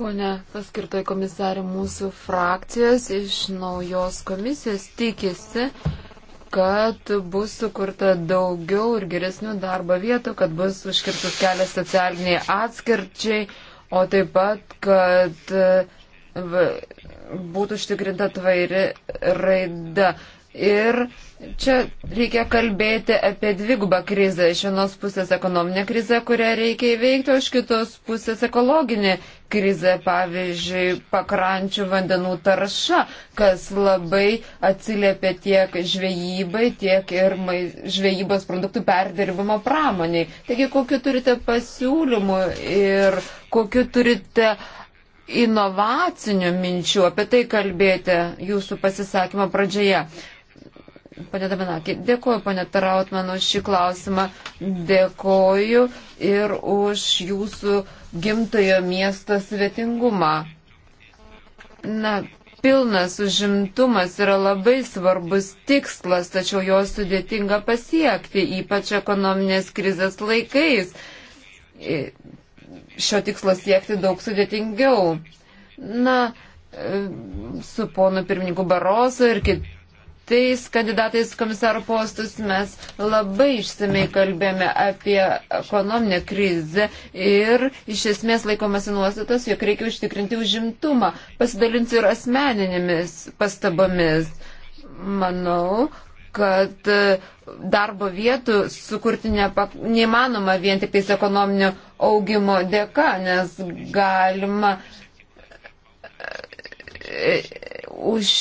Pone paskirtoji komisarė, mūsų frakcijas iš naujos komisijos tikisi, kad bus sukurta daugiau ir geresnių darbo vietų, kad bus užkirtas kelias socialiniai atskirčiai, o taip pat, kad e, būtų užtikrinta tvairi raida. Ir čia reikia kalbėti apie dvigubą krizę. Iš vienos pusės ekonominę krizę, kurią reikia įveikti, o iš kitos pusės ekologinė krizė, pavyzdžiui, pakrančių vandenų tarša, kas labai atsiliepia tiek žvejybai, tiek ir žvejybos produktų perdirbimo pramoniai. Taigi, kokiu turite pasiūlymų ir kokiu turite inovacinių minčių, apie tai kalbėti jūsų pasisakymo pradžioje. Pane Damanakė, dėkoju, pane Tarautman, už šį klausimą. Dėkoju ir už jūsų gimtojo miesto svetingumą. Na, pilnas užimtumas yra labai svarbus tikslas, tačiau jo sudėtinga pasiekti, ypač ekonominės krizės laikais. Šio tikslo siekti daug sudėtingiau. Na, e, su ponu pirmininku Baroso ir kitų kitais kandidatais komisaro postus mes labai išsamei kalbėjome apie ekonominę krizę ir iš esmės laikomasi nuostatos, jog reikia užtikrinti užimtumą. Pasidalinsiu ir asmeninėmis pastabomis. Manau, kad e, darbo vietų sukurti nepak... neįmanoma vien tik tais ekonominio augimo dėka, nes galima e, e, už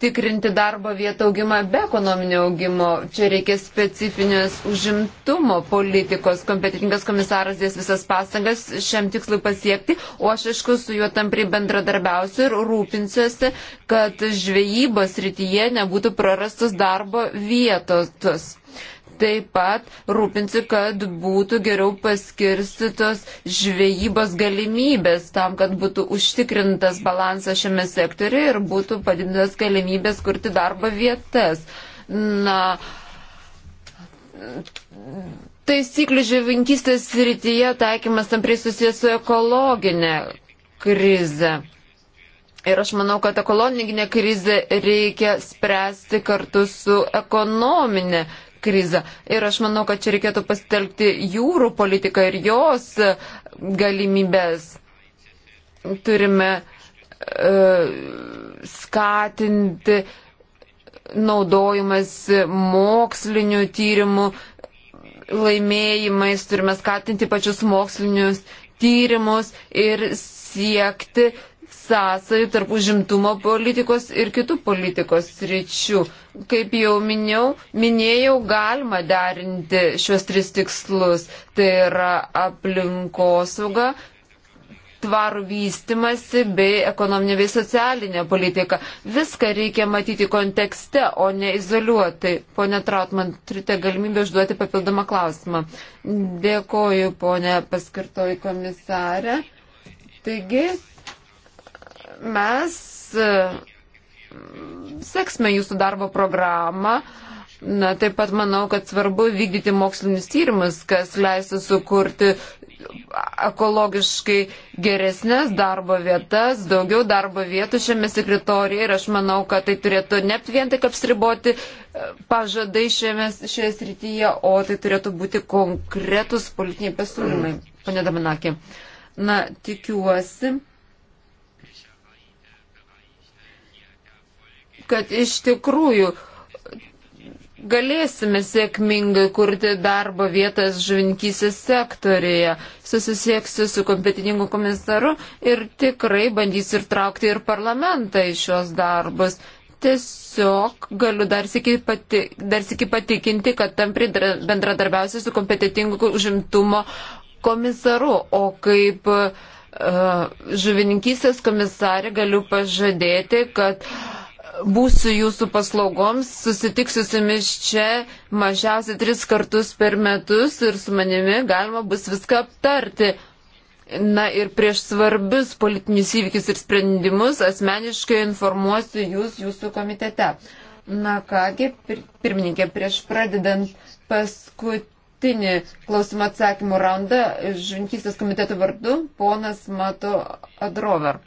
užtikrinti darbo vietą augimą be ekonominio augimo. Čia reikia specifinės užimtumo politikos. Kompetitingas komisaras dės visas pastangas šiam tikslui pasiekti, o aš aišku su juo tamprai bendradarbiausiu ir rūpinsiuosi, kad žvejybos rytyje nebūtų prarastos darbo vietos taip pat rūpinsi, kad būtų geriau paskirstytos žvejybos galimybės tam, kad būtų užtikrintas balansas šiame sektoriuje ir būtų padidintas galimybės kurti darbo vietas. Na, taisyklių žyvinkistės srityje taikymas tampriai susijęs su ekologinė krize. Ir aš manau, kad ekologinė krizė reikia spręsti kartu su ekonominė krizę. Ir aš manau, kad čia reikėtų pasitelkti jūrų politiką ir jos e, galimybės. Turime uh, skatinti naudojimas mokslinių tyrimų laimėjimais, turime skatinti pačius mokslinius tyrimus ir siekti uh, sąsajų tarp užimtumo politikos ir kitų politikos sričių. Kaip jau minėjau, minėjau galima derinti šios tris tikslus. Tai yra aplinkosauga, tvarų vystimasi bei ekonominė bei socialinė politika. Viską reikia matyti kontekste, o ne izoliuotai. Pone Trautman, turite galimybę užduoti papildomą klausimą. Dėkoju, ponė paskirtoji komisarė. Taigi, mes e, seksime jūsų darbo programą. Na, taip pat manau, kad svarbu vykdyti mokslinis tyrimus, kas leistų sukurti ekologiškai geresnės darbo vietas, daugiau darbo vietų šiame sekretorijoje ir aš manau, kad tai turėtų ne vien tik apsriboti e, pažadai šiame, šioje srityje, o tai turėtų būti konkretus politiniai pasiūlymai. Pane Daminakė, na, tikiuosi kad iš tikrųjų galėsime sėkmingai kurti darbo vietas žuvinkysės sektorėje. Susisieksiu su kompetitingu komisaru ir tikrai bandysiu ir traukti ir parlamentą į šios darbus. Tiesiog galiu dar sėki pati, patikinti, kad tam bendradarbiausiu su kompetitingu užimtumo komisaru, o kaip uh, žuvininkysės komisarė galiu pažadėti, kad uh, būsiu jūsų paslaugoms, susitiksiu su jumis čia mažiausiai tris kartus per metus ir su manimi galima bus viską aptarti. Na ir prieš svarbius politinius įvykius ir sprendimus asmeniškai informuosiu jūs jūsų komitete. Na kągi, pirmininkė, prieš pradedant paskutinį klausimą atsakymų raundą, žvinkystės komiteto vardu, ponas Mato Adrover.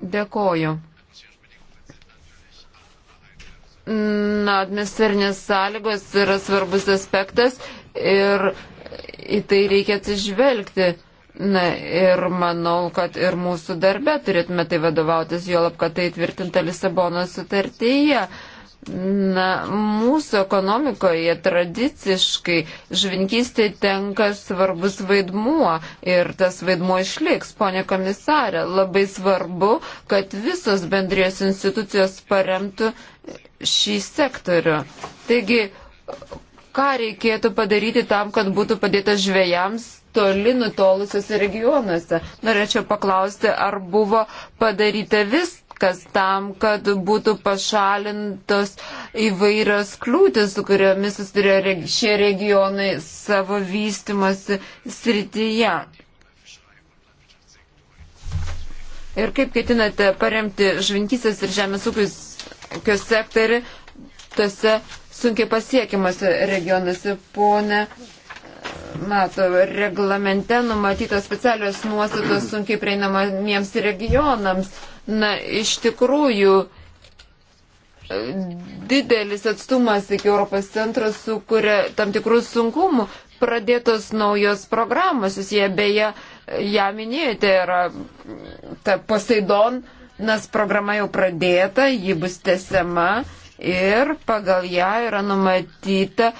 Dėkoju. Na, atmosferinės sąlygos yra svarbus aspektas ir į tai reikia atsižvelgti. Na ir manau, kad ir mūsų darbe turėtume tai vadovautis, juolab, kad tai tvirtinta Lisabono sutartyje. Uh, Na, mūsų ekonomikoje tradiciškai žvinkystė tenka svarbus vaidmuo ir tas vaidmuo išliks, ponė komisarė. Labai svarbu, kad visos bendrijos institucijos paremtų šį sektorių. Taigi, ką reikėtų padaryti tam, kad būtų padėta žvėjams toli nutolusiuose regionuose. Norėčiau paklausti, ar buvo padaryta vis viskas tam, kad būtų pašalintos įvairios kliūtis, su kuriomis susiduria šie regionai savo vystimasi srityje. Ir kaip ketinate paremti žvinkysės ir žemės ūkio sektorį tose sunkiai pasiekiamose regionuose, ponė mato reglamente numatytos specialios nuostatos sunkiai prieinamiems regionams. Na, iš tikrųjų, didelis atstumas iki Europos centro sukuria tam tikrus sunkumų. Pradėtos naujos programos, jūs jie beje, ją minėjote, yra ta Poseidon, nes programa jau pradėta, ji bus tesiama ir pagal ją yra numatyta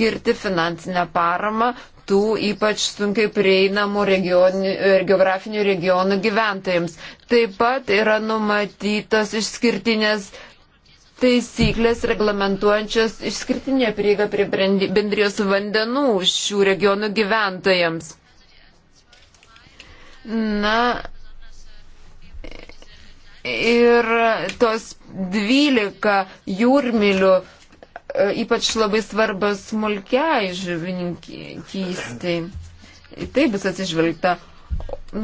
skirti finansinę paramą tų ypač sunkiai prieinamų regioni, e, geografinių regionų gyventojams. Taip pat yra numatytos išskirtinės taisyklės reglamentuojančios išskirtinę prieigą prie bendrijos vandenų šių regionų gyventojams. Na, ir tos 12 jūrmilių E, ypač labai svarbios smulkiai žuvininkystiai. Į tai bus atsižvelgta.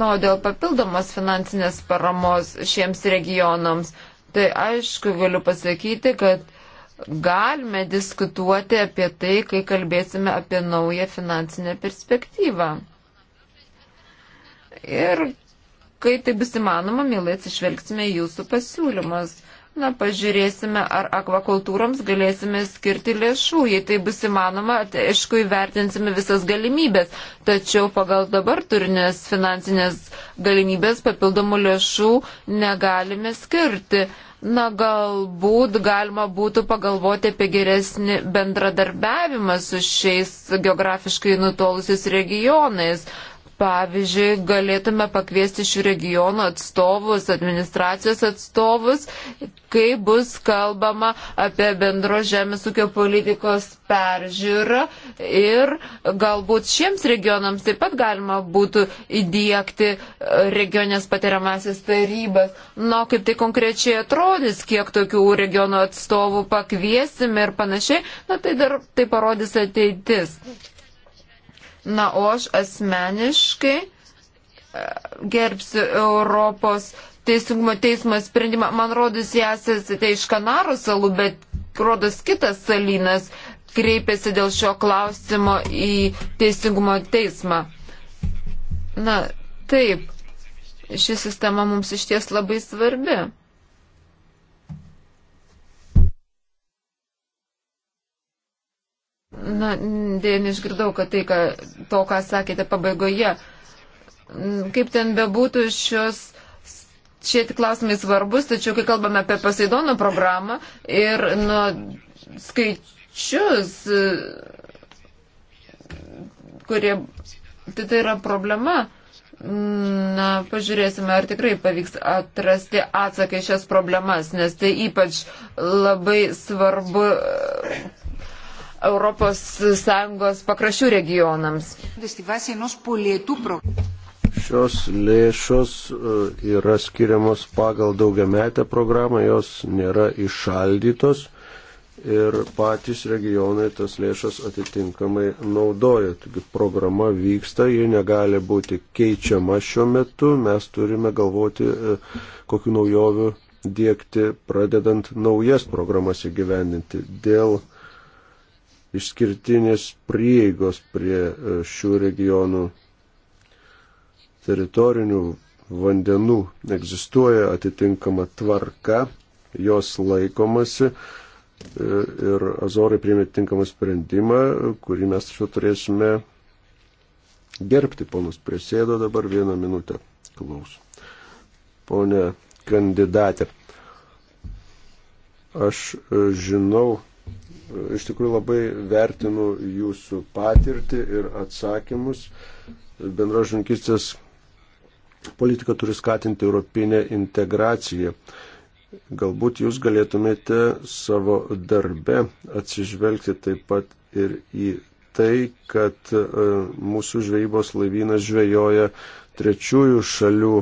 Nu, dėl papildomos finansinės paramos šiems regionams, tai aišku, galiu pasakyti, kad galime diskutuoti apie tai, kai kalbėsime apie naują finansinę perspektyvą. Ir kai tai bus įmanoma, mielai atsižvelgsime jūsų pasiūlymas. Na, pažiūrėsime, ar akvakultūroms galėsime skirti lėšų. Jei tai bus įmanoma, tai aišku, įvertinsime visas galimybės. Tačiau pagal dabar turinės finansinės galimybės papildomų lėšų negalime skirti. Na, galbūt galima būtų pagalvoti apie geresnį bendradarbiavimą su šiais geografiškai nutolusiais regionais. Pavyzdžiui, galėtume pakviesti šių regionų atstovus, administracijos atstovus, kai bus kalbama apie bendro žemės ūkio politikos peržiūrą ir galbūt šiems regionams taip pat galima būtų įdėkti e, regionės patiriamasis tarybas. Na, kaip tai konkrečiai atrodys, kiek tokių regionų atstovų pakviesime ir panašiai, na tai dar tai parodys ateitis. Na, o aš asmeniškai e, gerbsiu Europos teisingumo teismo sprendimą. Man rodus, jas esate iš Kanarų salų, bet rodos kitas salynas kreipėsi dėl šio klausimo į teisingumo teismą. Na, taip, ši sistema mums iš ties labai svarbi. Na, dėja neišgirdau, kad tai, ką, to, ką sakėte pabaigoje. Kaip ten bebūtų, šios, šie tik klausimai svarbus, tačiau kai kalbame apie Paseidonų programą ir nuo skaičius, kurie, tai tai yra problema. Na, pažiūrėsime, ar tikrai pavyks atrasti atsaką į šias problemas, nes tai ypač labai svarbu ES pakraščių regionams. Šios lėšos e, yra skiriamos pagal daugiametę programą, jos nėra išaldytos ir patys regionai tas lėšas atitinkamai naudoja. Taigi programa vyksta, ji negali būti keičiama šiuo metu, mes turime galvoti, e, kokiu naujoviu dėkti, pradedant naujas programas įgyvendinti. Dėl išskirtinės prieigos prie e, šių regionų teritorinių vandenų. Egzistuoja atitinkama tvarka, jos laikomasi e, ir Azorai priėmė tinkamą sprendimą, kurį mes tačiau turėsime gerbti. Ponas prisėdo dabar vieną minutę. Klaus. Pone kandidatė, aš e, žinau, iš tikrųjų labai vertinu jūsų patirtį ir atsakymus. Bendra žankistės politika turi skatinti europinę integraciją. Galbūt jūs galėtumėte savo darbe atsižvelgti taip pat ir į tai, kad e, mūsų žvejybos laivynas žvejoja trečiųjų šalių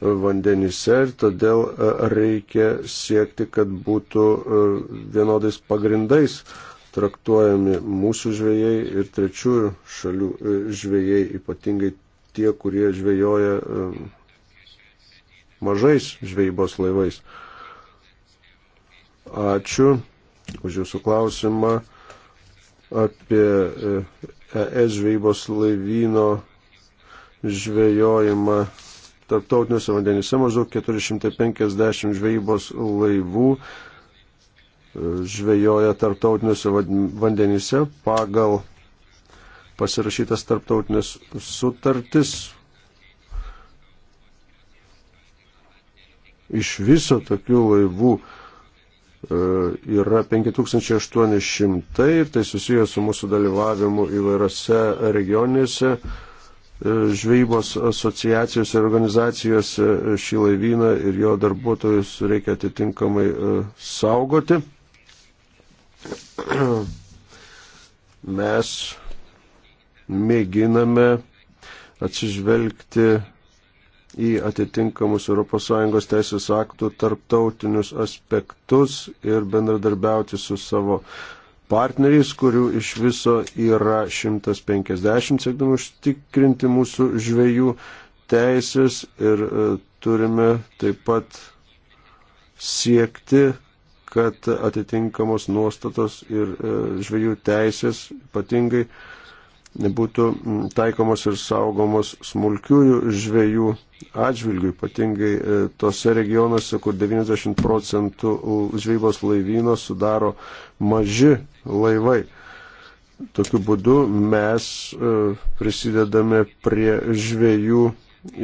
vandenyse ir todėl e, reikia siekti, kad būtų e, vienodais pagrindais traktuojami mūsų žvėjai ir trečiųjų šalių e, žvėjai, ypatingai tie, kurie žvėjoja mažais žvejybos laivais. Ačiū už Jūsų klausimą apie ES žvejybos laivyno žvejojimą tarptautiniuose vandenyse maždaug 450 žvejybos laivų e, žvejoja tarptautiniuose vandenyse pagal pasirašytas tarptautinės sutartis. Iš viso tokių laivų e, yra 5800 ir tai susijęs su mūsų dalyvavimu įvairiose regionėse E, žvejybos asociacijos ir organizacijos e, šį laivyną ir jo darbuotojus reikia atitinkamai e, saugoti. *clears throat* Mes mėginame atsižvelgti į atitinkamus ES teisės aktų tarptautinius aspektus ir bendradarbiauti su savo partneriais, kurių iš viso yra 150, siekdami užtikrinti mūsų žvėjų teisės ir e, turime taip pat siekti, kad atitinkamos nuostatos ir e, žvėjų teisės ypatingai uh, būtų mm, taikomos ir saugomos smulkiųjų žvėjų atžvilgių, ypatingai e, tose regionuose, kur 90 procentų žvejybos laivyno sudaro maži laivai. Tokiu būdu mes e, prisidedame prie žvėjų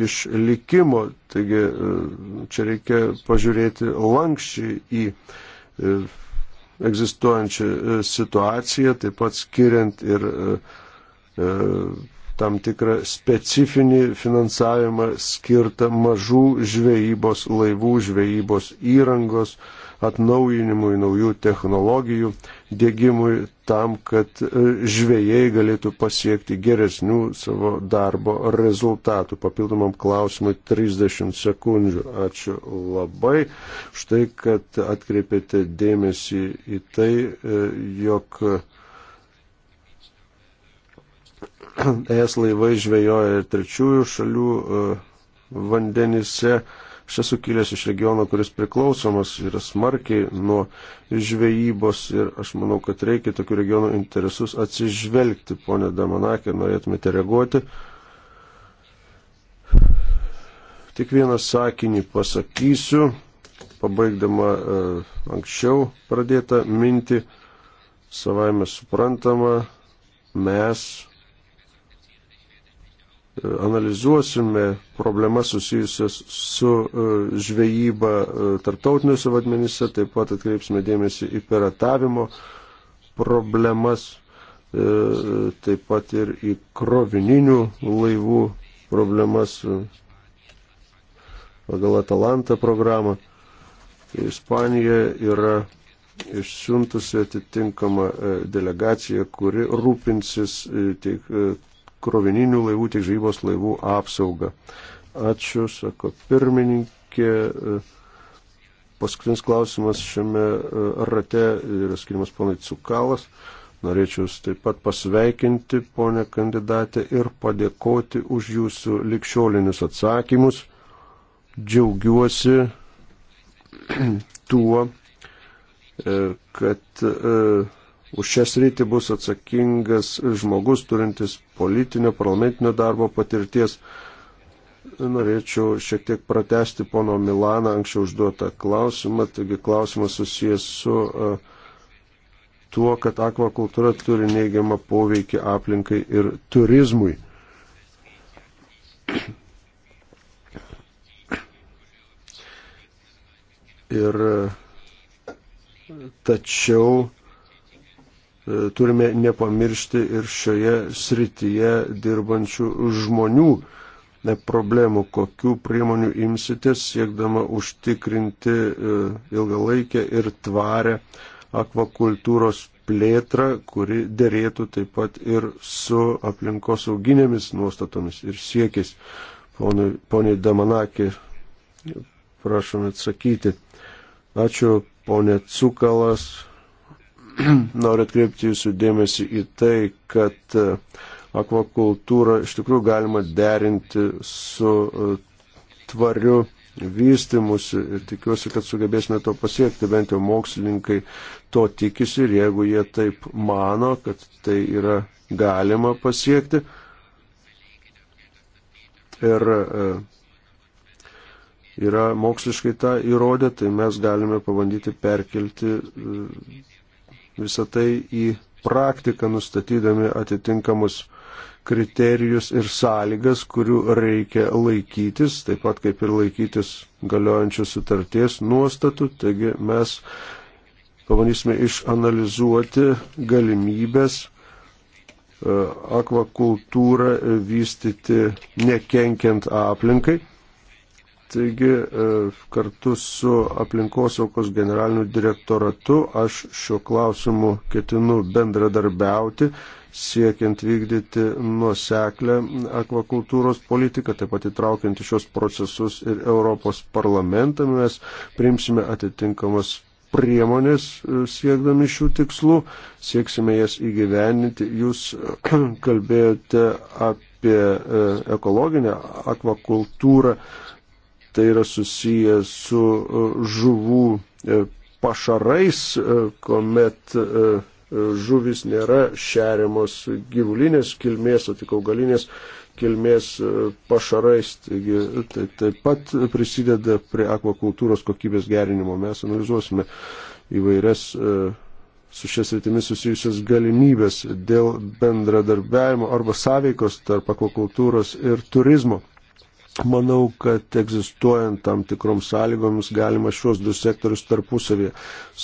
išlikimo, taigi e, čia reikia pažiūrėti lankščiai į egzistuojančią situaciją, taip pat skiriant ir uh, E, tam tikrą specifinį finansavimą skirtą mažų žvejybos laivų, žvejybos įrangos atnaujinimui, naujų technologijų dėgymui tam, kad e, žvėjai galėtų pasiekti geresnių savo darbo rezultatų. Papildomam klausimui 30 sekundžių. Ačiū labai štai, kad atkreipėte dėmesį į tai, e, jog *clears throat* es laivai žvejoja ir trečiųjų šalių e, vandenyse. Aš esu kilęs iš regiono, kuris priklausomas yra smarkiai nuo žvejybos ir aš manau, kad reikia tokių regionų interesus atsižvelgti. Pone Damanakė, norėtumėte reaguoti? Tik vieną sakinį pasakysiu, pabaigdama e, anksčiau pradėtą mintį, savaime suprantama, mes analizuosime problemas susijusias su e, žvejyba e, tarptautiniuose vadmenyse, taip pat atkreipsime dėmesį į piratavimo problemas, e, taip pat ir į krovininių laivų problemas pagal Atalantą programą. Ispanija yra išsiuntusi atitinkamą delegaciją, kuri rūpinsis tiek krovininių laivų, tiek žvejybos laivų apsaugą. Ačiū, sako pirmininkė. Paskutinis klausimas šiame e, rate yra skirimas ponai Cukalas. Norėčiau taip pat pasveikinti ponę kandidatę ir padėkoti už jūsų likščiolinius atsakymus. Džiaugiuosi *clears throat* tuo, e, kad e, Už šią sritį bus atsakingas žmogus turintis politinio, parlamentinio darbo patirties. Norėčiau šiek tiek pratesti pono Milaną anksčiau užduotą klausimą. Taigi klausimas susijęs su uh, tuo, kad akvakultūra turi neigiamą poveikį aplinkai ir turizmui. Ir e, tačiau E, turime nepamiršti ir šioje srityje dirbančių žmonių e, problemų, kokių priemonių imsitės siekdama užtikrinti e, ilgalaikę ir tvarę akvakultūros plėtrą, kuri dėrėtų taip pat ir su aplinkosauginėmis nuostatomis ir siekiais. Poniai Damanakė, prašome atsakyti. Ačiū, ponė Cukalas, *clears throat* noriu atkreipti jūsų dėmesį į tai, kad e, akvakultūrą iš tikrųjų galima derinti su e, tvariu vystimusi ir tikiuosi, kad sugebėsime to pasiekti, bent jau mokslininkai to tikisi ir jeigu jie taip mano, kad tai yra galima pasiekti. Ir e, yra moksliškai tą įrodę, tai mes galime pabandyti perkelti visą tai į praktiką nustatydami atitinkamus kriterijus ir sąlygas, kurių reikia laikytis, taip pat kaip ir laikytis galiojančių sutarties nuostatų. Taigi mes pabandysime išanalizuoti galimybės e, akvakultūrą vystyti nekenkiant aplinkai. Taigi e, kartu su aplinkosaukos generaliniu direktoratu aš šiuo klausimu ketinu bendradarbiauti, siekiant vykdyti nuoseklę akvakultūros politiką, taip pat įtraukiant į šios procesus ir Europos parlamentą mes priimsime atitinkamas priemonės e, siekdami šių tikslų, sieksime jas įgyveninti. Jūs e, *clears throat* kalbėjote apie ekologinę akvakultūrą tai yra susiję su e, žuvų e, pašarais, e, kuomet žuvis nėra šeriamos gyvulinės kilmės, o tik augalinės kilmės pašarais. Taigi, tai taip pat prisideda prie akvakultūros kokybės gerinimo. Mes analizuosime įvairias su šias rytimis susijusias galimybės dėl bendradarbiavimo arba sąveikos tarp akvakultūros ir turizmo. Manau, kad egzistuojant tam tikroms sąlygoms galima šios du sektorius tarpusavį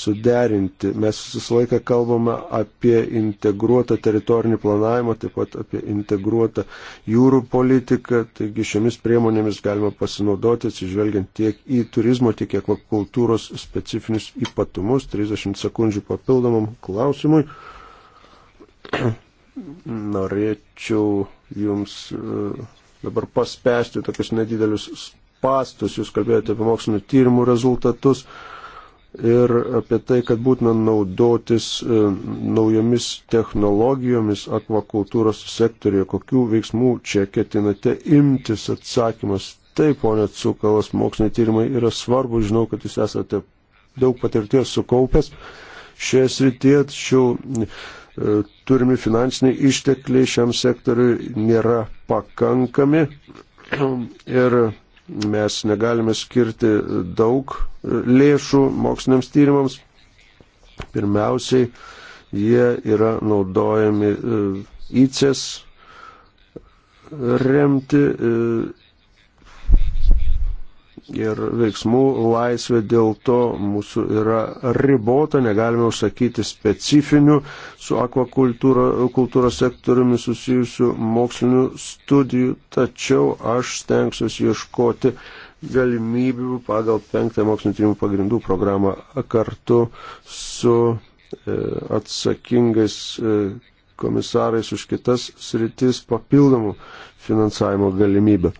suderinti. Mes visą laiką kalbame apie integruotą teritorinį planavimą, taip pat apie integruotą jūrų politiką. Taigi šiomis priemonėmis galima pasinaudoti, atsižvelgiant tiek į turizmo, tiek į akvakultūros specifinius ypatumus. 30 sekundžių papildomam klausimui. Norėčiau jums. Uh, dabar paspęsti tokius nedidelius spastus. Jūs kalbėjote apie mokslinio tyrimų rezultatus ir apie tai, kad būtina naudotis e, naujomis technologijomis akvakultūros sektorėje. Kokių veiksmų čia ketinate imtis? Atsakymas. Taip, ponė Cukalas, moksliniai tyrimai yra svarbu. Žinau, kad jūs esate daug patirties sukaupęs šioje srityje, tačiau turimi finansiniai ištekliai šiam sektoriui nėra pakankami ir mes negalime skirti daug lėšų moksliniams tyrimams. Pirmiausiai jie yra naudojami įces e, remti e, ir veiksmų laisvė dėl to mūsų yra ribota, negalime užsakyti specifinių su akvakultūros sektoriumi susijusių mokslinių studijų, tačiau aš stengsiuosi ieškoti galimybių pagal penktą mokslinio tyrimų pagrindų programą kartu su e, atsakingais e, komisarais už kitas sritis papildomų finansavimo galimybių.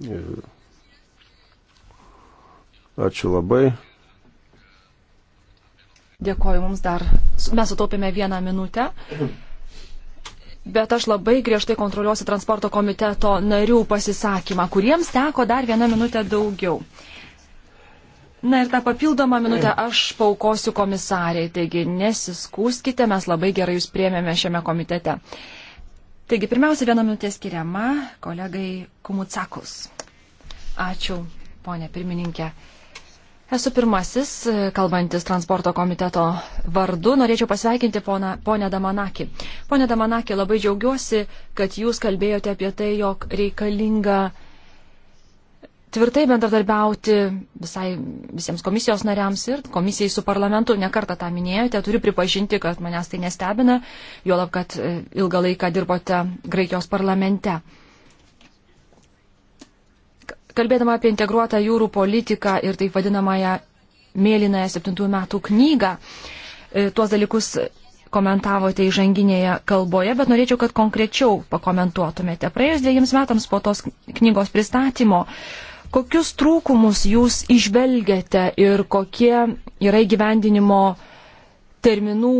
Ačiū labai. Dėkoju mums dar. Mes sutaupėme vieną minutę. Bet aš labai griežtai kontroliuosiu transporto komiteto narių pasisakymą, kuriems teko dar vieną minutę daugiau. Na ir tą papildomą minutę aš paukosiu komisariai, taigi nesiskūskite, mes labai gerai jūs priemėme šiame komitete. Uh, Taigi, pirmiausia, viena minutė skiriama kolegai Kumutsakus. Ačiū, ponė pirmininkė. Esu pirmasis, e, kalbantis transporto komiteto vardu, norėčiau pasveikinti poną, ponę Damanakį. Pone Damanakį, labai džiaugiuosi, kad jūs kalbėjote apie tai, jog reikalinga uh, tvirtai bendradarbiauti visai visiems komisijos nariams ir komisijai su parlamentu. Nekartą tą minėjote, turiu pripažinti, kad manęs tai nestebina, juolab, kad e, ilgą laiką dirbote Graikijos parlamente. Kalbėdama apie integruotą jūrų politiką ir taip vadinamąją mėlynąją septintųjų metų knygą, e, tuos dalykus komentavote įžanginėje kalboje, bet norėčiau, kad konkrečiau pakomentuotumėte. Praėjus dviejams metams po tos knygos pristatymo Kokius trūkumus jūs išvelgiate ir kokie yra įgyvendinimo terminų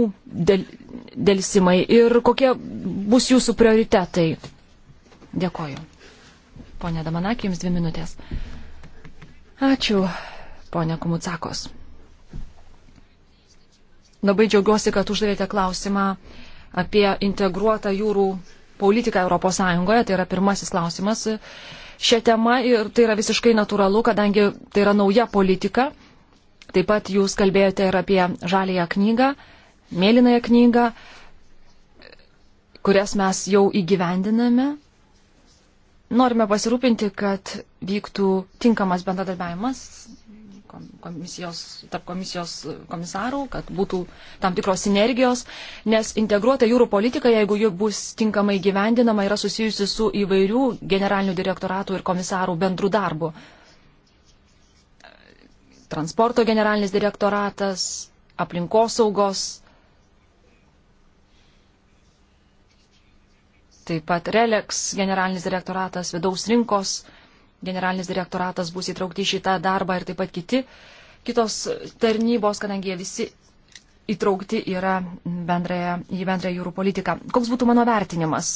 dėlsimai ir kokie bus jūsų prioritetai? Dėkoju. Pone Damanakė, jums dvi minutės. Ačiū, ponė Kumutsakos. Labai džiaugiuosi, kad uždavėte klausimą apie integruotą jūrų politiką ES. Tai yra pirmasis klausimas, šią temą ir tai yra visiškai natūralu, kadangi tai yra nauja politika. Taip pat jūs kalbėjote ir apie žalėją knygą, mėlynąją knygą, kurias mes jau įgyvendiname. Norime pasirūpinti, kad vyktų tinkamas bendradarbiavimas komisijos, tarp komisijos komisarų, kad būtų tam tikros sinergijos, nes integruota jūrų politika, jeigu ji bus tinkamai gyvendinama, yra susijusi su įvairių generalinių direktoratų ir komisarų bendrų darbu. Transporto generalinis direktoratas, aplinkosaugos, taip pat Relex generalinis direktoratas, vidaus rinkos generalinis direktoratas bus įtraukti į šitą darbą ir taip pat kiti, kitos tarnybos, kadangi jie visi įtraukti yra bendrąją, į bendrąją jūrų politiką. Koks būtų mano vertinimas?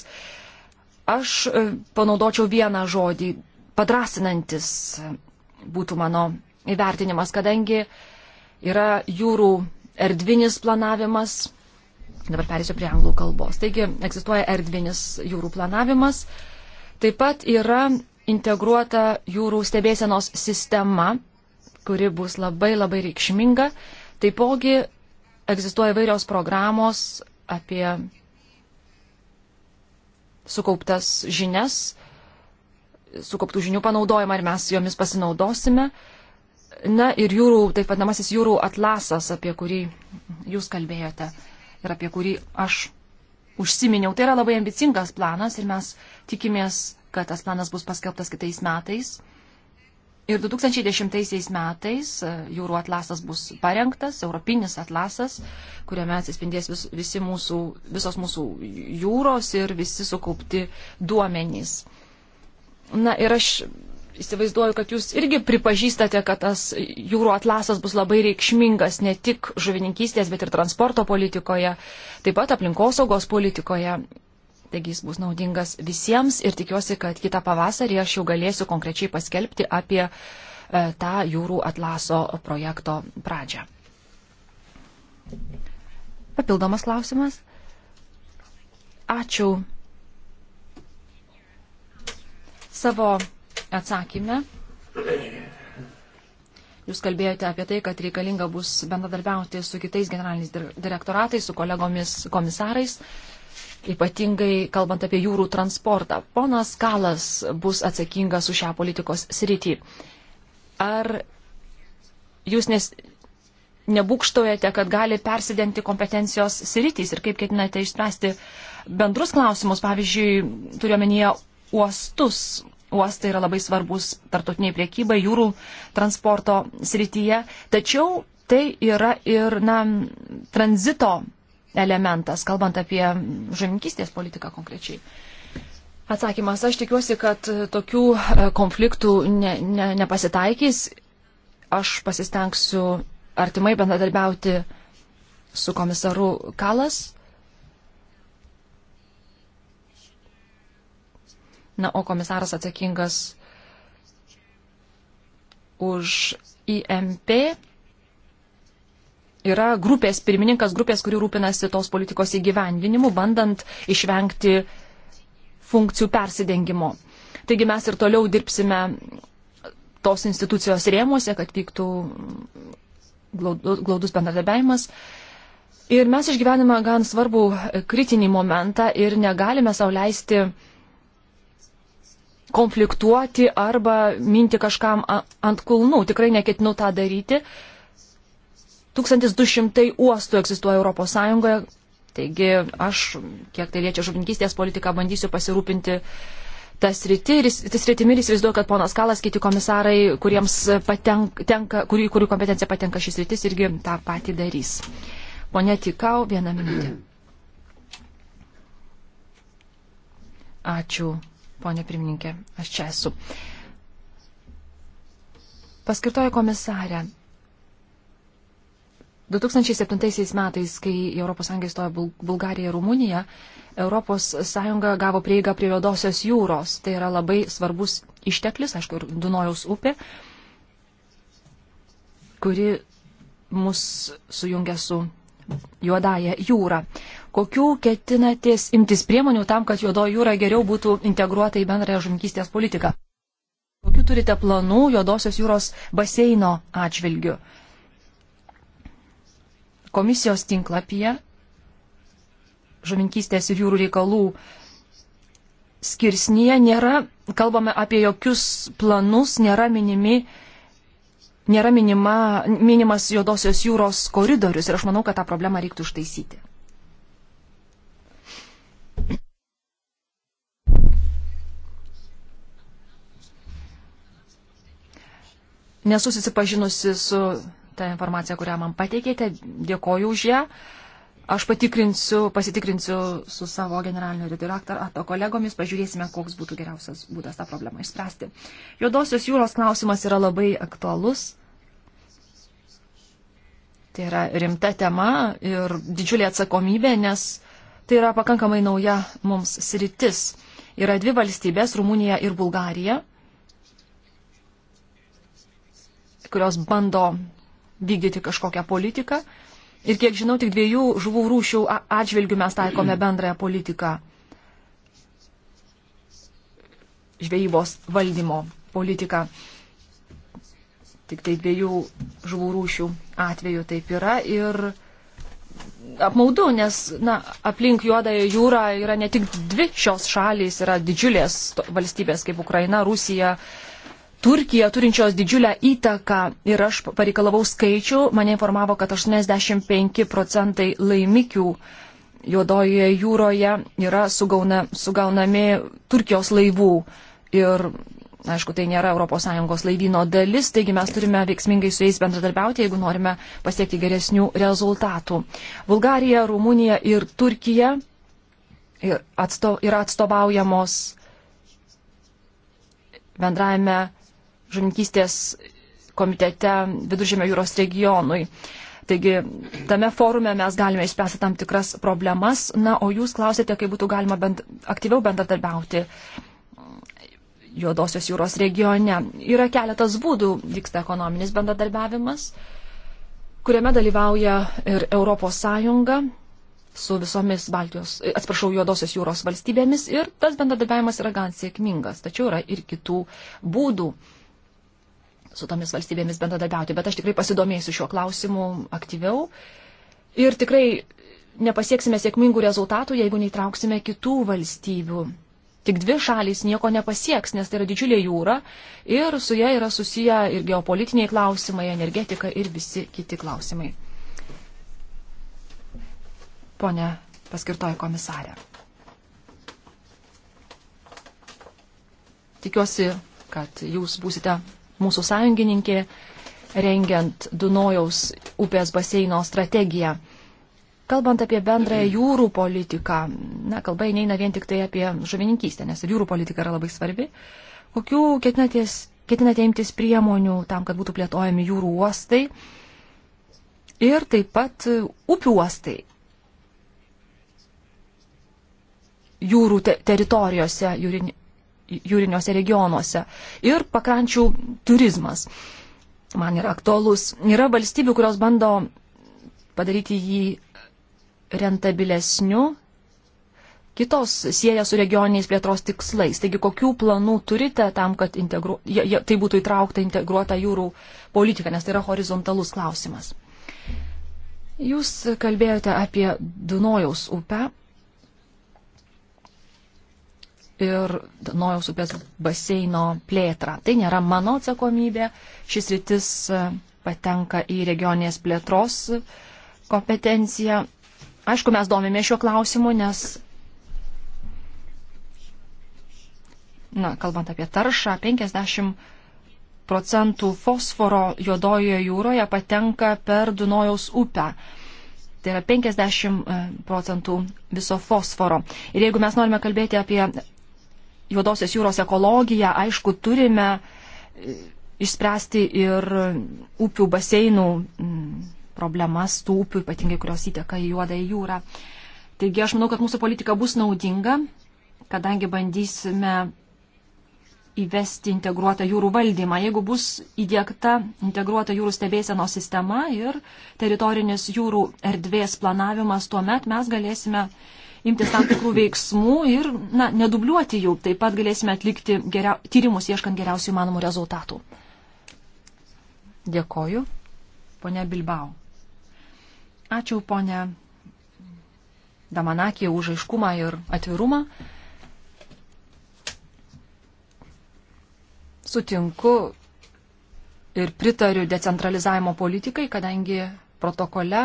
Aš e, panaudočiau vieną žodį - padrasinantis būtų mano įvertinimas, kadangi yra jūrų erdvinis planavimas. Dabar perėsiu prie anglų kalbos. Taigi egzistuoja erdvinis jūrų planavimas. Taip pat yra integruota jūrų stebėsenos sistema, kuri bus labai labai reikšminga. Taipogi egzistuoja vairios programos apie sukauptas žinias, sukauptų žinių panaudojimą ir mes jomis pasinaudosime. Na ir jūrų, taip vadinamasis jūrų atlasas, apie kurį jūs kalbėjote ir apie kurį aš užsiminiau. Tai yra labai ambicingas planas ir mes tikimės kad tas planas bus paskelbtas kitais metais. Ir 2010 metais e, jūrų atlasas bus parengtas, europinis atlasas, kuriame atsispindės vis, visi mūsų, visos mūsų jūros ir visi sukaupti duomenys. Na ir aš įsivaizduoju, kad jūs irgi pripažįstate, kad tas jūrų atlasas bus labai reikšmingas ne tik žuvininkystės, bet ir transporto politikoje, taip pat aplinkosaugos politikoje Taigi jis bus naudingas visiems ir tikiuosi, kad kitą pavasarį aš jau galėsiu konkrečiai paskelbti apie e, tą jūrų atlaso projekto pradžią. Papildomas klausimas. Ačiū. Savo atsakymę. Jūs kalbėjote apie tai, kad reikalinga bus bendradarbiauti su kitais generaliniais direktoratais, su kolegomis komisarais. Uh, ypatingai kalbant apie jūrų transportą. Ponas Kalas bus atsakingas už šią politikos sritį. Ar jūs nes, nebūkštojate, kad gali persidengti kompetencijos sritys ir kaip ketinate išspręsti bendrus klausimus, pavyzdžiui, turiuomenyje uostus. Uostai yra labai svarbus tartutiniai priekybai jūrų transporto srityje, tačiau tai yra ir na, tranzito elementas, kalbant apie žemininkystės politiką konkrečiai. Atsakymas, aš tikiuosi, kad tokių e, konfliktų ne, ne, nepasitaikys. Aš pasistengsiu artimai bendradarbiauti su komisaru Kalas. Na, o komisaras atsakingas už IMP yra grupės pirmininkas, grupės, kuri rūpinasi tos politikos įgyvendinimu, bandant išvengti funkcijų persidengimo. Taigi mes ir toliau dirbsime tos institucijos rėmuose, kad vyktų glaudus bendradarbiavimas. Ir mes išgyvename gan svarbų kritinį momentą ir negalime sauliaisti konfliktuoti arba minti kažkam ant kulnų. Tikrai neketinu tą daryti. Uh, 1200 uostų egzistuoja Europos Sąjungoje, taigi aš, kiek tai liečia žuvininkystės politiką, bandysiu pasirūpinti tas rytimi ir įsivaizduoju, kad ponas Kalas, kiti komisarai, kuriems patenka, tenka, kurių, kurių kompetencija patenka šis rytis, irgi tą patį darys. Pone Tikau, vieną minutę. Ačiū, ponė pirmininkė, aš čia esu. Paskirtoja komisarė, 2007 metais, kai ES įstojo Bul Bulgarija ir Rumunija, ES gavo prieigą prie Juodosios jūros. Tai yra labai svarbus išteklis, aišku, ir Dunojaus upė, kuri mus sujungia su Juodąją jūrą. Kokių ketinatės imtis priemonių tam, kad Juodoji jūra geriau būtų integruota į bendrąją žunkystės politiką? Kokių turite planų Juodosios jūros baseino atžvilgiu? komisijos tinklapyje žuvinkystės ir jūrų reikalų skirsnyje nėra, kalbame apie jokius planus, nėra minimi. Nėra minima, minimas juodosios jūros koridorius ir aš manau, kad tą problemą reiktų ištaisyti. Nesu susipažinusi su tą informaciją, kurią man pateikėte. Dėkoju už ją. Aš patikrinsiu, pasitikrinsiu su savo generaliniu direktorato kolegomis, pažiūrėsime, koks būtų geriausias būdas tą problemą išspręsti. Juodosios jūros klausimas yra labai aktualus. Tai yra rimta tema ir didžiulė atsakomybė, nes tai yra pakankamai nauja mums sritis. Yra dvi valstybės - Rumunija ir Bulgarija, kurios bando vykdyti kažkokią politiką. Ir kiek žinau, tik dviejų žuvų rūšių atžvilgių mes taikome bendrąją politiką žvejybos valdymo politiką. Tik tai dviejų žuvų rūšių atveju taip yra. Ir apmaudu, nes na, aplink Juodąją jūrą yra ne tik dvi šios šalys, yra didžiulės valstybės kaip Ukraina, Rusija, uh, Turkija turinčios didžiulę įtaką ir aš pareikalavau skaičių, mane informavo, kad 85 procentai laimikių juodojoje jūroje yra sugauna, sugaunami Turkijos laivų ir, aišku, tai nėra ES laivyno dalis, taigi mes turime veiksmingai su jais bendradarbiauti, jeigu norime pasiekti geresnių rezultatų. Bulgarija, Rumunija ir Turkija yra atstovaujamos bendrajame žuvininkystės komitete Viduržėmio jūros regionui. Taigi tame forume mes galime išspręsti tam tikras problemas. Na, o jūs klausėte, kaip būtų galima bent, aktyviau bendradarbiauti Juodosios jūros regione. Yra keletas būdų, vyksta ekonominis bendradarbiavimas, kuriame dalyvauja ir ES su visomis Baltijos, atsiprašau, Juodosios jūros valstybėmis ir tas bendradarbiavimas yra gan sėkmingas. Tačiau yra ir kitų būdų su tomis valstybėmis bendradarbiauti, bet aš tikrai pasidomėsiu šiuo klausimu aktyviau. Ir tikrai nepasieksime sėkmingų rezultatų, jeigu neįtrauksime kitų valstybių. Tik dvi šalys nieko nepasieks, nes tai yra didžiulė jūra ir su ja yra susiję ir geopolitiniai klausimai, energetika ir visi kiti klausimai. Pone paskirtoji komisarė. Tikiuosi, kad jūs būsite mūsų sąjungininkė, rengiant Dunojaus upės baseino strategiją. Kalbant apie bendrąją jūrų politiką, na, kalba neina vien tik tai apie žuvininkystę, nes ir jūrų politika yra labai svarbi. Kokių ketinate imtis priemonių tam, kad būtų plėtojami jūrų uostai ir taip pat upių uostai jūrų te teritorijose, jūrin, jūriniuose regionuose ir pakrančių turizmas. Man yra aktuolus. Yra valstybių, kurios bando padaryti jį rentabilesniu, kitos sieja su regioniniais plėtros tikslais. Taigi, kokių planų turite tam, kad integru... ja, ja, tai būtų įtraukta integruota jūrų politika, nes tai yra horizontalus klausimas. Jūs kalbėjote apie Dunojaus upę ir Nojaus upės baseino plėtrą. Tai nėra mano atsakomybė, šis rytis e, patenka į regionės plėtros e, kompetenciją. Aišku, mes domime šiuo klausimu, nes, na, kalbant apie taršą, 50 procentų fosforo juodojoje jūroje patenka per Dunojaus upę. Tai yra 50 e, procentų viso fosforo. Ir jeigu mes norime kalbėti apie juodosios jūros ekologiją, aišku, turime e, išspręsti ir e, upių baseinų problemas, tų upių, ypatingai kurios įteka į juodą į jūrą. Taigi aš manau, kad mūsų politika bus naudinga, kadangi bandysime įvesti integruotą jūrų valdymą. Jeigu bus įdėkta integruota jūrų stebėsenos sistema ir teritorinis jūrų erdvės planavimas, tuomet mes galėsime imtis tam tikrų veiksmų ir na, nedubliuoti jų. Taip pat galėsime atlikti geria... tyrimus ieškant geriausių įmanomų rezultatų. Dėkoju. Pone Bilbao. Ačiū, ponė Damanakė, už aiškumą ir atvirumą. Sutinku ir pritariu decentralizavimo politikai, kadangi protokole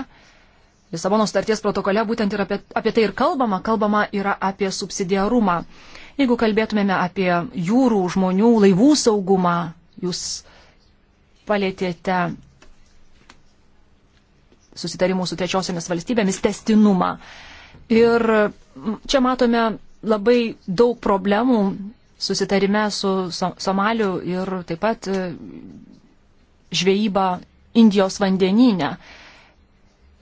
Lisabono starties protokole būtent ir apie, apie tai ir kalbama, kalbama yra apie subsidiarumą. Jeigu kalbėtumėme apie jūrų žmonių laivų saugumą, jūs palėtėte susitarimų su trečiosiamis valstybėmis testinumą. Ir čia matome labai daug problemų susitarime su Somaliu ir taip pat e, žvejyba Indijos vandenyne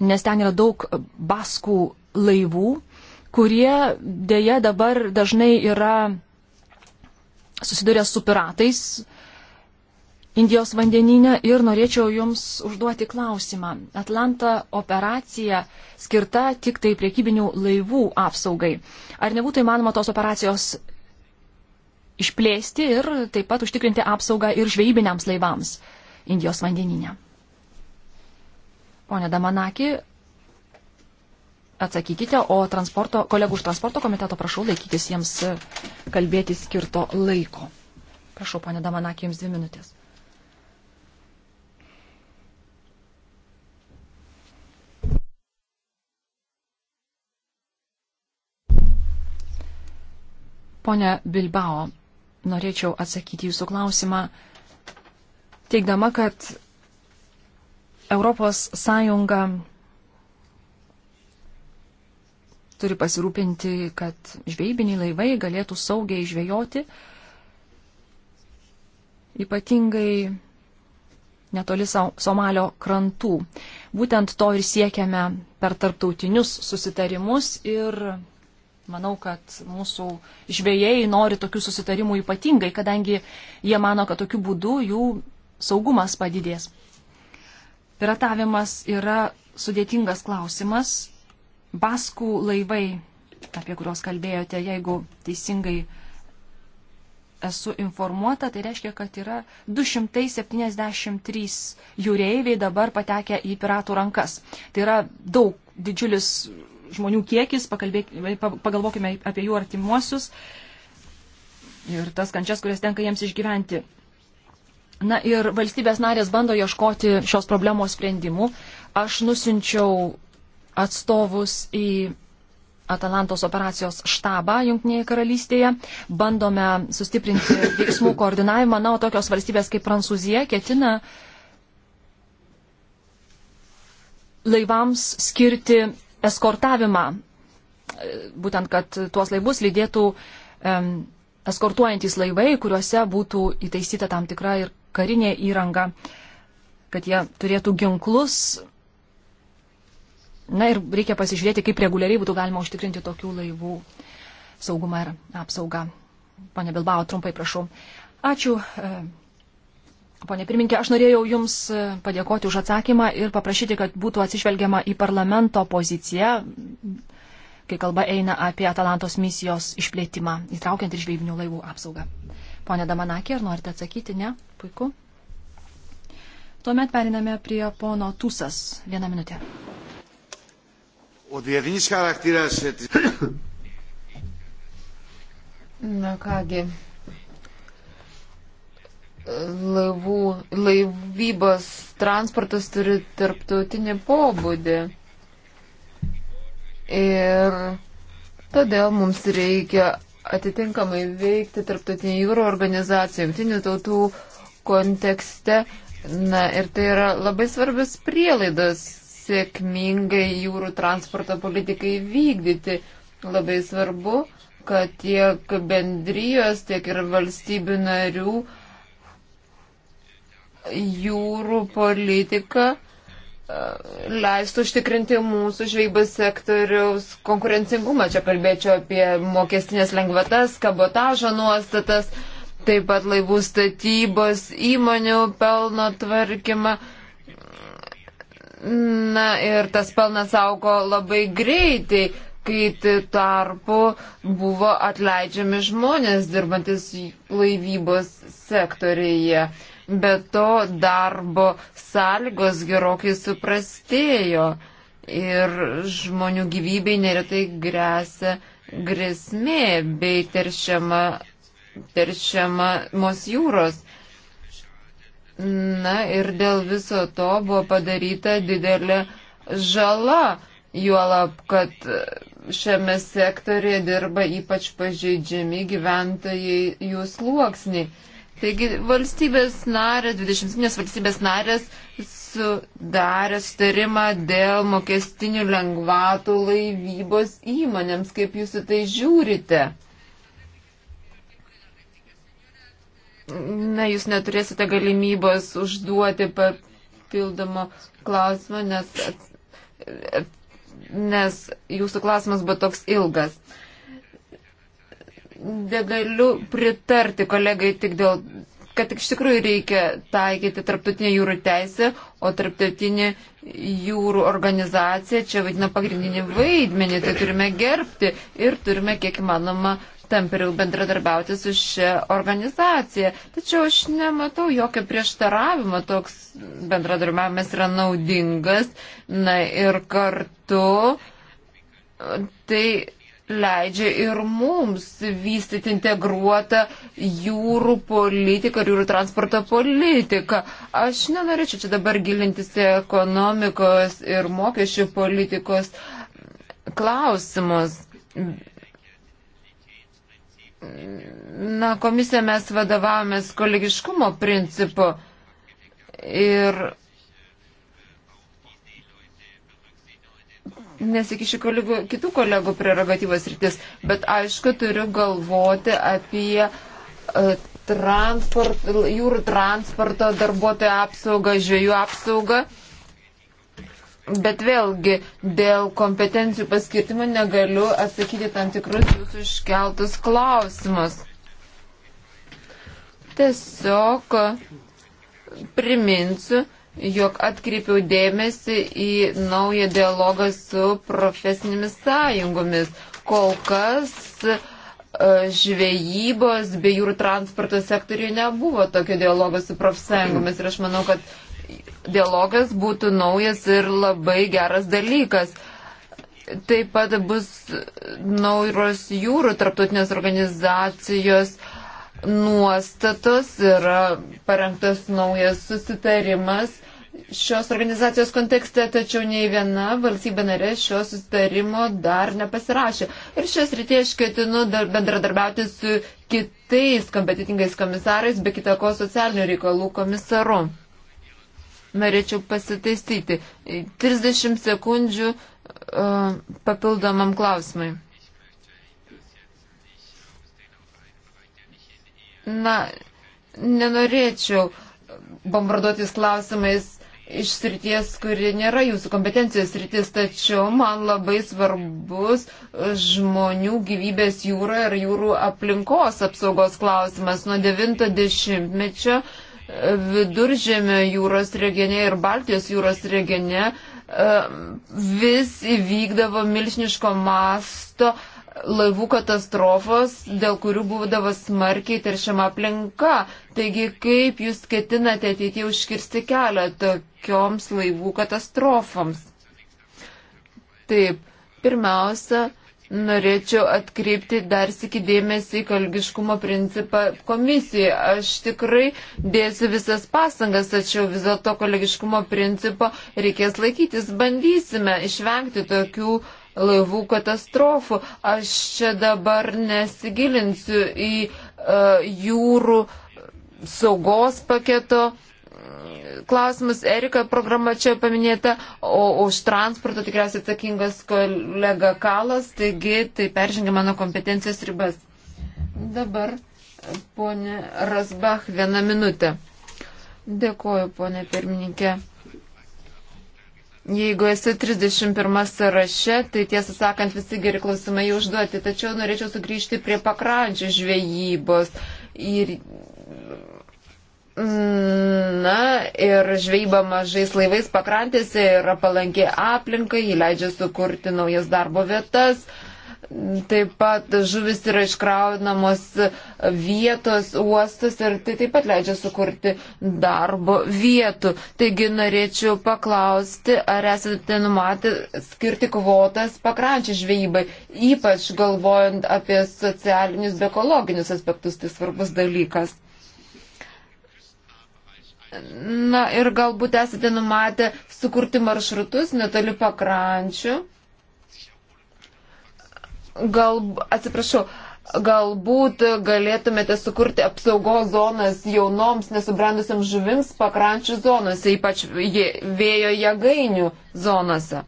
nes ten yra daug baskų laivų, kurie dėja dabar dažnai yra susiduria su piratais Indijos vandeninę ir norėčiau Jums užduoti klausimą. Atlanta operacija skirta tik tai priekybinių laivų apsaugai. Ar nebūtų įmanoma tos operacijos išplėsti ir taip pat užtikrinti apsaugą ir žvejybiniams laivams Indijos vandeninę? Pone Damanaki, atsakykite, o transporto, kolegų iš transporto komiteto prašau laikytis jiems e, kalbėti skirto laiko. Prašau, ponė Damanakė, jums dvi minutės. Pone Bilbao, norėčiau atsakyti jūsų klausimą, teikdama, kad Europos Sąjunga turi pasirūpinti, kad žvejybiniai laivai galėtų saugiai žvejoti, ypatingai netoli Somalio krantų. Būtent to ir siekiame per tarptautinius susitarimus ir manau, kad mūsų žvėjai nori tokių susitarimų ypatingai, kadangi jie mano, kad tokiu būdu jų saugumas padidės. Piratavimas yra sudėtingas klausimas. Baskų laivai, apie kuriuos kalbėjote, jeigu teisingai esu informuota, tai reiškia, kad yra 273 jūreiviai dabar patekę į piratų rankas. Tai yra daug, didžiulis žmonių kiekis, pagalvokime apie jų artimuosius ir tas kančias, kurias tenka jiems išgyventi. Na ir valstybės narės bando ieškoti šios problemos sprendimų. Aš nusinčiau atstovus į Atalantos operacijos štabą Junktinėje karalystėje. Bandome sustiprinti veiksmų koordinavimą. Na, o tokios valstybės kaip Prancūzija ketina laivams skirti eskortavimą. Būtent, kad tuos laivus lydėtų um, eskortuojantys laivai, kuriuose būtų įtaisyta tam tikra ir karinė įranga, kad jie turėtų ginklus. Na ir reikia pasižiūrėti, kaip reguliariai būtų galima užtikrinti tokių laivų saugumą ir apsaugą. Pane Bilbao, trumpai prašau. Ačiū. E, pone pirminkė, aš norėjau Jums e, padėkoti už atsakymą ir paprašyti, kad būtų atsižvelgiama į parlamento poziciją, kai kalba eina apie Atalantos misijos išplėtimą, įtraukiant ir žvejybinių laivų apsaugą. Pone Damanakė, ar norite atsakyti? Ne? Puiku. Tuomet periname prie pono Tusas. Vieną minutę. O dievinis charakteras. Na kągi. Laivų, laivybos transportas turi tarptautinį pobūdį. Ir todėl mums reikia atitinkamai veikti tarptautinį jūrų organizaciją, jungtinių tautų kontekste. Na ir tai yra labai svarbios prielaidos sėkmingai jūrų transporto politikai vykdyti. Labai svarbu, kad tiek bendrijos, tiek ir valstybių narių jūrų politika e, leistų užtikrinti mūsų žvejybos sektoriaus konkurencingumą. Čia kalbėčiau apie mokestinės lengvatas, kabotažo nuostatas. Uh, taip pat laivų statybos įmonių pelno tvarkymą. Na ir tas pelnas augo labai greitai, kai tarpu buvo atleidžiami žmonės dirbantis laivybos sektorėje. Be to darbo sąlygos gerokai suprastėjo ir žmonių gyvybei neretai grėsia grėsmė bei teršiama teršiamos jūros. Na ir dėl viso to buvo padaryta didelė žala, juolab, kad šiame sektorėje dirba ypač pažeidžiami gyventojai jų sluoksniai. Taigi valstybės narės, 27 valstybės narės sudarė sutarimą dėl mokestinių lengvatų laivybos įmonėms. Kaip jūs į tai žiūrite? Na, jūs neturėsite galimybos užduoti papildomą klausimą, nes, nes jūsų klausimas buvo toks ilgas. Negaliu pritarti kolegai tik dėl, kad iš tikrųjų reikia taikyti tarptautinę jūrų teisę, o tarptautinė jūrų organizacija čia vaidina pagrindinį vaidmenį, tai turime gerbti ir turime kiek įmanoma uh, tampriau bendradarbiauti su šia organizacija. Tačiau aš nematau jokio prieštaravimo, toks bendradarbiavimas yra naudingas. Na ir kartu tai leidžia ir mums vystyti integruotą jūrų politiką ir jūrų transporto politiką. Aš nenorėčiau čia dabar gilintis į ekonomikos ir mokesčių politikos klausimus, na, komisija mes vadovavomės kolegiškumo principu ir nesikišiu kolegų, kitų kolegų prerogatyvos rytis, bet aišku turiu galvoti apie e, transport, jūrų transporto darbuotojų apsaugą, žvėjų apsaugą. Bet vėlgi, dėl kompetencijų paskirtimo negaliu atsakyti tam tikrus jūsų iškeltus klausimus. Tiesiog priminsiu, jog atkreipiau dėmesį į naują dialogą su profesinėmis sąjungomis. Kol kas e, žvejybos bei jūrų transporto sektoriuje nebuvo tokio dialogo su profsąjungomis ir aš manau, kad dialogas būtų naujas ir labai geras dalykas. Taip pat bus naujos jūrų tarptautinės organizacijos nuostatos, yra parengtas naujas susitarimas šios organizacijos kontekste, tačiau nei viena valstybė narė šio susitarimo dar nepasirašė. Ir šios rytie aš ketinu bendradarbiauti su kitais kompetitingais komisarais, be kitako socialinių reikalų komisaru norėčiau pasitaisyti. 30 sekundžių uh, papildomam klausimui. Na, nenorėčiau bombarduotis klausimais iš srities, kuri nėra jūsų kompetencijos sritis, tačiau man labai svarbus žmonių gyvybės jūroje ir jūrų aplinkos apsaugos klausimas. Nuo 90-mečio uh, viduržėmio jūros regione ir Baltijos jūros regione e, vis įvykdavo milžiniško masto laivų katastrofos, dėl kurių būdavo smarkiai teršiama aplinka. Taigi, kaip jūs ketinate ateityje užkirsti kelią tokioms laivų katastrofoms? Taip, pirmiausia, norėčiau atkreipti dar sikidėmėsi į kalgiškumo principą komisijoje. Aš tikrai dėsiu visas pasangas, tačiau vis dėlto kolegiškumo principo reikės laikytis. Bandysime išvengti tokių laivų katastrofų. Aš čia dabar nesigilinsiu į uh, jūrų saugos paketo klausimus. Erika programa čia paminėta, o už transportą tikriausiai atsakingas kolega Kalas, taigi tai peržengia mano kompetencijos ribas. Dabar, ponė Rasbach, vieną minutę. Dėkoju, ponė pirmininkė. Jeigu esi 31 sąraše, tai tiesą sakant visi geri klausimai užduoti, tačiau norėčiau sugrįžti prie pakrančių žvejybos. Ir Na ir žvejyba mažais laivais pakrantėse yra palankiai aplinkai, jį leidžia sukurti naujas darbo vietas. Taip pat žuvis yra iškraunamos vietos uostas ir tai taip pat leidžia sukurti darbo vietų. Taigi norėčiau paklausti, ar esate numatę skirti kvotas pakrančių žvejybai, ypač galvojant apie socialinius, ekologinius aspektus, tai svarbus dalykas. Na ir galbūt esate numatę sukurti maršrutus netoli pakrančių. Gal, atsiprašau, galbūt galėtumėte sukurti apsaugos zonas jaunoms nesubrendusiams žuvims pakrančių zonose, ypač vėjo jėgainių zonose.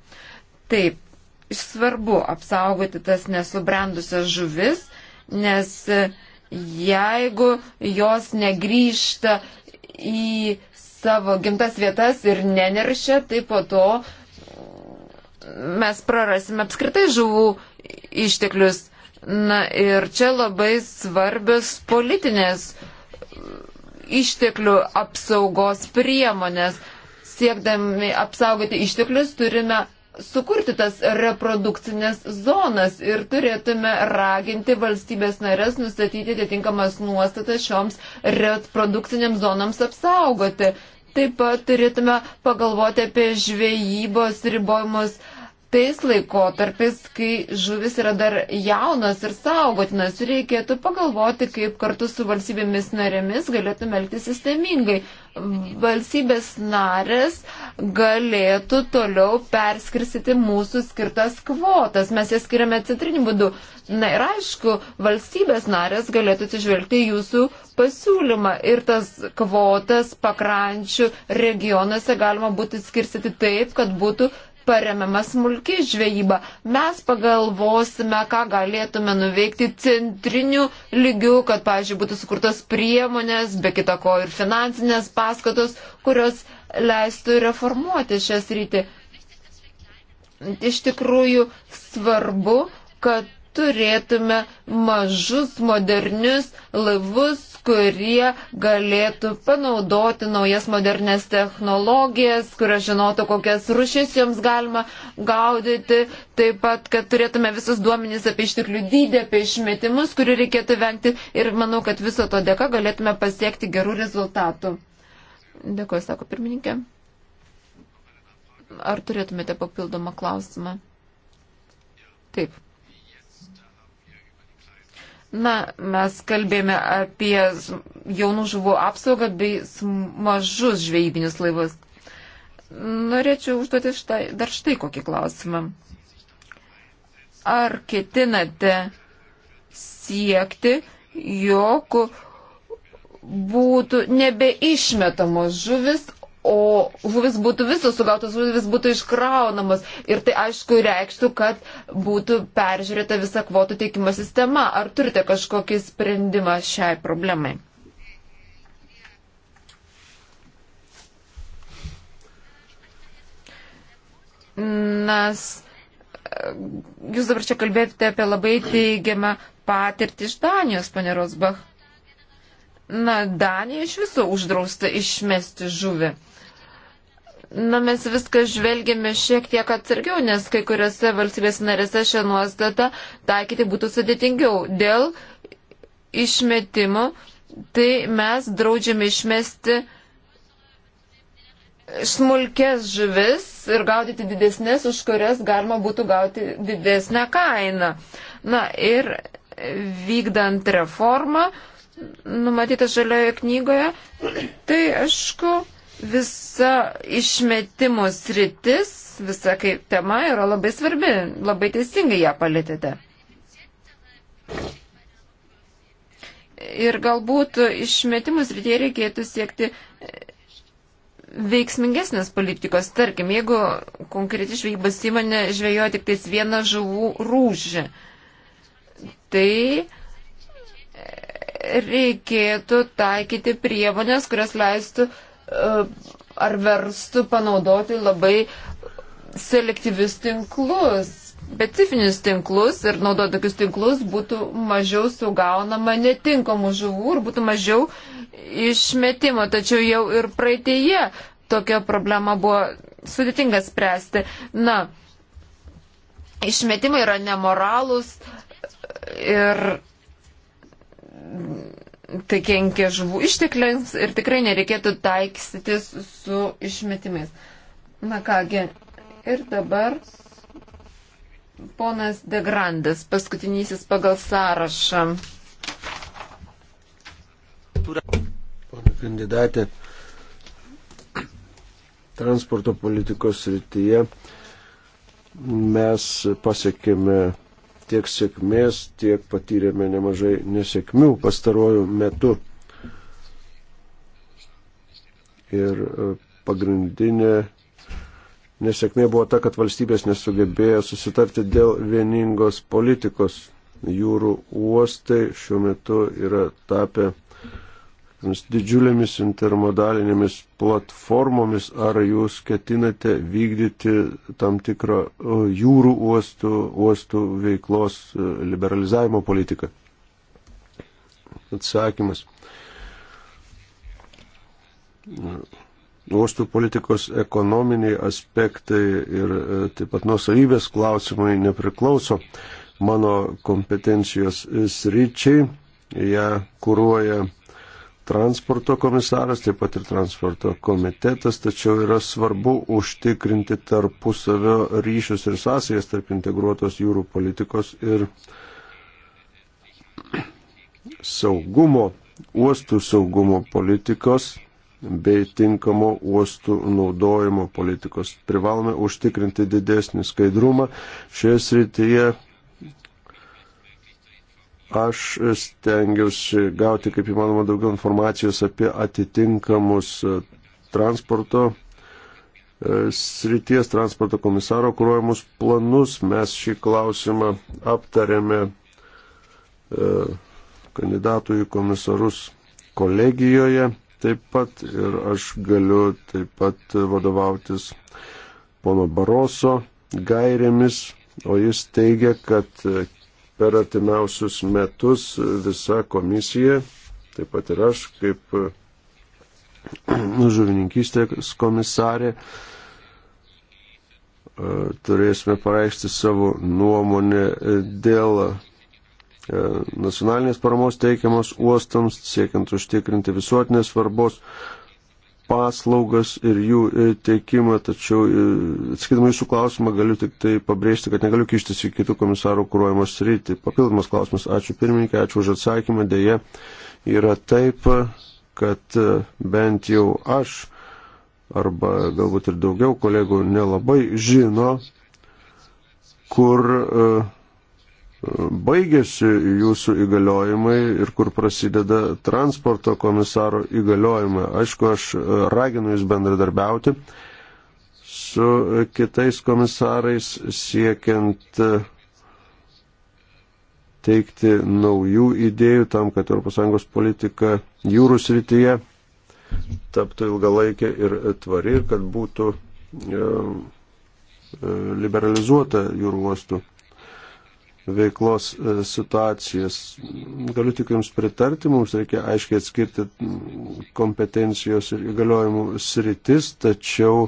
Taip, svarbu apsaugoti tas nesubrendusias žuvis, nes jeigu jos negrįžta į savo gimtas vietas ir neneršia, tai po to mes prarasime apskritai žuvų išteklius. Na ir čia labai svarbios politinės išteklių apsaugos priemonės. Siekdami apsaugoti išteklius turime sukurti tas reprodukcinės zonas ir turėtume raginti valstybės narės nustatyti atitinkamas nuostatas šioms reprodukcinėms zonoms apsaugoti. Taip pat turėtume pagalvoti apie žvejybos ribojimus uh, tais laikotarpiais, kai žuvis yra dar jaunas ir saugotinas, reikėtų pagalvoti, kaip kartu su valstybėmis narėmis galėtume elgti sistemingai. Valstybės narės galėtų toliau perskirsyti mūsų skirtas kvotas. Mes jas skiriame centrinį būdu. Na ir aišku, valstybės narės galėtų atsižvelgti jūsų pasiūlymą ir tas kvotas pakrančių regionuose galima būtų skirstyti taip, kad būtų paremiama smulki žvejyba. Mes pagalvosime, ką galėtume nuveikti centriniu lygiu, kad, pavyzdžiui, būtų sukurtos priemonės, be kitako ir finansinės paskatos, kurios leistų reformuoti šią sritį. Iš tikrųjų svarbu, kad turėtume mažus modernius laivus, kurie galėtų panaudoti naujas modernes technologijas, kurios žinotų, kokias rušis joms galima gaudyti, taip pat, kad turėtume visus duomenys apie išteklių dydį, apie išmetimus, kurių reikėtų vengti ir manau, kad viso to dėka galėtume pasiekti gerų rezultatų. Dėkuoju, sako pirmininkė. Ar turėtumėte papildomą klausimą? Taip. Na, mes kalbėjome apie jaunų žuvų apsaugą bei mažus žvejybinius laivus. Norėčiau užduoti štai, dar štai kokį klausimą. Ar ketinate siekti, jog būtų nebeišmetamos žuvis, o žuvis būtų visos sugautos žuvis būtų iškraunamos. Ir tai aišku reikštų, kad būtų peržiūrėta visa kvotų teikimo sistema. Ar turite kažkokį sprendimą šiai problemai? Nes jūs dabar čia kalbėjote apie labai teigiamą patirtį iš Danijos, ponė Rosbach. Na, Danija iš viso uždrausta išmesti žuvį. Na, mes viską žvelgėme šiek tiek atsargiau, nes kai kuriuose valstybės narėse šią nuostatą taikyti būtų sudėtingiau. Dėl išmetimo, tai mes draudžiame išmesti smulkės žuvis ir gaudyti didesnės, už kurias galima būtų gauti didesnę kainą. Na ir vykdant reformą, numatytą žalioje knygoje, tai aišku, visa išmetimo sritis, visa kaip tema yra labai svarbi, labai teisingai ją palėtėte. Ir galbūt išmetimus rytie reikėtų siekti veiksmingesnės politikos. Tarkim, jeigu konkreti žvejybos įmonė žvejoja tik tais vieną žuvų rūžį, tai reikėtų taikyti priemonės, kurios leistų uh, ar verstų panaudoti labai selektyvius tinklus, specifinius tinklus ir naudoti tokius tinklus būtų mažiau sugaunama netinkamų žuvų ir būtų mažiau išmetimo. Tačiau jau ir praeitėje tokia problema buvo sudėtinga spręsti. Na, išmetimai yra nemoralūs ir tai kenkia žuvų ištekliams ir tikrai nereikėtų taikstytis su išmetimais. Na kągi, ir dabar ponas Degrandas, paskutinysis pagal sąrašą. Pana kandidatė, transporto politikos srityje mes pasiekėme tiek sėkmės, tiek patyrėme nemažai nesėkmių pastaruoju metu. Ir e, pagrindinė nesėkmė buvo ta, kad valstybės nesugebėjo susitarti dėl vieningos politikos. Jūrų uostai šiuo metu yra tapę didžiulėmis intermodalinėmis platformomis, ar jūs ketinate vykdyti tam tikrą e, jūrų uostų, uostų veiklos e, liberalizavimo politiką? Atsakymas. Uostų politikos ekonominiai aspektai ir e, taip pat nuosavybės klausimai nepriklauso mano kompetencijos sryčiai. Ja kūruoja transporto komisaras, taip pat ir transporto komitetas, tačiau yra svarbu užtikrinti tarpusavio ryšius ir sąsajas tarp integruotos jūrų politikos ir saugumo, uostų saugumo politikos bei tinkamo uostų naudojimo politikos. Privalome užtikrinti didesnį skaidrumą. Šioje srityje Aš stengiausi gauti kaip įmanoma daugiau informacijos apie atitinkamus e, transporto e, srities transporto komisaro kūruojamus planus. Mes šį klausimą aptarėme e, kandidatų į komisarus kolegijoje taip pat ir aš galiu taip pat vadovautis pono Baroso gairėmis, o jis teigia, kad per artimiausius metus visa komisija, taip pat ir aš kaip *clears throat* žuvininkystės komisarė, e, turėsime pareikšti savo nuomonę dėl e, nacionalinės paramos teikiamos uostams, siekiant užtikrinti visuotinės svarbos paslaugas ir jų e, teikimą, tačiau e, atskidama jūsų klausimą galiu tik tai pabrėžti, kad negaliu kištis į kitų komisarų kūruojamos rytį. Papildomas klausimas, ačiū pirmininkė, ačiū už atsakymą, dėje yra taip, kad e, bent jau aš arba galbūt ir daugiau kolegų nelabai žino, kur uh, baigėsi jūsų įgaliojimai ir kur prasideda transporto komisaro įgaliojimai. Aišku, aš e, raginu jūs bendradarbiauti su kitais komisarais siekiant e, teikti naujų idėjų tam, kad ES politika jūrų srityje taptų ilgalaikė ir tvari ir kad būtų e, liberalizuota jūrų uostų veiklos e, situacijas. Galiu tik Jums pritarti, mums reikia aiškiai atskirti kompetencijos ir įgaliojimų sritis, tačiau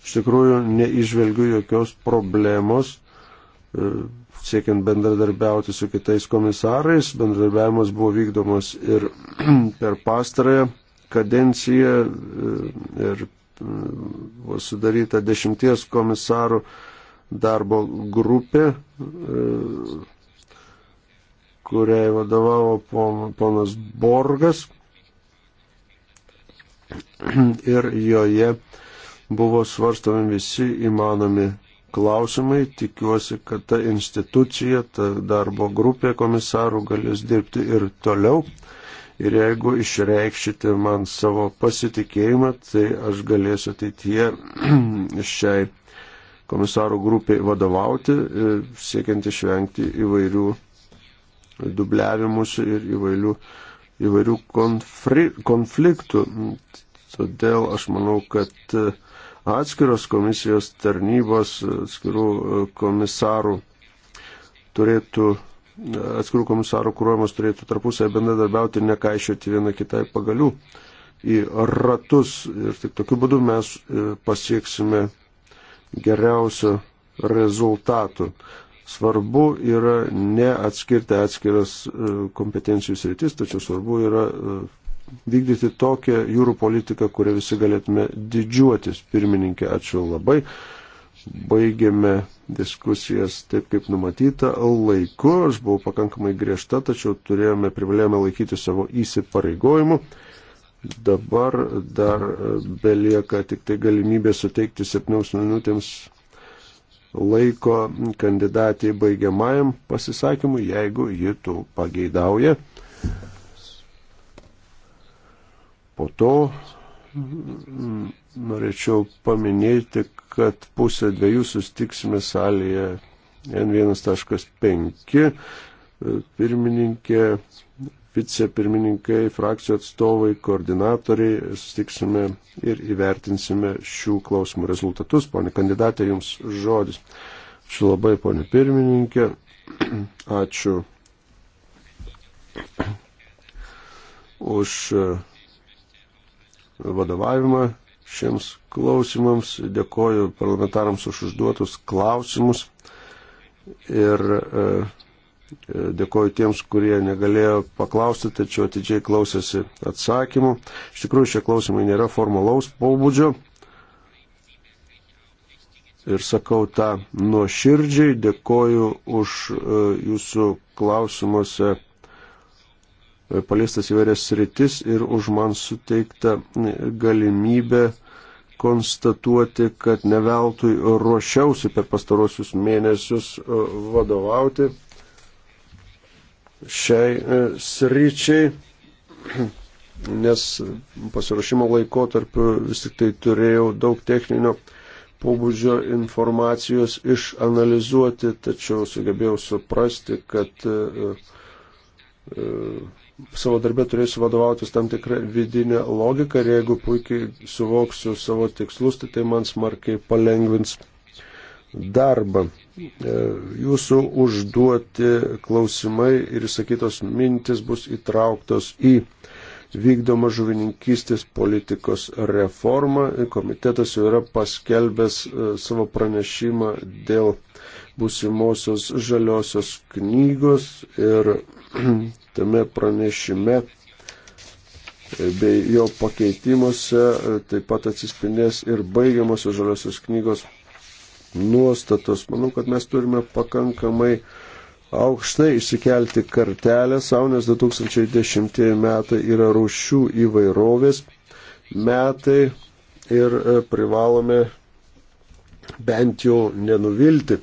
iš tikrųjų neižvelgiu jokios problemos e, siekiant bendradarbiauti su kitais komisarais. Bendradarbiavimas buvo vykdomas ir *clears throat* per pastarąją kadenciją e, ir buvo sudaryta dešimties komisarų darbo grupė, e, kuriai vadovavo ponas Borgas ir joje buvo svarstami visi įmanomi klausimai. Tikiuosi, kad ta institucija, ta darbo grupė komisarų galės dirbti ir toliau. Ir jeigu išreikšite man savo pasitikėjimą, tai aš galėsiu ateityje šiai komisarų grupiai vadovauti, e, siekiant išvengti įvairių dubliavimus ir įvairių, įvairių konfri, konfliktų. Todėl aš manau, kad e, atskiros komisijos tarnybos, atskirų e, komisarų turėtų atskirų komisarų kūruojamas turėtų tarpusai bendradarbiauti ir nekaišiuoti viena kitai pagalių į ratus. Ir tik tokiu būdu mes pasieksime geriausių rezultatų. Svarbu yra ne atskirti atskiras e, kompetencijų sritis, tačiau svarbu yra e, vykdyti tokią jūrų politiką, kurią visi galėtume didžiuotis. Pirmininkė, ačiū labai. Baigėme diskusijas taip, kaip numatyta, laiku. Aš buvau pakankamai griežta, tačiau turėjome, privalėjome laikyti savo įsipareigojimų. Dabar dar belieka tik tai galimybė suteikti septyniams minutėms laiko kandidatį baigiamajam pasisakymui, jeigu ji tų pageidauja. Po to mm, norėčiau paminėti, kad pusę dviejų sustiksime salėje N1.5. Pirmininkė vicepirmininkai, frakcijų atstovai, koordinatoriai, sustiksime ir įvertinsime šių klausimų rezultatus. Pone kandidatė, jums žodis. Ačiū labai, pone pirmininkė. *clears throat* Ačiū *clears throat* už uh, vadovavimą šiems klausimams. Dėkoju parlamentarams už užduotus klausimus. Ir uh, Dėkoju tiems, kurie negalėjo paklausti, tačiau atidžiai klausėsi atsakymų. Iš tikrųjų, šie klausimai nėra formalaus pobūdžio. Ir sakau tą nuoširdžiai, dėkoju už e, jūsų klausimuose e, paliestas įvairias sritis ir už man suteiktą galimybę konstatuoti, kad neveltui ruošiausi per pastarosius mėnesius e, vadovauti šiai e, sryčiai, nes pasirašymo laikotarpiu vis tik tai turėjau daug techninio pobūdžio informacijos išanalizuoti, tačiau sugebėjau suprasti, kad e, e, savo darbę turėsiu vadovautis tam tikrą vidinę logiką ir jeigu puikiai suvoksiu savo tikslus, tai tai man smarkiai palengvins darbą. E, jūsų užduoti klausimai ir sakytos mintis bus įtrauktos į vykdomą žuvininkystės politikos reformą. Komitetas jau yra paskelbęs e, savo pranešimą dėl būsimosios žaliosios knygos ir *clears throat* tame pranešime e, bei jo pakeitimuose taip pat atsispindės ir baigiamosios žaliosios knygos nuostatos. Manau, kad mes turime pakankamai aukštai išsikelti kartelę, savo nes 2010 metai yra rūšių įvairovės metai ir e, privalome bent jau nenuvilti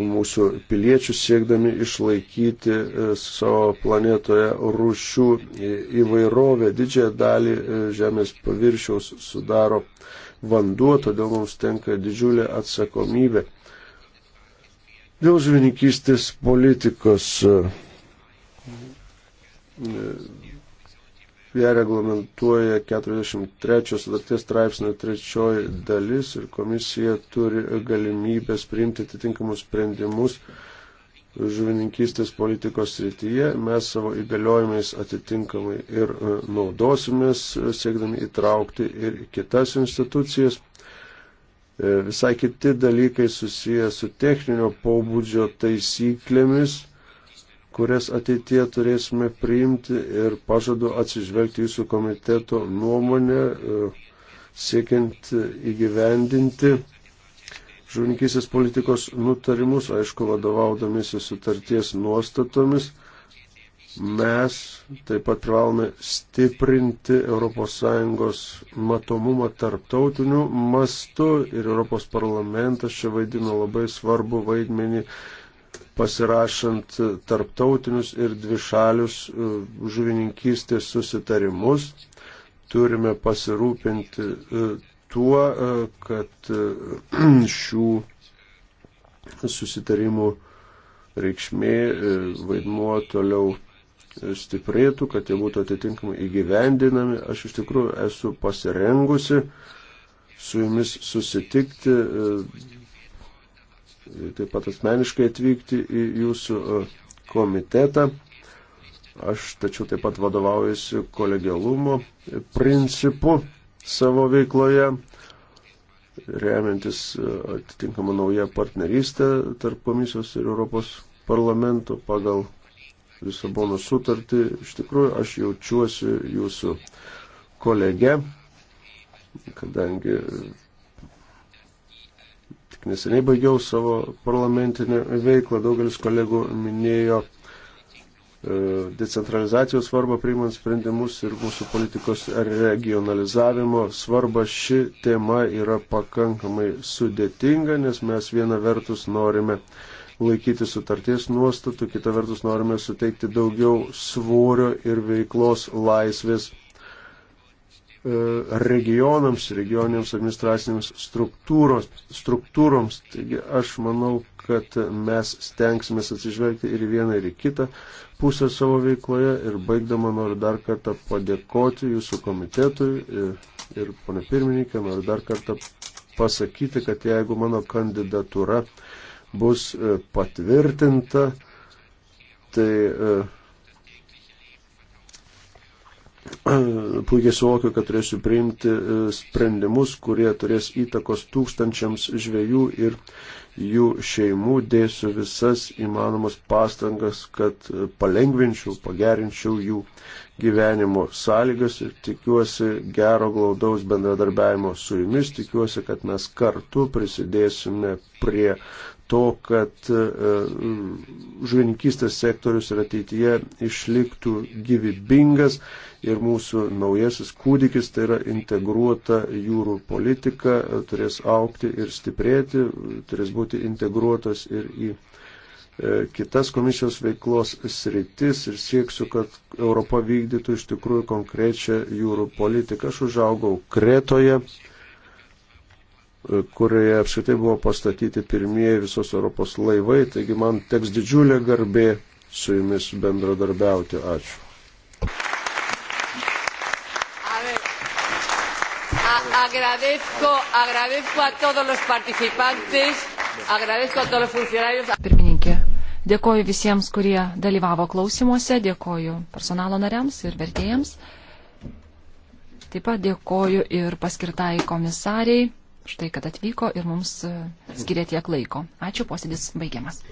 mūsų piliečių siekdami išlaikyti e, savo planetoje rūšių įvairovę. Didžiąją dalį e, Žemės paviršiaus sudaro uh, vanduo, todėl mums tenka didžiulė atsakomybė. Dėl žvininkystės politikos e, ją reglamentuoja 43 sudarties straipsnio trečioji dalis ir komisija turi galimybės priimti atitinkamus sprendimus žuvininkystės politikos srityje, mes savo įgaliojimais atitinkamai ir e, naudosimės, e, siekdami įtraukti ir kitas institucijas. E, visai kiti dalykai susiję su techninio pobūdžio taisyklėmis, kurias ateitie turėsime priimti ir pažadu atsižvelgti jūsų komiteto nuomonę, siekiant įgyvendinti žuvininkysės politikos nutarimus, aišku, vadovaudomėsi sutarties nuostatomis, mes taip pat privalome stiprinti ES matomumą tarptautiniu mastu ir ES parlamentas čia vaidino labai svarbu vaidmenį pasirašant tarptautinius ir dvišalius uh, žuvininkystės susitarimus. Turime pasirūpinti uh, tuo, e, kad e, *clears throat* šių susitarimų reikšmė e, vaidmuo toliau stiprėtų, kad jie būtų atitinkamai įgyvendinami. Aš iš tikrųjų esu pasirengusi su jumis susitikti, taip pat asmeniškai atvykti į jūsų komitetą. Aš tačiau taip pat vadovaujasi kolegialumo principu savo veikloje, remiantis e, atitinkamą naują partnerystę tarp komisijos ir Europos parlamento pagal Lisabono sutartį. Iš tikrųjų, aš jaučiuosi jūsų kolege, kadangi tik neseniai baigiau savo parlamentinę veiklą, daugelis kolegų minėjo E, decentralizacijos svarbą priimant sprendimus ir mūsų politikos regionalizavimo svarbą. Ši tema yra pakankamai sudėtinga, nes mes viena vertus norime laikyti sutarties nuostatų, kita vertus norime suteikti daugiau svorio ir veiklos laisvės e, regionams, regioniams administracinėms struktūroms. Taigi aš manau, kad mes stengsime atsižvelgti ir į vieną, ir į kitą pusę savo veikloje ir baigdama noriu dar kartą padėkoti jūsų komitetui ir, ir ponė pirmininkė, noriu dar kartą pasakyti, kad jeigu mano kandidatūra bus e, patvirtinta, tai e, puikiai suvokiu, kad turėsiu priimti e, sprendimus, kurie turės įtakos tūkstančiams žvėjų ir jų šeimų, dėsiu visas įmanomas pastangas, kad palengvinčiau, pagerinčiau jų gyvenimo sąlygas ir tikiuosi gero glaudaus bendradarbiavimo su jumis, tikiuosi, kad mes kartu prisidėsime prie to, kad e, žuvininkystės sektorius ir ateityje išliktų gyvybingas ir mūsų naujasis kūdikis, tai yra integruota jūrų politika, e, turės aukti ir stiprėti, turės būti integruotas ir į e, kitas komisijos veiklos sritis ir sieksiu, kad Europa vykdytų iš tikrųjų konkrečią jūrų politiką. Aš užaugau Kretoje, kurioje apskritai buvo pastatyti pirmieji visos Europos laivai, taigi man teks didžiulė garbė su jumis bendradarbiauti. Ačiū. Agradezco, agradezco a todos los participantes, agradezco a todos los funcionarios. Pirmininkė, dėkoju visiems, kurie dalyvavo klausimuose, dėkoju personalo nariams ir vertėjams. Taip pat dėkoju ir paskirtai komisariai štai, kad atvyko ir mums e, skiria tiek laiko. Ačiū, posėdis baigiamas.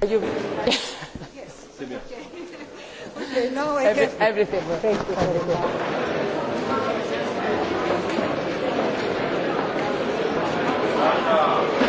Okay, no, I Every, everything. Thank you very much.